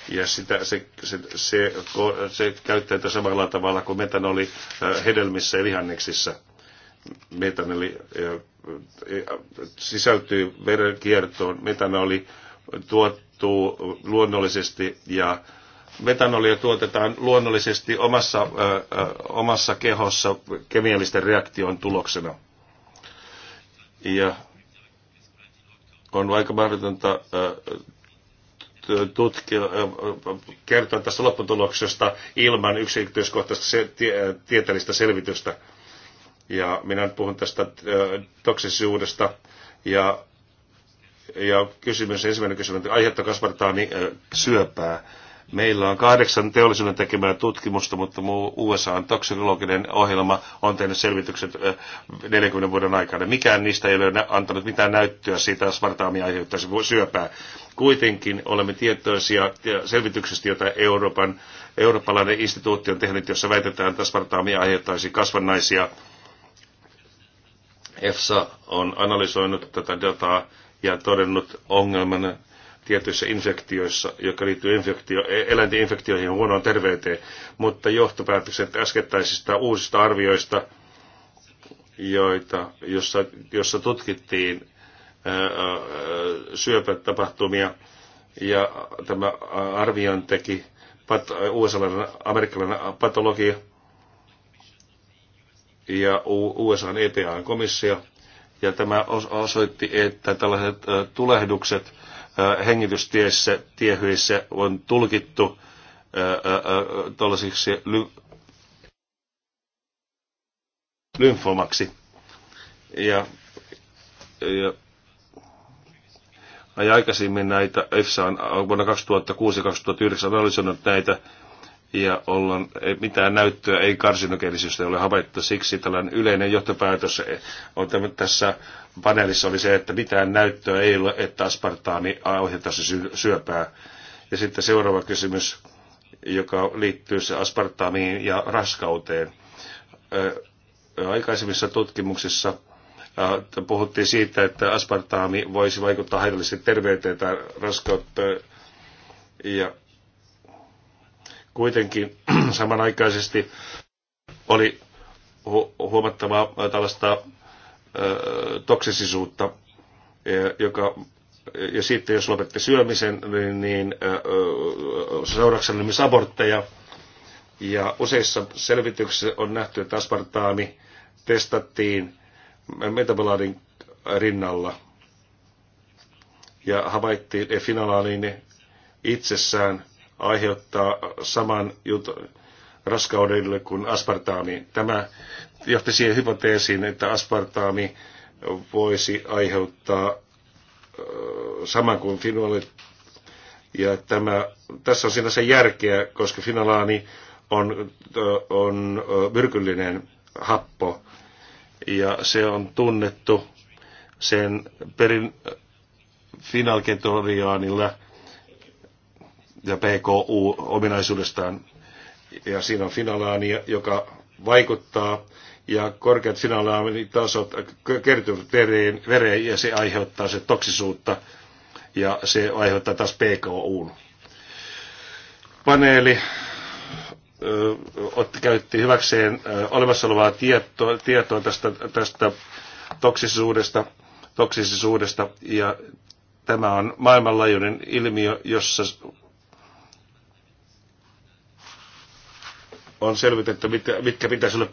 ja sitä, se, se, se, se käyttäytyy samalla tavalla kuin metanoli hedelmissä ja vihanneksissa. Metanoli sisältyy verenkiertoon. Metanoli tuottuu luonnollisesti ja metanolia tuotetaan luonnollisesti omassa, ö, ö, omassa kehossa kemiallisten reaktion tuloksena. Ja on aika mahdotonta ö, tutkia, ö, kertoa tästä lopputuloksesta ilman yksityiskohtaista se, tie, tieteellistä selvitystä. Ja minä puhun tästä ö, toksisuudesta ja ja kysymys, ensimmäinen kysymys, että aihetta kasvattaa niin, syöpää. Meillä on kahdeksan teollisuuden tekemää tutkimusta, mutta muu USA on toksikologinen ohjelma on tehnyt selvitykset 40 vuoden aikana. Mikään niistä ei ole antanut mitään näyttöä siitä, että svartaamia aiheuttaisi syöpää. Kuitenkin olemme tietoisia selvityksistä, jota Euroopan, eurooppalainen instituutti on tehnyt, jossa väitetään, että svartaamia aiheuttaisi kasvannaisia. EFSA on analysoinut tätä dataa ja todennut ongelman tietyissä infektioissa, jotka liittyy infektio, e-, eläinten infektioihin ja huonoon terveyteen, mutta johtopäätökset äskettäisistä uusista arvioista, joita, jossa, jossa tutkittiin syöpätapahtumia ja tämä arvion teki pat, usa amerikkalainen patologia ja USA EPA-komissio ja tämä osoitti, että tällaiset tulehdukset hengitystiessä, tiehyissä on tulkittu tuollaisiksi lymfomaksi. Ja, ja ja aikaisemmin näitä EFSA on vuonna 2006 2009 analysoinut näitä ja ollaan, ei mitään näyttöä ei karsinogenisyystä ole havaittu. Siksi tällainen yleinen johtopäätös on tässä paneelissa oli se, että mitään näyttöä ei ole, että aspartaani aiheuttaisi syöpää. Ja sitten seuraava kysymys, joka liittyy se aspartaamiin ja raskauteen. Aikaisemmissa tutkimuksissa puhuttiin siitä, että aspartaami voisi vaikuttaa haitallisesti terveyteen tai raskautta. Ja Kuitenkin samanaikaisesti oli huomattavaa tällaista toksisisuutta, joka ja sitten jos lopetti syömisen, niin, niin seurauksena myös abortteja. Ja useissa selvityksissä on nähty, että aspartaami testattiin metabolaadin rinnalla. Ja havaittiin, että itsessään aiheuttaa saman jutun raskaudelle kuin aspartaami. Tämä johti siihen hypoteesiin, että aspartaami voisi aiheuttaa saman kuin finolit. Ja tämä, tässä on sinänsä järkeä, koska finalaani on, on myrkyllinen happo ja se on tunnettu sen perin finalketoriaanilla – ja PKU-ominaisuudestaan. Ja siinä on finalaani, joka vaikuttaa, ja korkeat finalaanitasot kertyvät vereen, vereen, ja se aiheuttaa se toksisuutta, ja se aiheuttaa taas PKUn. Paneeli ö, otti, käytti hyväkseen ö, olemassa olevaa tietoa, tietoa tästä, tästä toksisuudesta, toksisuudesta, ja tämä on maailmanlaajuinen ilmiö, jossa on selvitetty, mitkä pitäisi olla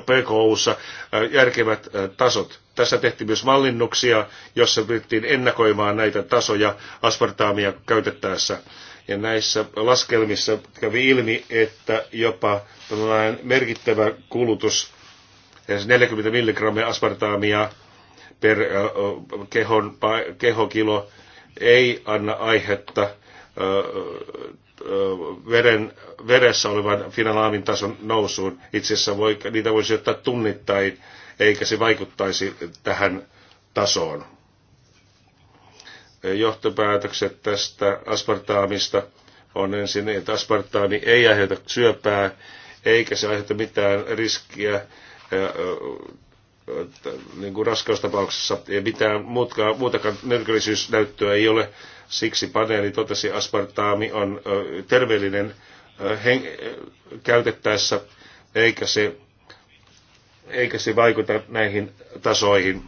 PKUssa äh, järkevät äh, tasot. Tässä tehtiin myös mallinnuksia, jossa pyrittiin ennakoimaan näitä tasoja aspartaamia käytettäessä. Ja näissä laskelmissa kävi ilmi, että jopa tällainen merkittävä kulutus, 40 siis milligrammia aspartaamia per äh, kehon, kehokilo, ei anna aihetta veren, veressä olevan finalaamin tason nousuun. Itse asiassa voi, niitä voisi ottaa tunnittain, eikä se vaikuttaisi tähän tasoon. Johtopäätökset tästä aspartaamista on ensin, että aspartaami ei aiheuta syöpää, eikä se aiheuta mitään riskiä niin kuin raskaustapauksessa ei mitään muutkaan, muutakaan nyrköllisyysnäyttöä ei ole. Siksi paneeli totesi, aspartaami on terveellinen hen- käytettäessä, eikä se, eikä se vaikuta näihin tasoihin.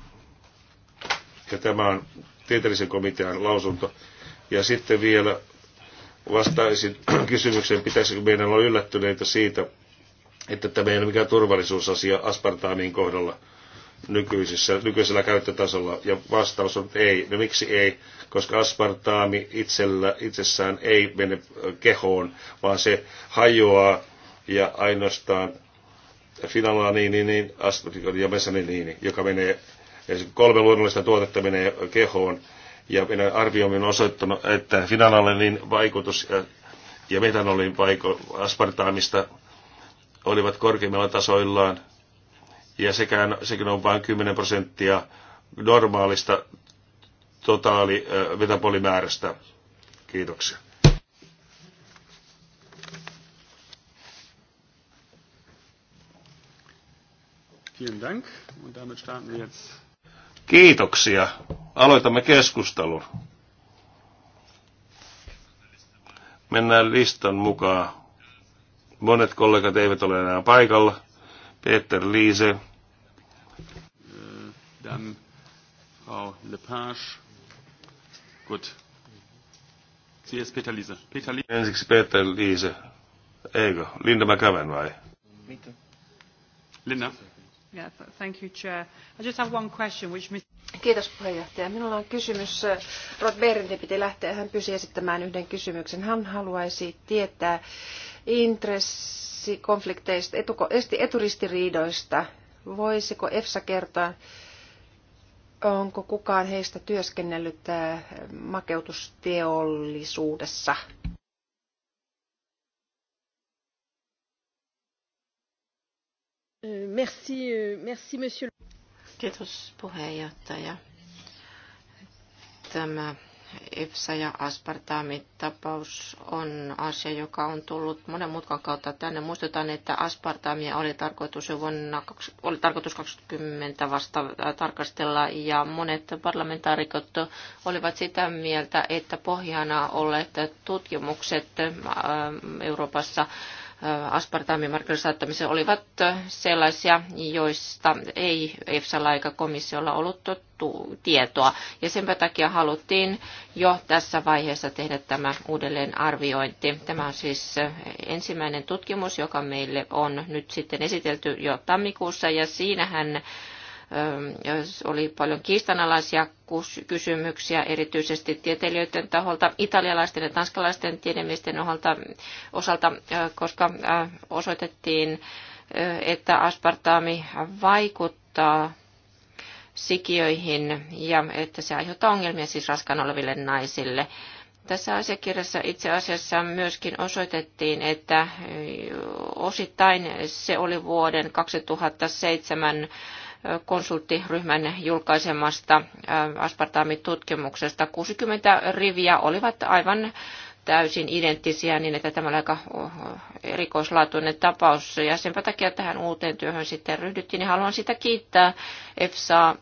Ja tämä on tieteellisen komitean lausunto. Ja sitten vielä vastaisin kysymykseen, pitäisikö meidän olla yllättyneitä siitä, että tämä ei ole mikään turvallisuusasia aspartaamiin kohdalla – nykyisissä, nykyisellä käyttötasolla? Ja vastaus on ei. No miksi ei? Koska aspartaami itsellä, itsessään ei mene kehoon, vaan se hajoaa ja ainoastaan finalaniini, niin, ja mesaniniini, joka menee, kolme luonnollista tuotetta menee kehoon. Ja meidän arvioimme on osoittanut, että finalaniinin vaikutus ja, ja metanolin vaikutus aspartaamista olivat korkeimmilla tasoillaan ja sekään, sekin on vain 10 prosenttia normaalista totaali metabolimäärästä. Kiitoksia. Kiitoksia. Aloitamme keskustelun. Mennään listan mukaan. Monet kollegat eivät ole enää paikalla. Peter Liese. Dann Frau Lepage. Gut. Sie ist Peter Liese. Peter Liise. Ensiksi Peter Liese. Eikö? Linda McCaven vai? Linda. Yeah, thank you, Chair. I just have one question, which Kiitos puheenjohtaja. Minulla on kysymys. Äh, Rod Berndi piti lähteä. Hän pyysi esittämään yhden kysymyksen. Hän haluaisi tietää, intressikonflikteista, eturistiriidoista. Voisiko EFSA kertoa, onko kukaan heistä työskennellyt makeutusteollisuudessa? Euh, merci, euh, merci monsieur. Kiitos puheenjohtaja. Tämä EFSA ja Aspartaamin tapaus on asia, joka on tullut monen mutkan kautta tänne. muistetaan, että Aspartaamia oli tarkoitus jo vuonna oli tarkoitus 20 vasta äh, tarkastella ja monet parlamentaarikot olivat sitä mieltä, että pohjana olleet tutkimukset äh, Euroopassa aspartaamimarkkinoille saattamiseen olivat sellaisia, joista ei EFSAlla eikä komissiolla ollut tietoa. Ja sen takia haluttiin jo tässä vaiheessa tehdä tämä uudelleenarviointi. Tämä on siis ensimmäinen tutkimus, joka meille on nyt sitten esitelty jo tammikuussa, ja siinähän Ähm, oli paljon kiistanalaisia kysymyksiä, erityisesti tieteilijöiden taholta, italialaisten ja tanskalaisten tiedemiesten osalta, äh, koska äh, osoitettiin, äh, että aspartaami vaikuttaa sikiöihin ja että se aiheuttaa ongelmia siis raskaana oleville naisille. Tässä asiakirjassa itse asiassa myöskin osoitettiin, että osittain se oli vuoden 2007 konsulttiryhmän julkaisemasta äh, aspartaamitutkimuksesta. 60 riviä olivat aivan täysin identtisiä, niin että tämä oli aika äh, erikoislaatuinen tapaus. Ja senpä takia tähän uuteen työhön sitten ryhdyttiin. Ja haluan sitä kiittää EFSAa,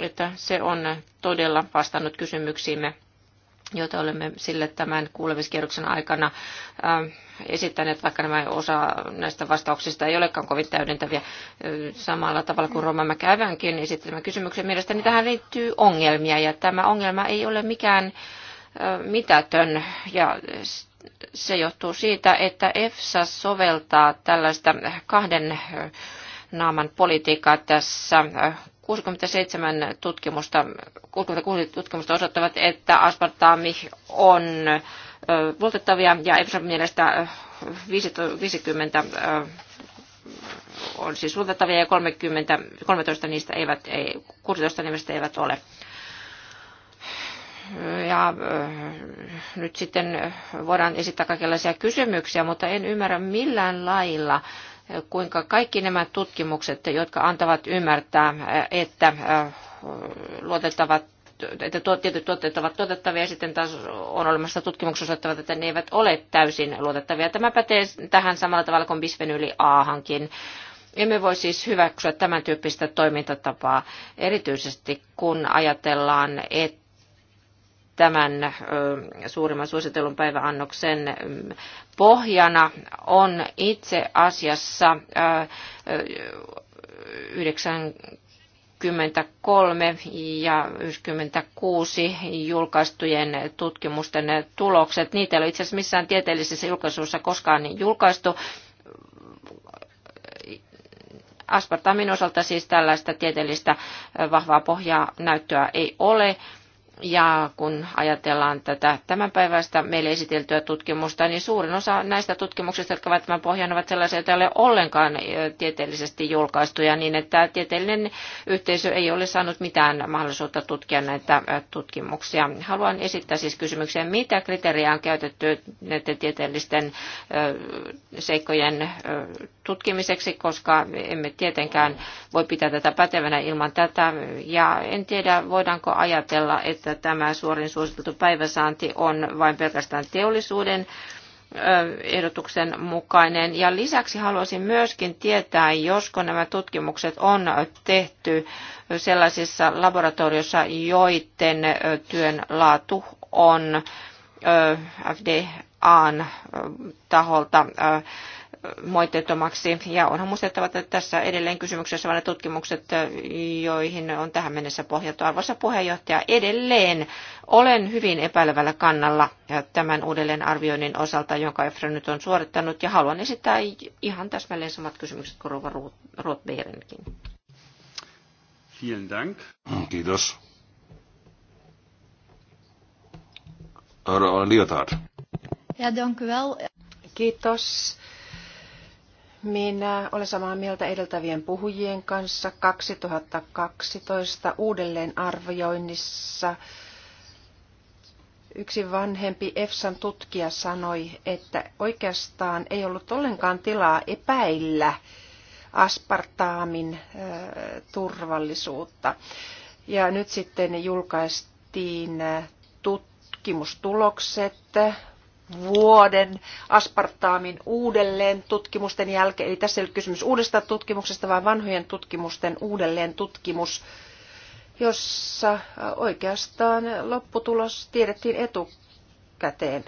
että se on todella vastannut kysymyksiimme joita olemme sille tämän kuulemiskierroksen aikana ähm, esittäneet, vaikka nämä osa näistä vastauksista ei olekaan kovin täydentäviä äh, samalla tavalla kuin Roma Mäkävänkin esittämä kysymyksen mielestäni niin tähän liittyy ongelmia ja tämä ongelma ei ole mikään äh, mitätön ja se johtuu siitä, että EFSA soveltaa tällaista kahden äh, naaman politiikkaa tässä 67 tutkimusta, 66 tutkimusta osoittavat, että aspartaami on luotettavia ja Epson mielestä 50 on siis luotettavia ja 30, 13 niistä eivät, ei, 16 nimestä eivät ole. Ja nyt sitten voidaan esittää kaikenlaisia kysymyksiä, mutta en ymmärrä millään lailla kuinka kaikki nämä tutkimukset, jotka antavat ymmärtää, että äh, luotettavat että tuot, tietyt tuotteet ovat tuotettavia ja sitten taas on olemassa tutkimukset osoittavat, että ne eivät ole täysin luotettavia. Tämä pätee tähän samalla tavalla kuin bisfenyli A-hankin. Emme voi siis hyväksyä tämän tyyppistä toimintatapaa, erityisesti kun ajatellaan, että tämän suurimman suositellun päiväannoksen pohjana on itse asiassa 93 ja 96 julkaistujen tutkimusten tulokset. Niitä ei ole itse asiassa missään tieteellisessä julkaisussa koskaan julkaistu. Aspartamin osalta siis tällaista tieteellistä vahvaa pohjaa näyttöä ei ole. Ja kun ajatellaan tätä tämänpäiväistä meille esiteltyä tutkimusta, niin suurin osa näistä tutkimuksista, jotka ovat tämän pohjan, ovat sellaisia, joita ei ole ollenkaan tieteellisesti julkaistuja, niin että tieteellinen yhteisö ei ole saanut mitään mahdollisuutta tutkia näitä tutkimuksia. Haluan esittää siis kysymyksiä, mitä kriteeriä on käytetty näiden tieteellisten seikkojen tutkimiseksi, koska emme tietenkään voi pitää tätä pätevänä ilman tätä. Ja en tiedä, voidaanko ajatella, että tämä suorin suositeltu päiväsaanti on vain pelkästään teollisuuden ehdotuksen mukainen. Ja lisäksi haluaisin myöskin tietää, josko nämä tutkimukset on tehty sellaisissa laboratorioissa, joiden työn laatu on FDAn taholta moitteettomaksi. Ja onhan muistettava, että tässä edelleen kysymyksessä vain tutkimukset, joihin on tähän mennessä pohjattu. Arvoisa puheenjohtaja, edelleen olen hyvin epäilevällä kannalla tämän arvioinnin osalta, jonka EFRA nyt on suorittanut, ja haluan esittää ihan täsmälleen samat kysymykset kuin Rova Rothbeerenkin. Vielen Dank. Kiitos. Liotard. Ja, dank u wel. Kiitos. Minä olen samaa mieltä edeltävien puhujien kanssa 2012 uudelleenarvioinnissa. Yksi vanhempi EFSAn tutkija sanoi, että oikeastaan ei ollut ollenkaan tilaa epäillä aspartaamin turvallisuutta. Ja nyt sitten julkaistiin tutkimustulokset vuoden aspartaamin uudelleen tutkimusten jälkeen. Eli tässä ei ole kysymys uudesta tutkimuksesta, vaan vanhojen tutkimusten uudelleen tutkimus, jossa oikeastaan lopputulos tiedettiin etukäteen.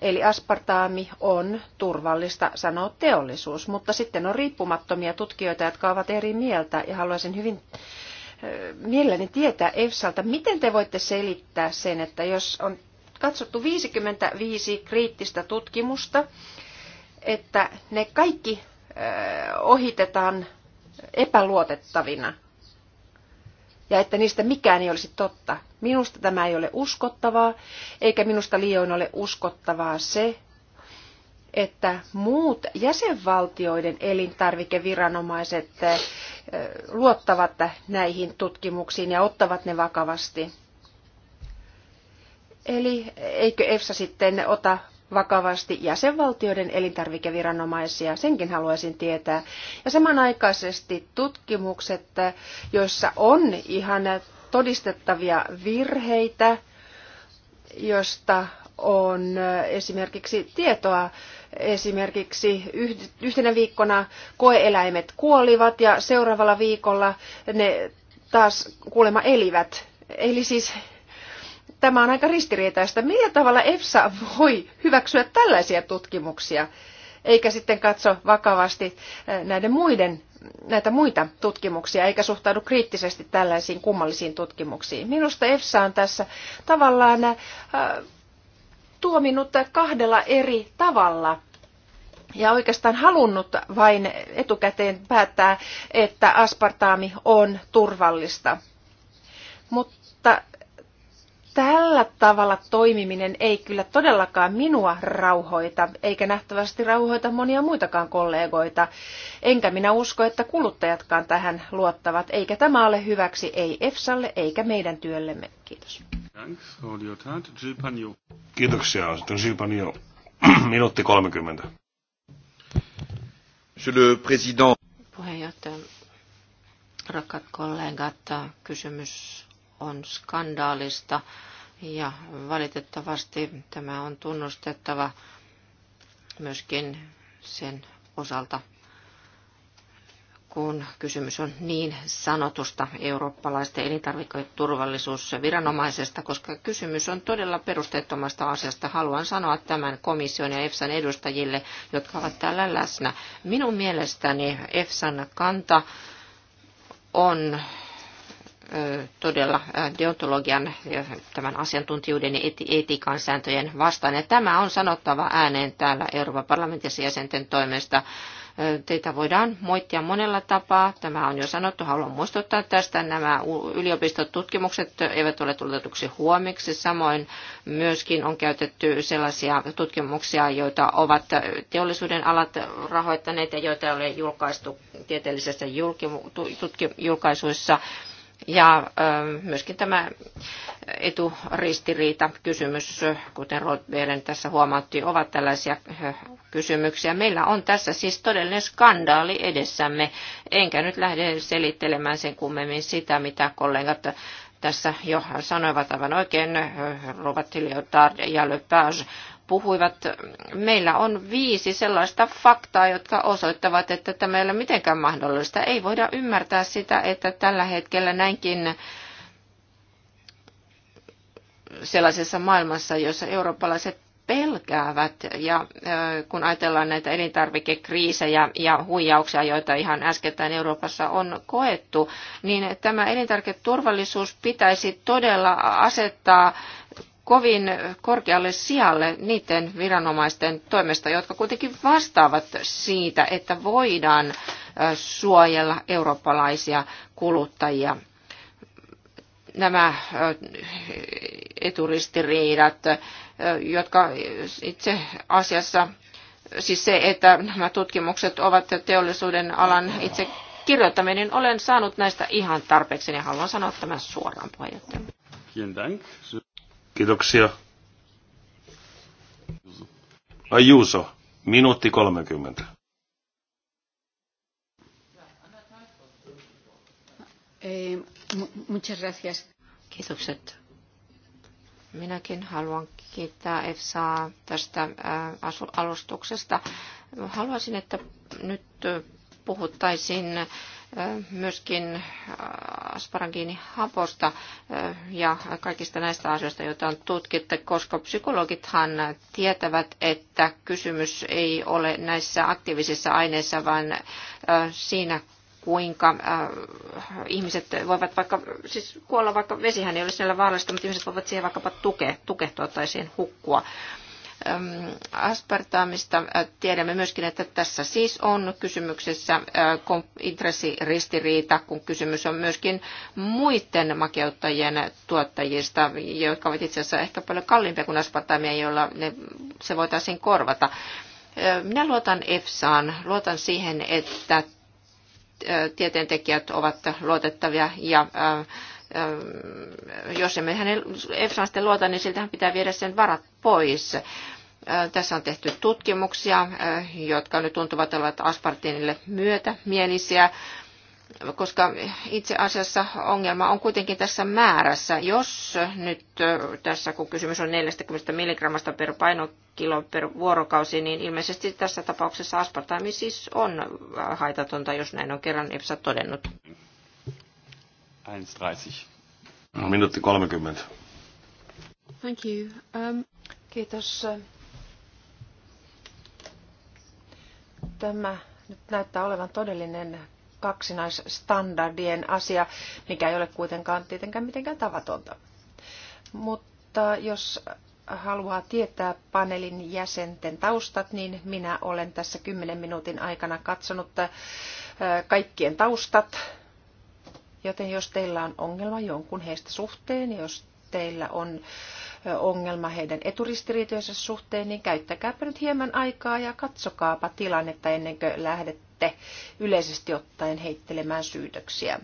Eli aspartaami on turvallista, sanoo teollisuus, mutta sitten on riippumattomia tutkijoita, jotka ovat eri mieltä ja haluaisin hyvin mielelläni tietää EFSAlta, miten te voitte selittää sen, että jos on katsottu 55 kriittistä tutkimusta, että ne kaikki ohitetaan epäluotettavina ja että niistä mikään ei olisi totta. Minusta tämä ei ole uskottavaa, eikä minusta liioin ole uskottavaa se, että muut jäsenvaltioiden elintarvikeviranomaiset luottavat näihin tutkimuksiin ja ottavat ne vakavasti. Eli eikö EFSA sitten ota vakavasti jäsenvaltioiden elintarvikeviranomaisia, senkin haluaisin tietää. Ja samanaikaisesti tutkimukset, joissa on ihan todistettavia virheitä, josta on esimerkiksi tietoa. Esimerkiksi yhtenä viikkona koeeläimet kuolivat ja seuraavalla viikolla ne taas kuulema elivät. Eli siis Tämä on aika ristiriitaista. Millä tavalla EFSA voi hyväksyä tällaisia tutkimuksia, eikä sitten katso vakavasti eh, näiden muiden, näitä muita tutkimuksia, eikä suhtaudu kriittisesti tällaisiin kummallisiin tutkimuksiin? Minusta EFSA on tässä tavallaan äh, eh, tuominut kahdella eri tavalla ja oikeastaan halunnut vain etukäteen päättää, että aspartaami on turvallista. Mutta tällä tavalla toimiminen ei kyllä todellakaan minua rauhoita, eikä nähtävästi rauhoita monia muitakaan kollegoita. Enkä minä usko, että kuluttajatkaan tähän luottavat, eikä tämä ole hyväksi ei EFSAlle eikä meidän työllemme. Kiitos. Kiitoksia. Sitten Gilpanio. Minuutti 30. Monsieur le Président. Puheenjohtaja, rakkaat kollegat, kysymys on skandaalista ja valitettavasti tämä on tunnustettava myöskin sen osalta, kun kysymys on niin sanotusta eurooppalaisten elintarviketurvallisuusviranomaisesta, koska kysymys on todella perusteettomasta asiasta. Haluan sanoa tämän komission ja EFSAn edustajille, jotka ovat täällä läsnä. Minun mielestäni EFSAn kanta on todella deontologian tämän asiantuntijuuden ja etiikan sääntöjen vastainen. Tämä on sanottava ääneen täällä Euroopan parlamentissa jäsenten toimesta. Teitä voidaan moittia monella tapaa. Tämä on jo sanottu. Haluan muistuttaa tästä. Nämä yliopistotutkimukset eivät ole tuletuksi huomiksi. Samoin myöskin on käytetty sellaisia tutkimuksia, joita ovat teollisuuden alat rahoittaneet ja joita ei ole julkaistu tieteellisessä julkaisuissa ja myöskin tämä eturistiriita kysymys, kuten Rothbeeren tässä huomautti, ovat tällaisia kysymyksiä. Meillä on tässä siis todellinen skandaali edessämme, enkä nyt lähde selittelemään sen kummemmin sitä, mitä kollegat tässä jo sanoivat aivan oikein, Robert Liotard ja Page puhuivat, meillä on viisi sellaista faktaa, jotka osoittavat, että tämä ei ole mitenkään mahdollista. Ei voida ymmärtää sitä, että tällä hetkellä näinkin sellaisessa maailmassa, jossa eurooppalaiset pelkäävät. Ja kun ajatellaan näitä elintarvikekriisejä ja huijauksia, joita ihan äskettäin Euroopassa on koettu, niin tämä elintarviketurvallisuus pitäisi todella asettaa kovin korkealle sijalle niiden viranomaisten toimesta, jotka kuitenkin vastaavat siitä, että voidaan suojella eurooppalaisia kuluttajia. Nämä eturistiriidat, jotka itse asiassa, siis se, että nämä tutkimukset ovat teollisuuden alan itse kirjoittaminen, niin olen saanut näistä ihan tarpeeksi ja niin haluan sanoa tämän suoraan puheenjohtajalle. Kiitoksia. Ai Juuso, minuutti 30. Eh, muchas gracias. Kiitokset. Minäkin haluan kiittää EFSA tästä äh, alustuksesta. Haluaisin, että nyt äh, puhuttaisiin myöskin asparagiinihaposta ja kaikista näistä asioista, joita on tutkittu, koska psykologithan tietävät, että kysymys ei ole näissä aktiivisissa aineissa, vaan siinä kuinka äh, ihmiset voivat vaikka, siis kuolla vaikka vesihän ei ole siellä vaarallista, mutta ihmiset voivat siihen vaikkapa tuke, tukehtua tai siihen hukkua. Äh, aspartaamista. Tiedämme myöskin, että tässä siis on kysymyksessä intressiristiriita, kun kysymys on myöskin muiden makeuttajien tuottajista, jotka ovat itse asiassa ehkä paljon kalliimpia kuin aspartaamia, joilla ne, se voitaisiin korvata. Minä luotan EFSAan, luotan siihen, että tieteentekijät ovat luotettavia ja äh, jos emme hänen EFSAan sitten luota, niin siltähän pitää viedä sen varat pois. Tässä on tehty tutkimuksia, jotka nyt tuntuvat olevat aspartiinille myötämielisiä koska itse asiassa ongelma on kuitenkin tässä määrässä. Jos nyt tässä, kun kysymys on 40 milligrammasta per painokilo per vuorokausi, niin ilmeisesti tässä tapauksessa aspartaami siis on haitatonta, jos näin on kerran EFSA todennut. 1.30. No, minuutti 30. Thank you. Um, kiitos. Tämä nyt näyttää olevan todellinen kaksinaisstandardien asia, mikä ei ole kuitenkaan tietenkään mitenkään tavatonta. Mutta jos haluaa tietää paneelin jäsenten taustat, niin minä olen tässä kymmenen minuutin aikana katsonut äh, kaikkien taustat Joten jos teillä on ongelma jonkun heistä suhteen, jos teillä on ongelma heidän eturistiriitojensa suhteen, niin käyttäkääpä nyt hieman aikaa ja katsokaapa tilannetta ennen kuin lähdette yleisesti ottaen heittelemään syytöksiä.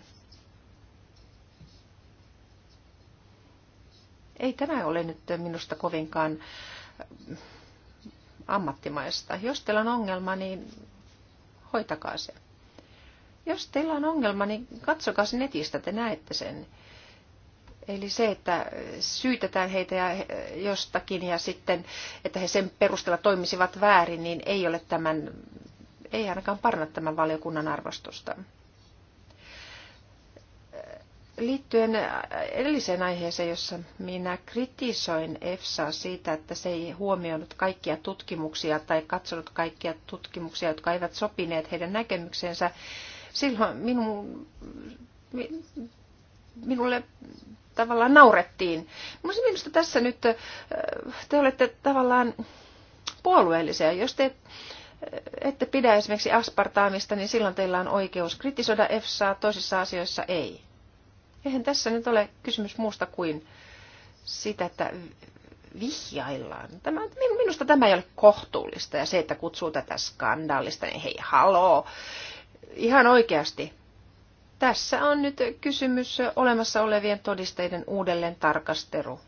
Ei tämä ole nyt minusta kovinkaan ammattimaista. Jos teillä on ongelma, niin hoitakaa se. Jos teillä on ongelma, niin katsokaa se netistä, te näette sen. Eli se, että syytetään heitä jostakin ja sitten, että he sen perusteella toimisivat väärin, niin ei ole tämän, ei ainakaan parna tämän valiokunnan arvostusta. Liittyen edelliseen aiheeseen, jossa minä kritisoin EFSAa siitä, että se ei huomioinut kaikkia tutkimuksia tai katsonut kaikkia tutkimuksia, jotka eivät sopineet heidän näkemyksensä, silloin minun, minulle tavallaan naurettiin. Minusta tässä nyt te olette tavallaan puolueellisia. Jos te ette pidä esimerkiksi aspartaamista, niin silloin teillä on oikeus kritisoida EFSAa, toisissa asioissa ei. Eihän tässä nyt ole kysymys muusta kuin sitä, että vihjaillaan. Tämä, minusta tämä ei ole kohtuullista ja se, että kutsuu tätä skandaalista, niin hei haloo. Ihan oikeasti. Tässä on nyt kysymys olemassa olevien todisteiden uudelleen tarkastelu.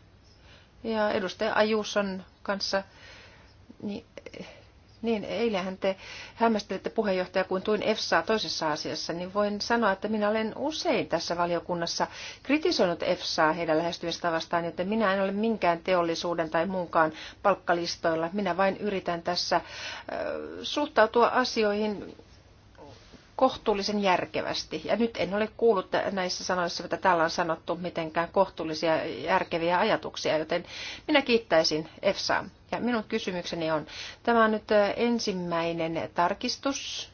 Ja edustaja Ajuson kanssa, niin, niin eilähän te hämmästelette puheenjohtaja kuin tuin EFSA toisessa asiassa, niin voin sanoa, että minä olen usein tässä valiokunnassa kritisoinut EFSAa heidän lähestymistavastaan, joten niin minä en ole minkään teollisuuden tai muunkaan palkkalistoilla. Minä vain yritän tässä äh, suhtautua asioihin kohtuullisen järkevästi. Ja nyt en ole kuullut näissä sanoissa, mitä täällä on sanottu, mitenkään kohtuullisia järkeviä ajatuksia, joten minä kiittäisin EFSAa. Ja minun kysymykseni on, tämä on nyt ensimmäinen tarkistus,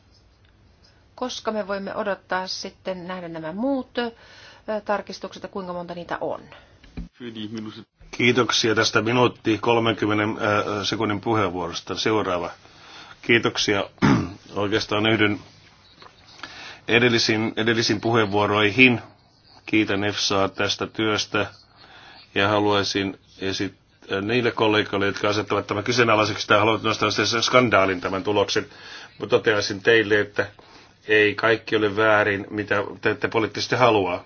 koska me voimme odottaa sitten nähdä nämä muut tarkistukset ja kuinka monta niitä on. Kiitoksia tästä minuutti 30 äh, sekunnin puheenvuorosta. Seuraava. Kiitoksia. Oikeastaan yhdyn edellisiin, edellisiin puheenvuoroihin. Kiitän EFSAa tästä työstä ja haluaisin esittää äh, niille kollegoille, jotka asettavat tämän kyseenalaiseksi tai haluavat nostaa sen skandaalin tämän tuloksen, mutta toteaisin teille, että ei kaikki ole väärin, mitä te ette poliittisesti haluaa.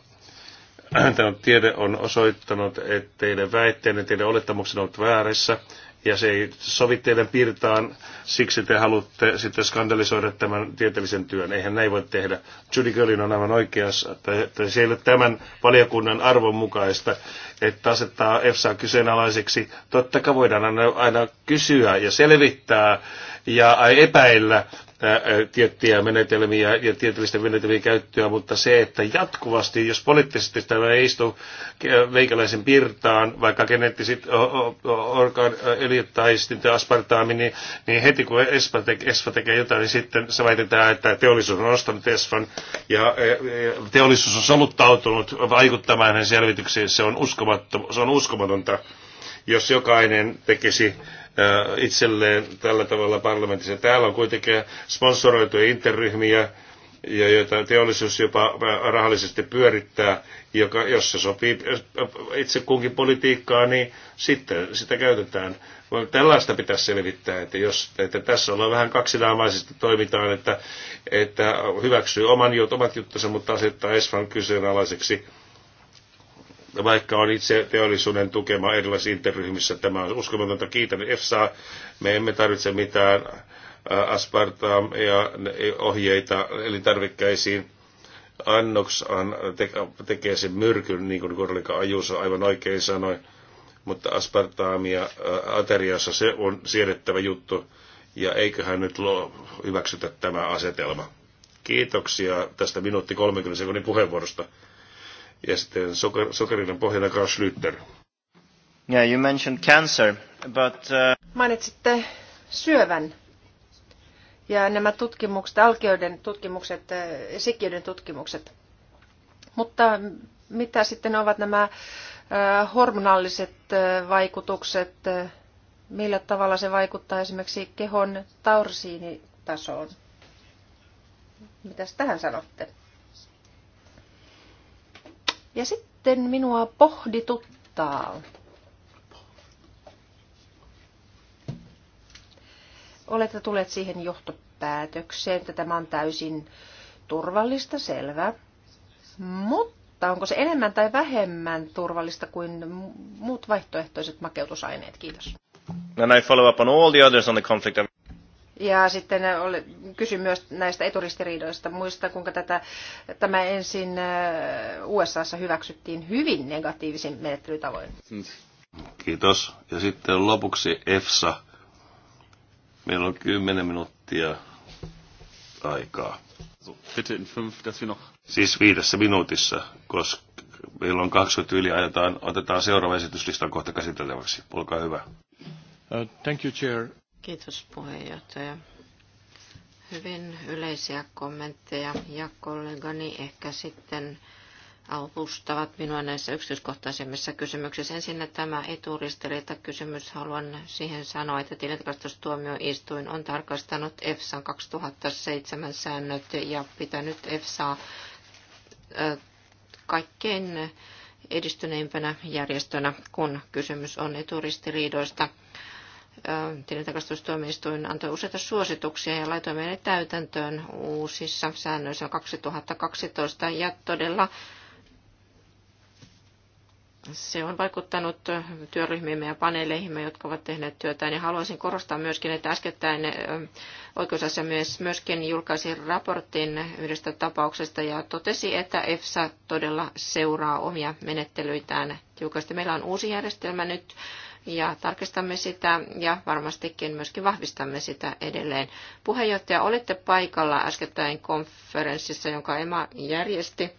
Tämä tiede on osoittanut, että teidän väitteenne, teidän olettamuksenne ovat väärässä ja se ei sovi teidän pirtaan, siksi te haluatte sitten skandalisoida tämän tieteellisen työn. Eihän näin voi tehdä. Judy Gölin on aivan oikeassa, että se ei ole tämän valiokunnan arvon mukaista, että asettaa EFSA kyseenalaiseksi. Totta kai voidaan aina, aina kysyä ja selvittää, ja epäillä tiettyjä menetelmiä ja tieteellisten menetelmien käyttöä, mutta se, että jatkuvasti, jos poliittisesti tämä ei istu meikäläisen pirtaan, vaikka geneettiset eliöt tai sitten aspartaami, niin, niin heti kun Espa, te, Espa tekee jotain, niin sitten se väitetään, että teollisuus on ostanut Espan ja teollisuus on soluttautunut vaikuttamaan hänen selvityksiin. Se on, uskomattom, se on uskomatonta, jos jokainen tekisi itselleen tällä tavalla parlamentissa. Täällä on kuitenkin sponsoroituja interryhmiä, ja joita teollisuus jopa rahallisesti pyörittää, joka, jos se sopii itse kunkin politiikkaa, niin sitten sitä käytetään. Tällaista pitäisi selvittää, että, jos, että tässä ollaan vähän kaksinaamaisesti toimitaan, että, että hyväksyy oman, omat juttunsa, mutta asettaa Esfan kyseenalaiseksi vaikka on itse teollisuuden tukema erilaisissa interryhmissä. Tämä on uskomatonta. Kiitän EFSAa. Me emme tarvitse mitään äh, aspartaa ja ohjeita elintarvikkeisiin. Annokshan tekee sen myrkyn, niin kuin Korlika Ajuso aivan oikein sanoi, mutta aspartaamia äh, ateriassa se on siedettävä juttu, ja eiköhän nyt luo, hyväksytä tämä asetelma. Kiitoksia tästä minuutti 30 sekunnin puheenvuorosta. Ja sitten sokerinen pohjana Carl Schlüter. Yeah, you mentioned cancer, but... Uh... Mainitsitte syövän. Ja nämä tutkimukset, alkioiden tutkimukset, eh, sikiöiden tutkimukset. Mutta mitä sitten ovat nämä eh, hormonalliset eh, vaikutukset, millä tavalla se vaikuttaa esimerkiksi kehon taursiinitasoon? Mitäs tähän sanotte? Ja sitten minua pohdituttaa. Olette tulleet siihen johtopäätökseen, että tämä on täysin turvallista, selvä. Mutta onko se enemmän tai vähemmän turvallista kuin muut vaihtoehtoiset makeutusaineet? Kiitos. And I follow up on all the others on the conflict of ja sitten kysyn myös näistä eturistiriidoista. Muista, kuinka tätä, tämä ensin äh, USAssa hyväksyttiin hyvin negatiivisin menettelytavoin. Kiitos. Ja sitten lopuksi EFSA. Meillä on 10 minuuttia aikaa. Siis viidessä minuutissa, koska meillä on 20 yli, ajetaan, otetaan seuraava esityslistan kohta käsiteltäväksi. Olkaa hyvä. Uh, thank you, Chair. Kiitos puheenjohtaja. Hyvin yleisiä kommentteja ja kollegani ehkä sitten avustavat minua näissä yksityiskohtaisemmissa kysymyksissä. Ensin tämä eturistiriita kysymys. Haluan siihen sanoa, että tilintarkastustuomioistuin on tarkastanut EFSA 2007 säännöt ja pitänyt EFSA kaikkein edistyneimpänä järjestönä, kun kysymys on eturistiriidoista tilintarkastustuomioistuin antoi useita suosituksia ja laitoi ne täytäntöön uusissa säännöissä 2012 ja todella se on vaikuttanut työryhmiimme ja paneeleihimme, jotka ovat tehneet työtä. Ja haluaisin korostaa myöskin, että äskettäin oikeusasiamies myöskin julkaisi raportin yhdestä tapauksesta ja totesi, että EFSA todella seuraa omia menettelyitään tiukasti. Meillä on uusi järjestelmä nyt, ja tarkistamme sitä ja varmastikin myöskin vahvistamme sitä edelleen. Puheenjohtaja, olitte paikalla äskettäin konferenssissa, jonka EMA järjesti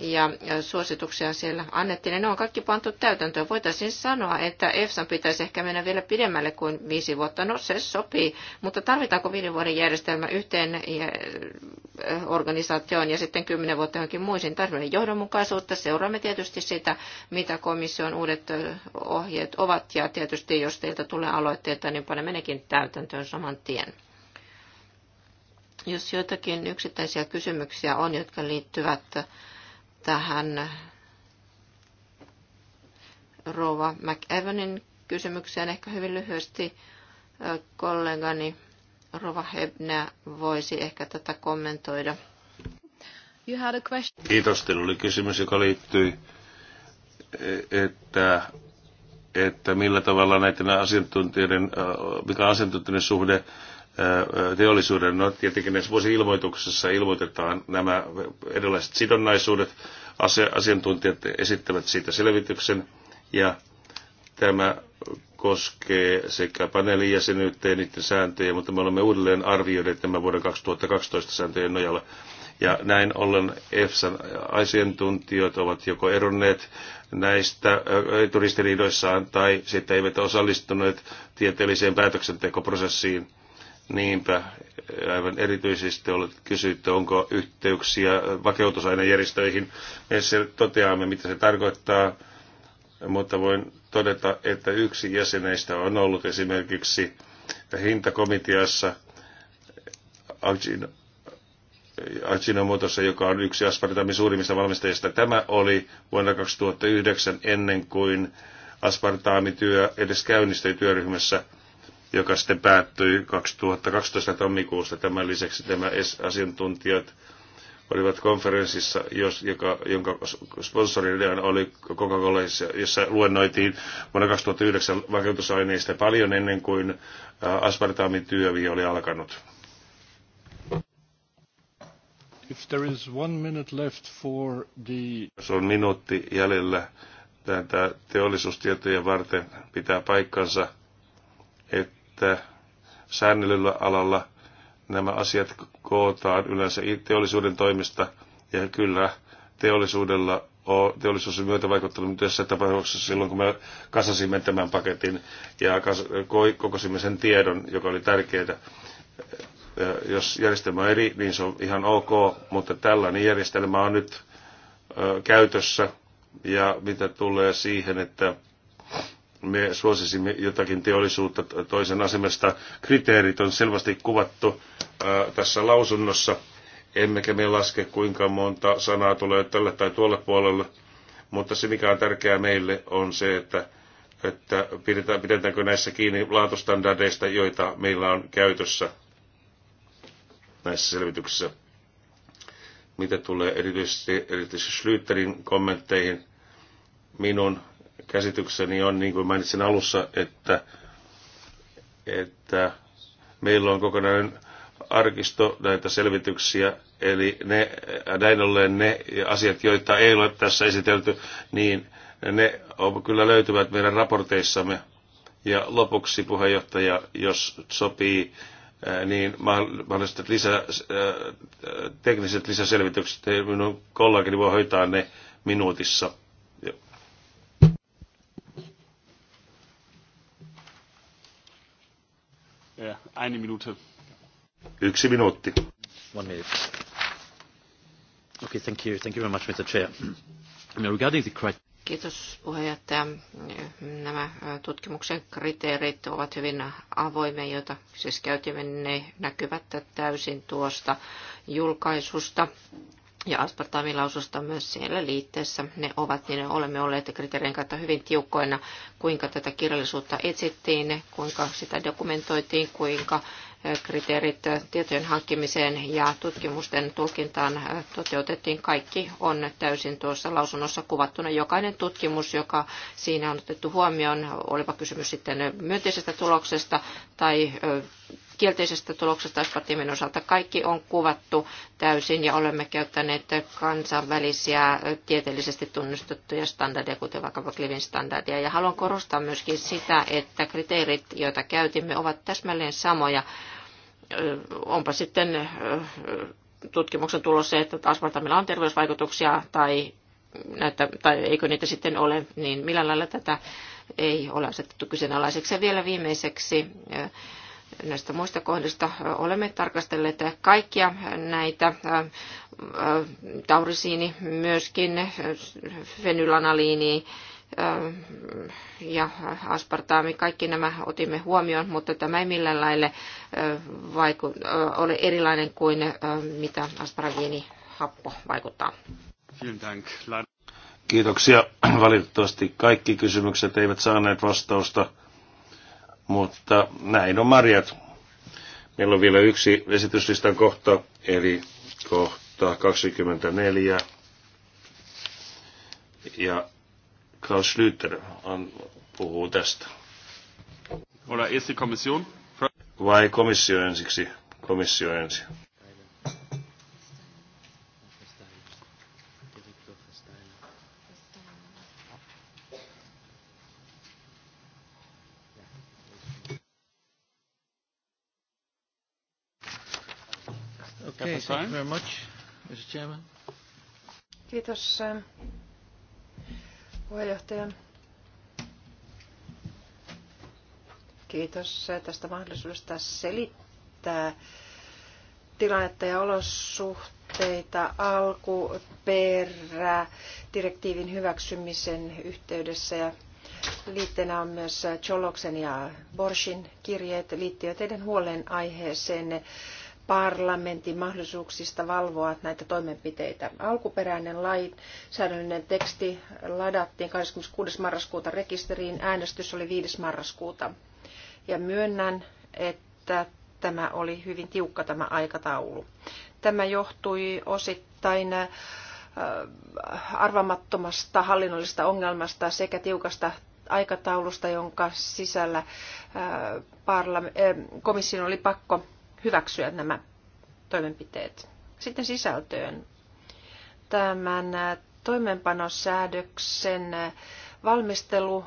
ja suosituksia siellä annettiin, niin ne on kaikki pantu täytäntöön. Voitaisiin sanoa, että EFSAn pitäisi ehkä mennä vielä pidemmälle kuin viisi vuotta. No se sopii, mutta tarvitaanko viiden vuoden järjestelmä yhteen eh, organisaatioon ja sitten kymmenen vuotta johonkin muisiin? Tarvitaan johdonmukaisuutta. Seuraamme tietysti sitä, mitä komission uudet eh, ohjeet ovat ja tietysti jos teiltä tulee aloitteita, niin panemme nekin täytäntöön saman tien. Jos joitakin yksittäisiä kysymyksiä on, jotka liittyvät tähän Rova McEvanin kysymykseen ehkä hyvin lyhyesti kollegani Rova Hebner voisi ehkä tätä kommentoida. You had a question. Kiitos, teillä oli kysymys, joka liittyi, e, että, että millä tavalla näiden asiantuntijoiden, mikä asiantuntijoiden suhde teollisuuden. No tietenkin näissä vuosi-ilmoituksessa ilmoitetaan nämä erilaiset sidonnaisuudet. Asiantuntijat esittävät siitä selvityksen ja tämä koskee sekä paneelin jäsenyyttä ja niiden sääntöjä, mutta me olemme uudelleen arvioineet nämä vuoden 2012 sääntöjen nojalla. Ja näin ollen EFSAn asiantuntijat ovat joko eronneet näistä turistiriidoissaan tai sitten eivät osallistuneet tieteelliseen päätöksentekoprosessiin – Niinpä, aivan erityisesti olet kysyitte, onko yhteyksiä vakeutusainejärjestöihin. Me se toteamme, mitä se tarkoittaa, mutta voin todeta, että yksi jäseneistä on ollut esimerkiksi hintakomiteassa Ajinomotossa, joka on yksi aspartamin suurimmista valmistajista. Tämä oli vuonna 2009 ennen kuin aspartaamityö edes käynnistyi työryhmässä – joka sitten päättyi 2012 tammikuussa. Tämän lisäksi tämä asiantuntijat olivat konferenssissa, jos, joka, jonka sponsorina oli Coca-Cola, jossa luennoitiin vuonna 2009 vakuutusaineista paljon ennen kuin äh, aspartaamin työvi oli alkanut. If there is one minute left for the... Jos on minuutti jäljellä tätä teollisuustietoja varten, pitää paikkansa, että että säännellyllä alalla nämä asiat kootaan yleensä teollisuuden toimista, ja kyllä teollisuudella on, teollisuus on myötä vaikuttanut tässä tapauksessa silloin, kun me kasasimme tämän paketin ja kokosimme sen tiedon, joka oli tärkeää. Jos järjestelmä on eri, niin se on ihan ok, mutta tällainen järjestelmä on nyt käytössä. Ja mitä tulee siihen, että me suosisimme jotakin teollisuutta toisen asemesta. Kriteerit on selvästi kuvattu äh, tässä lausunnossa, emmekä me laske kuinka monta sanaa tulee tälle tai tuolle puolelle, mutta se mikä on tärkeää meille on se, että että pidetään, pidetäänkö näissä kiinni laatustandardeista, joita meillä on käytössä näissä selvityksissä. Mitä tulee erityisesti, erityisesti Schlüterin kommentteihin, minun käsitykseni on, niin kuin mainitsin alussa, että, että meillä on kokonainen arkisto näitä selvityksiä, eli ne, näin ollen ne asiat, joita ei ole tässä esitelty, niin ne kyllä löytyvät meidän raporteissamme. Ja lopuksi puheenjohtaja, jos sopii, niin mahdolliset lisä, tekniset lisäselvitykset, minun kollegani voi hoitaa ne minuutissa. Eine Minute. Yksi minuutti. One minute. Okay, thank you. Thank you very much, Mr. Chair. Regarding the crisis... Kiitos puheenjohtaja. Nämä tutkimuksen kriteerit ovat hyvin avoimia, joita siis käytimme. Ne näkyvät täysin tuosta julkaisusta ja aspartaamin laususta myös siellä liitteessä. Ne ovat, niin olemme olleet kriteerien kautta hyvin tiukkoina, kuinka tätä kirjallisuutta etsittiin, kuinka sitä dokumentoitiin, kuinka eh, kriteerit eh, tietojen hankkimiseen ja tutkimusten tulkintaan eh, toteutettiin. Kaikki on täysin tuossa lausunnossa kuvattuna. Jokainen tutkimus, joka siinä on otettu huomioon, olipa kysymys sitten myönteisestä tuloksesta tai kielteisestä tuloksesta Espartimin osalta. Kaikki on kuvattu täysin ja olemme käyttäneet kansainvälisiä tieteellisesti tunnustettuja standardeja, kuten vaikkapa Clivin standardia. Ja haluan korostaa myöskin sitä, että kriteerit, joita käytimme, ovat täsmälleen samoja. Onpa sitten tutkimuksen tulos se, että aspartamilla on terveysvaikutuksia tai, näyttä, tai eikö niitä sitten ole, niin millä lailla tätä ei ole asetettu kyseenalaiseksi. Ja vielä viimeiseksi näistä muista kohdista. Olemme tarkastelleet kaikkia näitä taurisiini, myöskin fenylanaliini, ja aspartaami, kaikki nämä otimme huomioon, mutta tämä ei millään lailla vaiku- ole erilainen kuin mitä asparagiinihappo vaikuttaa. Kiitoksia. Valitettavasti kaikki kysymykset eivät saaneet vastausta. Mutta näin on marjat. Meillä on vielä yksi esityslistan kohta, eli kohta 24. Ja Klaus Schlüter on, puhuu tästä. Oder erste Kommission? Vai komissio ensiksi? Komissio ensin. Thank you very much, Mr. Chairman. Kiitos eh, puheenjohtaja. Kiitos eh, tästä mahdollisuudesta selittää tilannetta ja olosuhteita alkuperä direktiivin hyväksymisen yhteydessä ja liitteenä on myös Choloksen ja Borsin kirjeet liittyen teidän huolenaiheeseenne parlamentin mahdollisuuksista valvoa näitä toimenpiteitä. Alkuperäinen lainsäädännöllinen teksti ladattiin 26. marraskuuta rekisteriin, äänestys oli 5. marraskuuta. Ja myönnän, että tämä oli hyvin tiukka tämä aikataulu. Tämä johtui osittain äh, arvamattomasta hallinnollisesta ongelmasta sekä tiukasta aikataulusta, jonka sisällä äh, äh, komission oli pakko hyväksyä nämä toimenpiteet. Sitten sisältöön. Tämän toimeenpanosäädöksen valmistelu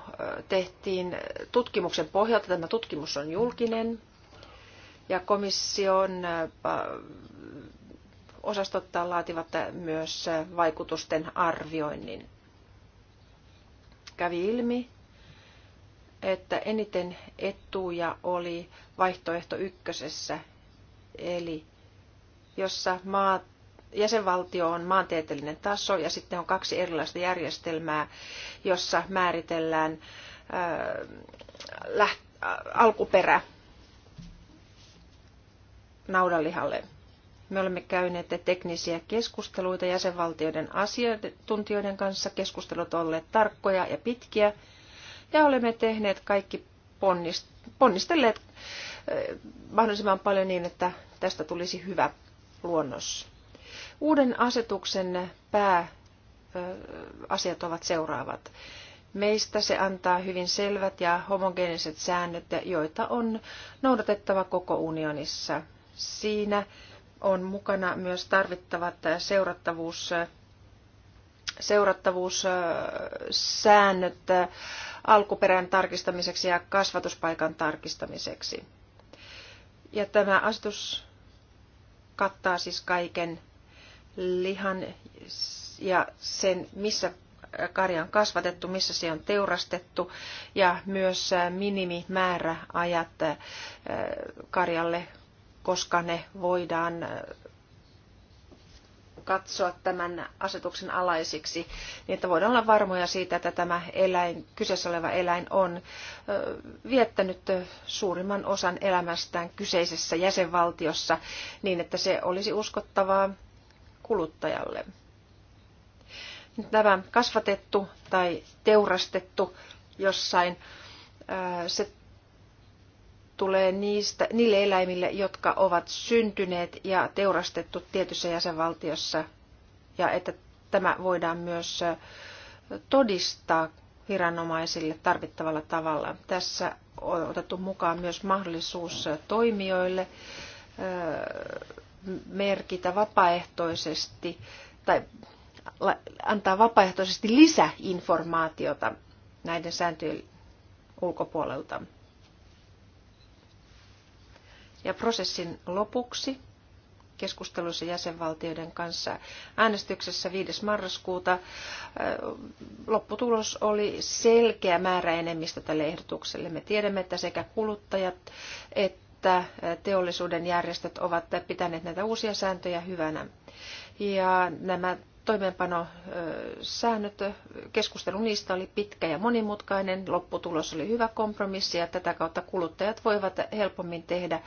tehtiin tutkimuksen pohjalta. Tämä tutkimus on julkinen ja komission osastot laativat myös vaikutusten arvioinnin. Kävi ilmi, että eniten etuja oli vaihtoehto ykkösessä, eli jossa maa, jäsenvaltio on maantieteellinen taso ja sitten on kaksi erilaista järjestelmää, jossa määritellään ää, äh, läht, ä, alkuperä naudanlihalle. Me olemme käyneet teknisiä keskusteluita jäsenvaltioiden asiantuntijoiden kanssa. Keskustelut olleet tarkkoja ja pitkiä ja olemme tehneet kaikki ponnistelleet mahdollisimman paljon niin, että tästä tulisi hyvä luonnos. Uuden asetuksen pääasiat ovat seuraavat. Meistä se antaa hyvin selvät ja homogeeniset säännöt, joita on noudatettava koko unionissa. Siinä on mukana myös tarvittavat seurattavuus, seurattavuussäännöt alkuperän tarkistamiseksi ja kasvatuspaikan tarkistamiseksi. Ja tämä asetus kattaa siis kaiken lihan ja sen, missä karja on kasvatettu, missä se on teurastettu ja myös äh, minimimääräajat äh, karjalle, koska ne voidaan äh, katsoa tämän asetuksen alaisiksi, niin että voidaan olla varmoja siitä, että tämä eläin, kyseessä oleva eläin on viettänyt suurimman osan elämästään kyseisessä jäsenvaltiossa niin, että se olisi uskottavaa kuluttajalle. Tämä kasvatettu tai teurastettu jossain, se tulee niistä, niille eläimille, jotka ovat syntyneet ja teurastettu tietyssä jäsenvaltiossa, ja että tämä voidaan myös todistaa viranomaisille tarvittavalla tavalla. Tässä on otettu mukaan myös mahdollisuus toimijoille merkitä vapaaehtoisesti tai antaa vapaaehtoisesti lisäinformaatiota näiden sääntöjen ulkopuolelta. Ja prosessin lopuksi keskusteluissa jäsenvaltioiden kanssa äänestyksessä 5. marraskuuta lopputulos oli selkeä enemmistö tälle ehdotukselle. Me tiedämme, että sekä kuluttajat että teollisuuden järjestöt ovat pitäneet näitä uusia sääntöjä hyvänä. Ja nämä toimeenpanosäännöt, keskustelu niistä oli pitkä ja monimutkainen, lopputulos oli hyvä kompromissi ja tätä kautta kuluttajat voivat helpommin tehdä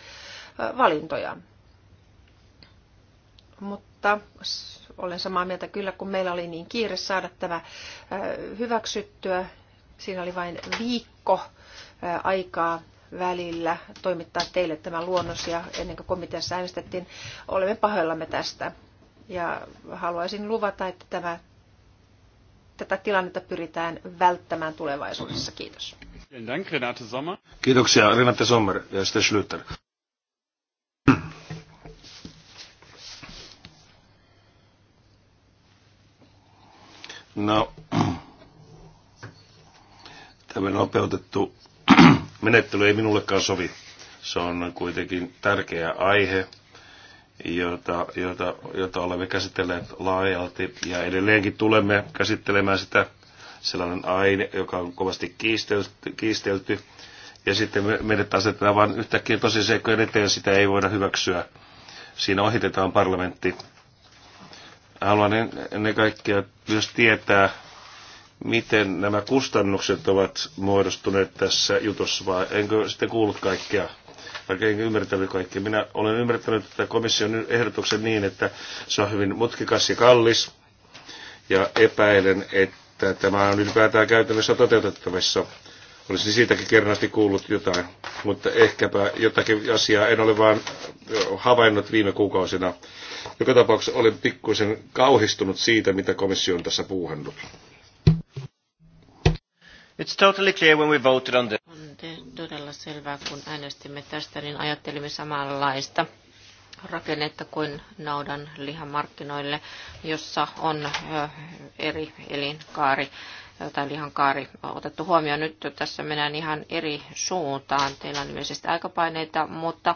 valintoja. Mutta olen samaa mieltä kyllä, kun meillä oli niin kiire saada tämä hyväksyttyä, siinä oli vain viikko aikaa välillä toimittaa teille tämä luonnos ja ennen kuin komiteassa äänestettiin, olemme pahoillamme tästä. Ja haluaisin luvata, että tämä, tätä tilannetta pyritään välttämään tulevaisuudessa. Kiitos. Kiitoksia Renate Sommer ja Sten Schlüter. No, tämä nopeutettu menettely ei minullekaan sovi. Se on kuitenkin tärkeä aihe jota, jota, jota olemme käsitelleet laajalti ja edelleenkin tulemme käsittelemään sitä sellainen aine, joka on kovasti kiistelty, kiistelty ja sitten meidät asetetaan vain yhtäkkiä tosi seikkojen eteen, sitä ei voida hyväksyä. Siinä ohitetaan parlamentti. Haluan ennen kaikkea myös tietää, miten nämä kustannukset ovat muodostuneet tässä jutussa, vai enkö sitten kuullut kaikkea? oikein ymmärtänyt kaikki. Minä olen ymmärtänyt tätä komission ehdotuksen niin, että se on hyvin mutkikas ja kallis, ja epäilen, että tämä on ylipäätään käytännössä toteutettavissa. Olisin siitäkin kernaasti kuullut jotain, mutta ehkäpä jotakin asiaa en ole vaan havainnut viime kuukausina. Joka tapauksessa olen pikkuisen kauhistunut siitä, mitä komissio on tässä puuhannut. It's totally clear when we voted on this. On todella selvää, kun äänestimme tästä, niin ajattelimme samanlaista rakennetta kuin naudan lihamarkkinoille, jossa on eri elinkaari tai lihankaari otettu huomioon. Nyt tässä mennään ihan eri suuntaan. Teillä on ilmeisesti aikapaineita, mutta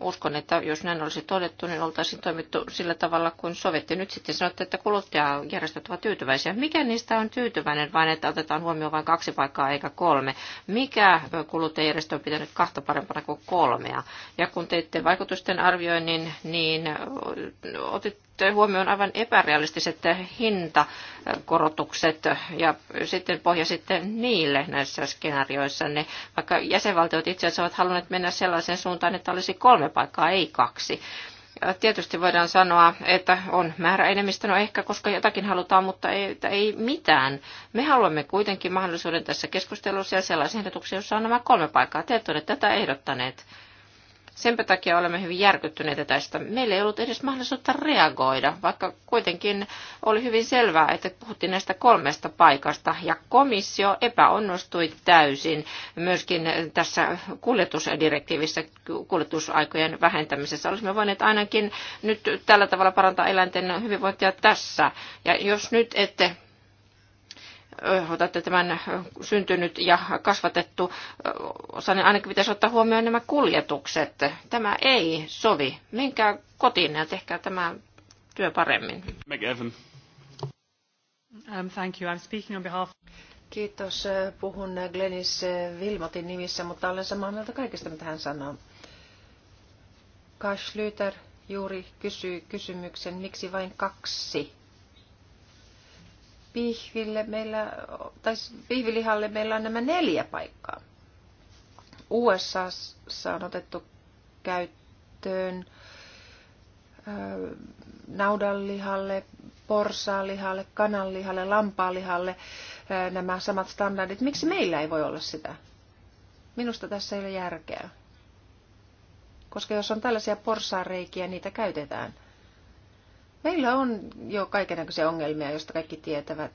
uskon, että jos näin olisi todettu, niin oltaisiin toimittu sillä tavalla kuin sovitti. Nyt sitten sanotte, että kuluttajajärjestöt ovat tyytyväisiä. Mikä niistä on tyytyväinen, vain että otetaan huomioon vain kaksi paikkaa eikä kolme? Mikä kuluttajajärjestö on pitänyt kahta parempana kuin kolmea? Ja kun teitte vaikutusten arvioinnin, niin otit, huomioon aivan epärealistiset hintakorotukset ja sitten pohjasitte niille näissä skenaarioissa, ne, vaikka jäsenvaltiot itse asiassa ovat halunneet mennä sellaiseen suuntaan, että olisi kolme paikkaa, ei kaksi. Tietysti voidaan sanoa, että on määrä enemmistö, no ehkä koska jotakin halutaan, mutta ei, ei mitään. Me haluamme kuitenkin mahdollisuuden tässä keskustelussa ja sellaisen ehdotuksen, jossa on nämä kolme paikkaa. Te ette ole tätä ehdottaneet. Senpä takia olemme hyvin järkyttyneitä tästä. Meillä ei ollut edes mahdollisuutta reagoida, vaikka kuitenkin oli hyvin selvää, että puhuttiin näistä kolmesta paikasta. Ja komissio epäonnistui täysin myöskin tässä kuljetusdirektiivissä, kuljetusaikojen vähentämisessä. Olisimme voineet ainakin nyt tällä tavalla parantaa eläinten hyvinvointia tässä. Ja jos nyt ette otatte tämän syntynyt ja kasvatettu osa, niin ainakin pitäisi ottaa huomioon nämä kuljetukset. Tämä ei sovi. Menkää kotiin ja tehkää tämä työ paremmin. McEvan. Um, thank you. I'm speaking on behalf... Kiitos. Puhun Glenis Vilmotin nimissä, mutta olen samaa mieltä kaikesta, mitä hän sanoo. Kash juuri kysyi kysymyksen, miksi vain kaksi pihville meillä, tai pihvilihalle meillä on nämä neljä paikkaa. USA on otettu käyttöön naudanlihalle, porsaanlihalle, kananlihalle, lampaanlihalle nämä samat standardit. Miksi meillä ei voi olla sitä? Minusta tässä ei ole järkeä. Koska jos on tällaisia porsaareikiä, niitä käytetään. Meillä on jo kaikenlaisia ongelmia, joista kaikki tietävät,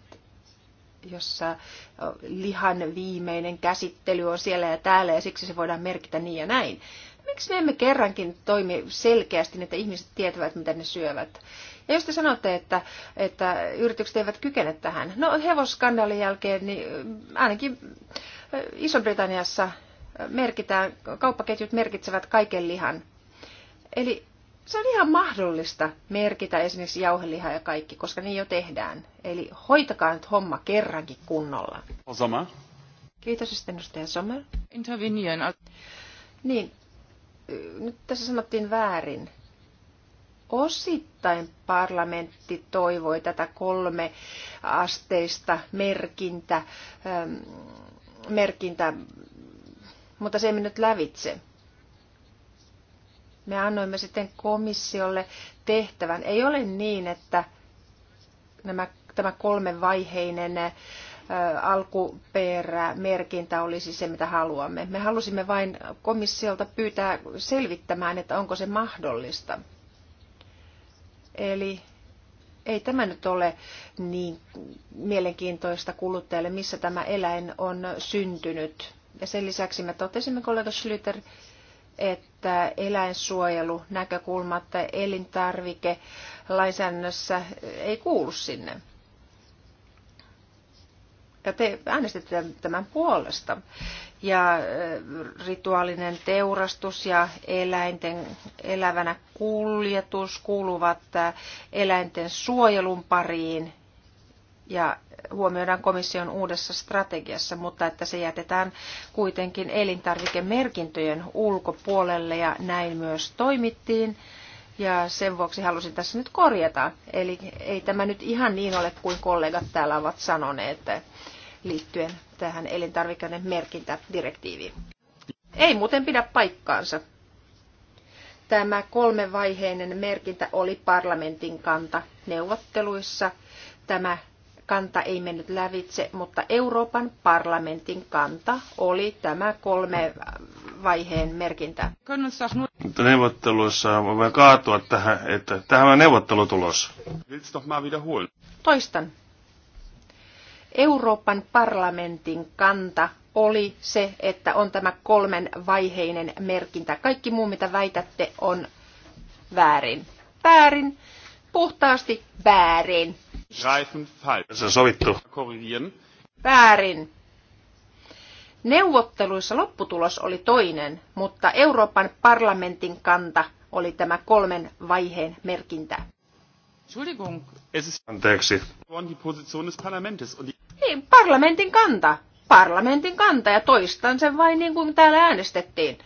jossa lihan viimeinen käsittely on siellä ja täällä ja siksi se voidaan merkitä niin ja näin. Miksi me emme kerrankin toimi selkeästi, niin, että ihmiset tietävät, mitä ne syövät? Ja jos te sanotte, että, että yritykset eivät kykene tähän, no hevoskandaalin jälkeen, niin ainakin Iso-Britanniassa merkitään, kauppaketjut merkitsevät kaiken lihan. Eli se on ihan mahdollista merkitä esimerkiksi jauheliha ja kaikki, koska niin jo tehdään. Eli hoitakaa nyt homma kerrankin kunnolla. Osama? Kiitos sitten edustaja Sommer. Intervenien. Niin, nyt tässä sanottiin väärin. Osittain parlamentti toivoi tätä kolme asteista merkintä, ähm, merkintä mutta se ei nyt lävitse me annoimme sitten komissiolle tehtävän. Ei ole niin, että nämä, tämä vaiheinen alkuperä alkuperämerkintä olisi se, mitä haluamme. Me halusimme vain komissiolta pyytää selvittämään, että onko se mahdollista. Eli ei tämä nyt ole niin mielenkiintoista kuluttajalle, missä tämä eläin on syntynyt. Ja sen lisäksi me totesimme kollega Schlüter, että eläinsuojelunäkökulmat elintarvike lainsäädännössä eh, ei kuulu sinne. Ja te äänestitte tämän puolesta. Ja eh, rituaalinen teurastus ja eläinten elävänä kuljetus kuuluvat eh, eläinten suojelun pariin ja huomioidaan komission uudessa strategiassa, mutta että se jätetään kuitenkin elintarvikemerkintöjen ulkopuolelle ja näin myös toimittiin. Ja sen vuoksi halusin tässä nyt korjata. Eli ei tämä nyt ihan niin ole kuin kollegat täällä ovat sanoneet liittyen tähän elintarvikkeiden merkintädirektiiviin. Ei muuten pidä paikkaansa. Tämä kolmevaiheinen merkintä oli parlamentin kanta neuvotteluissa. Tämä kanta ei mennyt lävitse, mutta Euroopan parlamentin kanta oli tämä kolme vaiheen merkintä. Mutta neuvotteluissa voimme kaatua tähän, että tähän on neuvottelutulos. Toistan. Euroopan parlamentin kanta oli se, että on tämä kolmen vaiheinen merkintä. Kaikki muu, mitä väitätte, on väärin. Väärin puhtaasti väärin. Se on sovittu. Väärin. Neuvotteluissa lopputulos oli toinen, mutta Euroopan parlamentin kanta oli tämä kolmen vaiheen merkintä. Entschuldigung. Anteeksi. Die Position des Niin, parlamentin kanta. Parlamentin kanta ja toistan sen vain niin kuin täällä äänestettiin.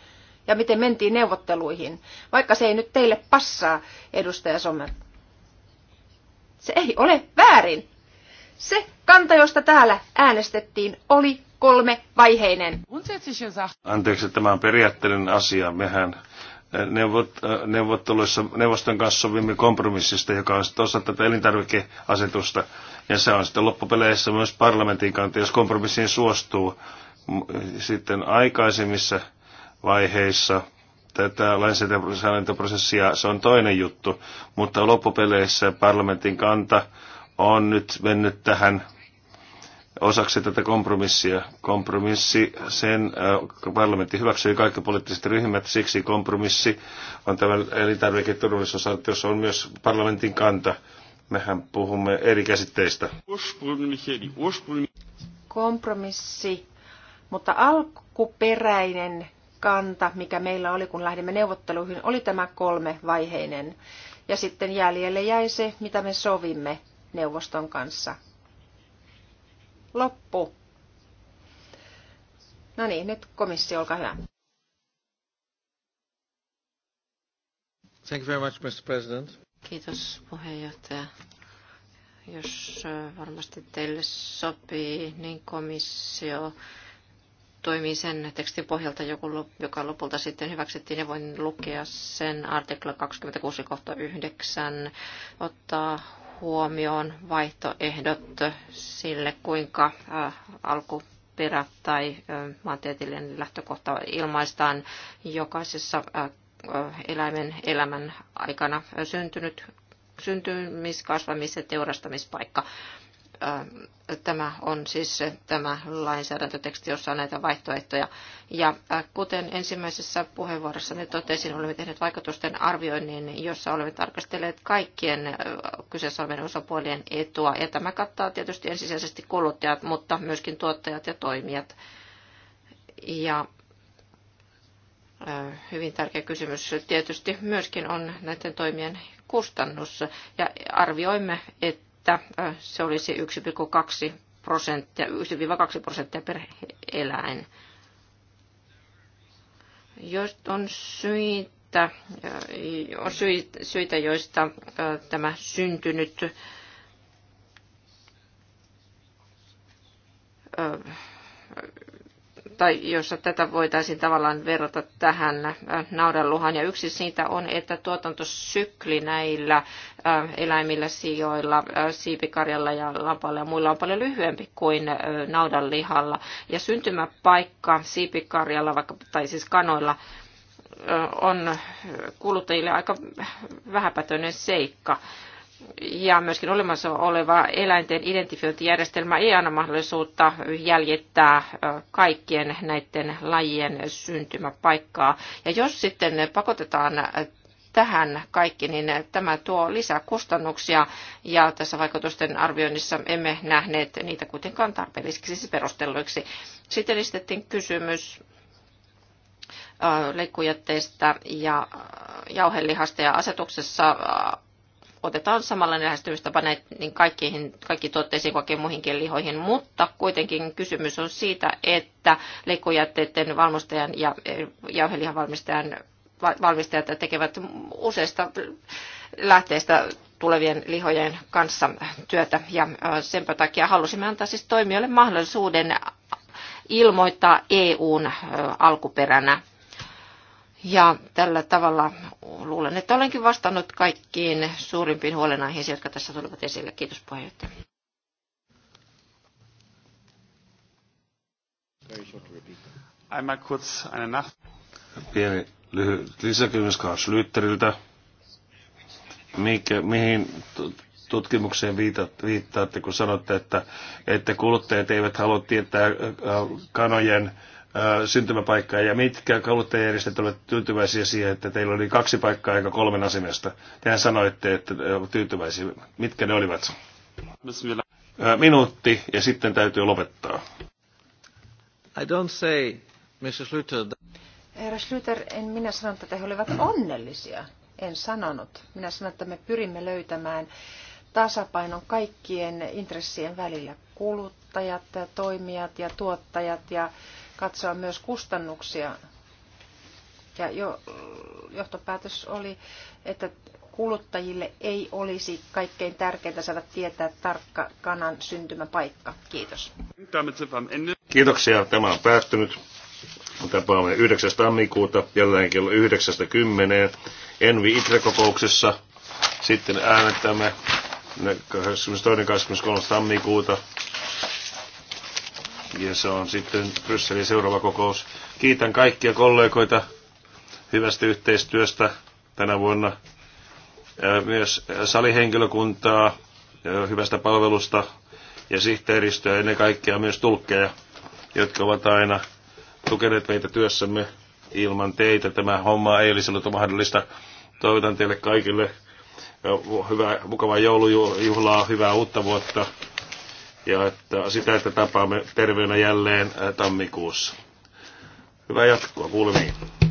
Ja miten mentiin neuvotteluihin. Vaikka se ei nyt teille passaa, edustaja Sommer. Se ei ole väärin. Se kanta, josta täällä äänestettiin, oli kolme vaiheinen. Anteeksi, tämä on periaatteellinen asia. Mehän eh, eh, neuvotteluissa neuvoston kanssa sovimme kompromissista, joka on osa tätä elintarvikeasetusta. Ja se on sitten loppupeleissä myös parlamentin kanta, jos kompromissiin suostuu. Sitten aikaisemmissa vaiheissa tätä lainsäädäntöprosessia, se on toinen juttu, mutta loppupeleissä parlamentin kanta on nyt mennyt tähän osaksi tätä kompromissia. Kompromissi, sen äh, parlamentti hyväksyi kaikki poliittiset ryhmät, siksi kompromissi on tämä elintarviketurvallisuus, jos on myös parlamentin kanta. Mehän puhumme eri käsitteistä. Kompromissi, mutta alkuperäinen kanta, mikä meillä oli, kun lähdimme neuvotteluihin, oli tämä kolme vaiheinen Ja sitten jäljelle jäi se, mitä me sovimme neuvoston kanssa. Loppu. No niin, nyt komissio, olkaa hyvä. Thank you very much, Mr. President. Kiitos puheenjohtaja. Jos äh, varmasti teille sopii, niin komissio toimii sen tekstin pohjalta, joka lopulta sitten hyväksyttiin ja voin lukea sen artikla 269 ottaa huomioon vaihtoehdot sille, kuinka äh, alku perä tai maantieteellinen lähtökohta ilmaistaan jokaisessa äh, eläimen elämän aikana syntynyt syntymis-, kasvamis- ja teurastamispaikka. Tämä on siis tämä lainsäädäntöteksti, jossa on näitä vaihtoehtoja. Ja kuten ensimmäisessä puheenvuorossani totesin, olemme tehneet vaikutusten arvioinnin, jossa olemme tarkastelleet kaikkien kyseessä olevien osapuolien etua. Ja tämä kattaa tietysti ensisijaisesti kuluttajat, mutta myöskin tuottajat ja toimijat. Ja hyvin tärkeä kysymys tietysti myöskin on näiden toimien kustannus. Ja arvioimme, että että se olisi 1,2 prosenttia, 1-2 prosenttia per eläin. Jos on syitä, syitä, joista tämä syntynyt tai jossa tätä voitaisiin tavallaan verrata tähän naudanluhan. Ja yksi siitä on, että tuotantosykli näillä äh, eläimillä, sijoilla, äh, siipikarjalla ja lampailla ja muilla on paljon lyhyempi kuin äh, naudanlihalla. Ja syntymäpaikka siipikarjalla vaikka, tai siis kanoilla on kuluttajille aika vähäpätöinen seikka ja myöskin olemassa oleva eläinten identifiointijärjestelmä ei anna mahdollisuutta jäljittää kaikkien näiden lajien syntymäpaikkaa. Ja jos sitten pakotetaan tähän kaikki, niin tämä tuo lisää kustannuksia ja tässä vaikutusten arvioinnissa emme nähneet niitä kuitenkaan tarpeellisiksi siis perustelluiksi. Sitten esitettiin kysymys leikkujätteistä ja jauhelihasta ja asetuksessa otetaan samanlainen lähestymistapa niin kaikkiin, kaikki tuotteisiin kuin muihinkin lihoihin, mutta kuitenkin kysymys on siitä, että leikkujätteiden valmistajan ja jauhelihan valmistajan valmistajat tekevät useista lähteistä tulevien lihojen kanssa työtä ja sen takia halusimme antaa siis toimijoille mahdollisuuden ilmoittaa EUn alkuperänä ja tällä tavalla luulen, että olenkin vastannut kaikkiin suurimpiin huolenaiheisiin, jotka tässä tulivat esille. Kiitos puheenjohtaja. Einmal kurz eine Nacht. Pieni lyhyt lisäkymys Karl Schlüteriltä. mihin tutkimukseen viittaatte, kun sanotte, että, että kuluttajat eivät halua tietää äh, äh, kanojen syntymäpaikkaa ja mitkä kouluttajajärjestöt olivat tyytyväisiä siihen, että teillä oli kaksi paikkaa eikä kolmen asemesta. Tehän sanoitte, että tyytyväisiä. Mitkä ne olivat? Minuutti ja sitten täytyy lopettaa. I don't say, Mrs. Luther. Herra Schlüter, en minä sano, että he olivat onnellisia. En sanonut. Minä sanon, että me pyrimme löytämään tasapainon kaikkien intressien välillä. Kuluttajat, toimijat ja tuottajat ja katsoa myös kustannuksia. Ja jo, johtopäätös oli, että kuluttajille ei olisi kaikkein tärkeintä saada tietää tarkka kanan syntymäpaikka. Kiitos. Kiitoksia. Tämä on päättynyt. Tapaamme 9. tammikuuta jälleen kello 9.10 Envi Itre-kokouksessa. Sitten äänestämme 22. 23. tammikuuta ja se on sitten Brysselin seuraava kokous. Kiitän kaikkia kollegoita hyvästä yhteistyöstä tänä vuonna. Myös salihenkilökuntaa, hyvästä palvelusta ja sihteeristöä, ennen kaikkea myös tulkkeja, jotka ovat aina tukeneet meitä työssämme. Ilman teitä tämä homma ei olisi ollut mahdollista. Toivotan teille kaikille hyvää, mukavaa joulujuhlaa, hyvää uutta vuotta ja että sitä, että tapaamme terveenä jälleen äh, tammikuussa. Hyvää jatkoa, kuulemiin.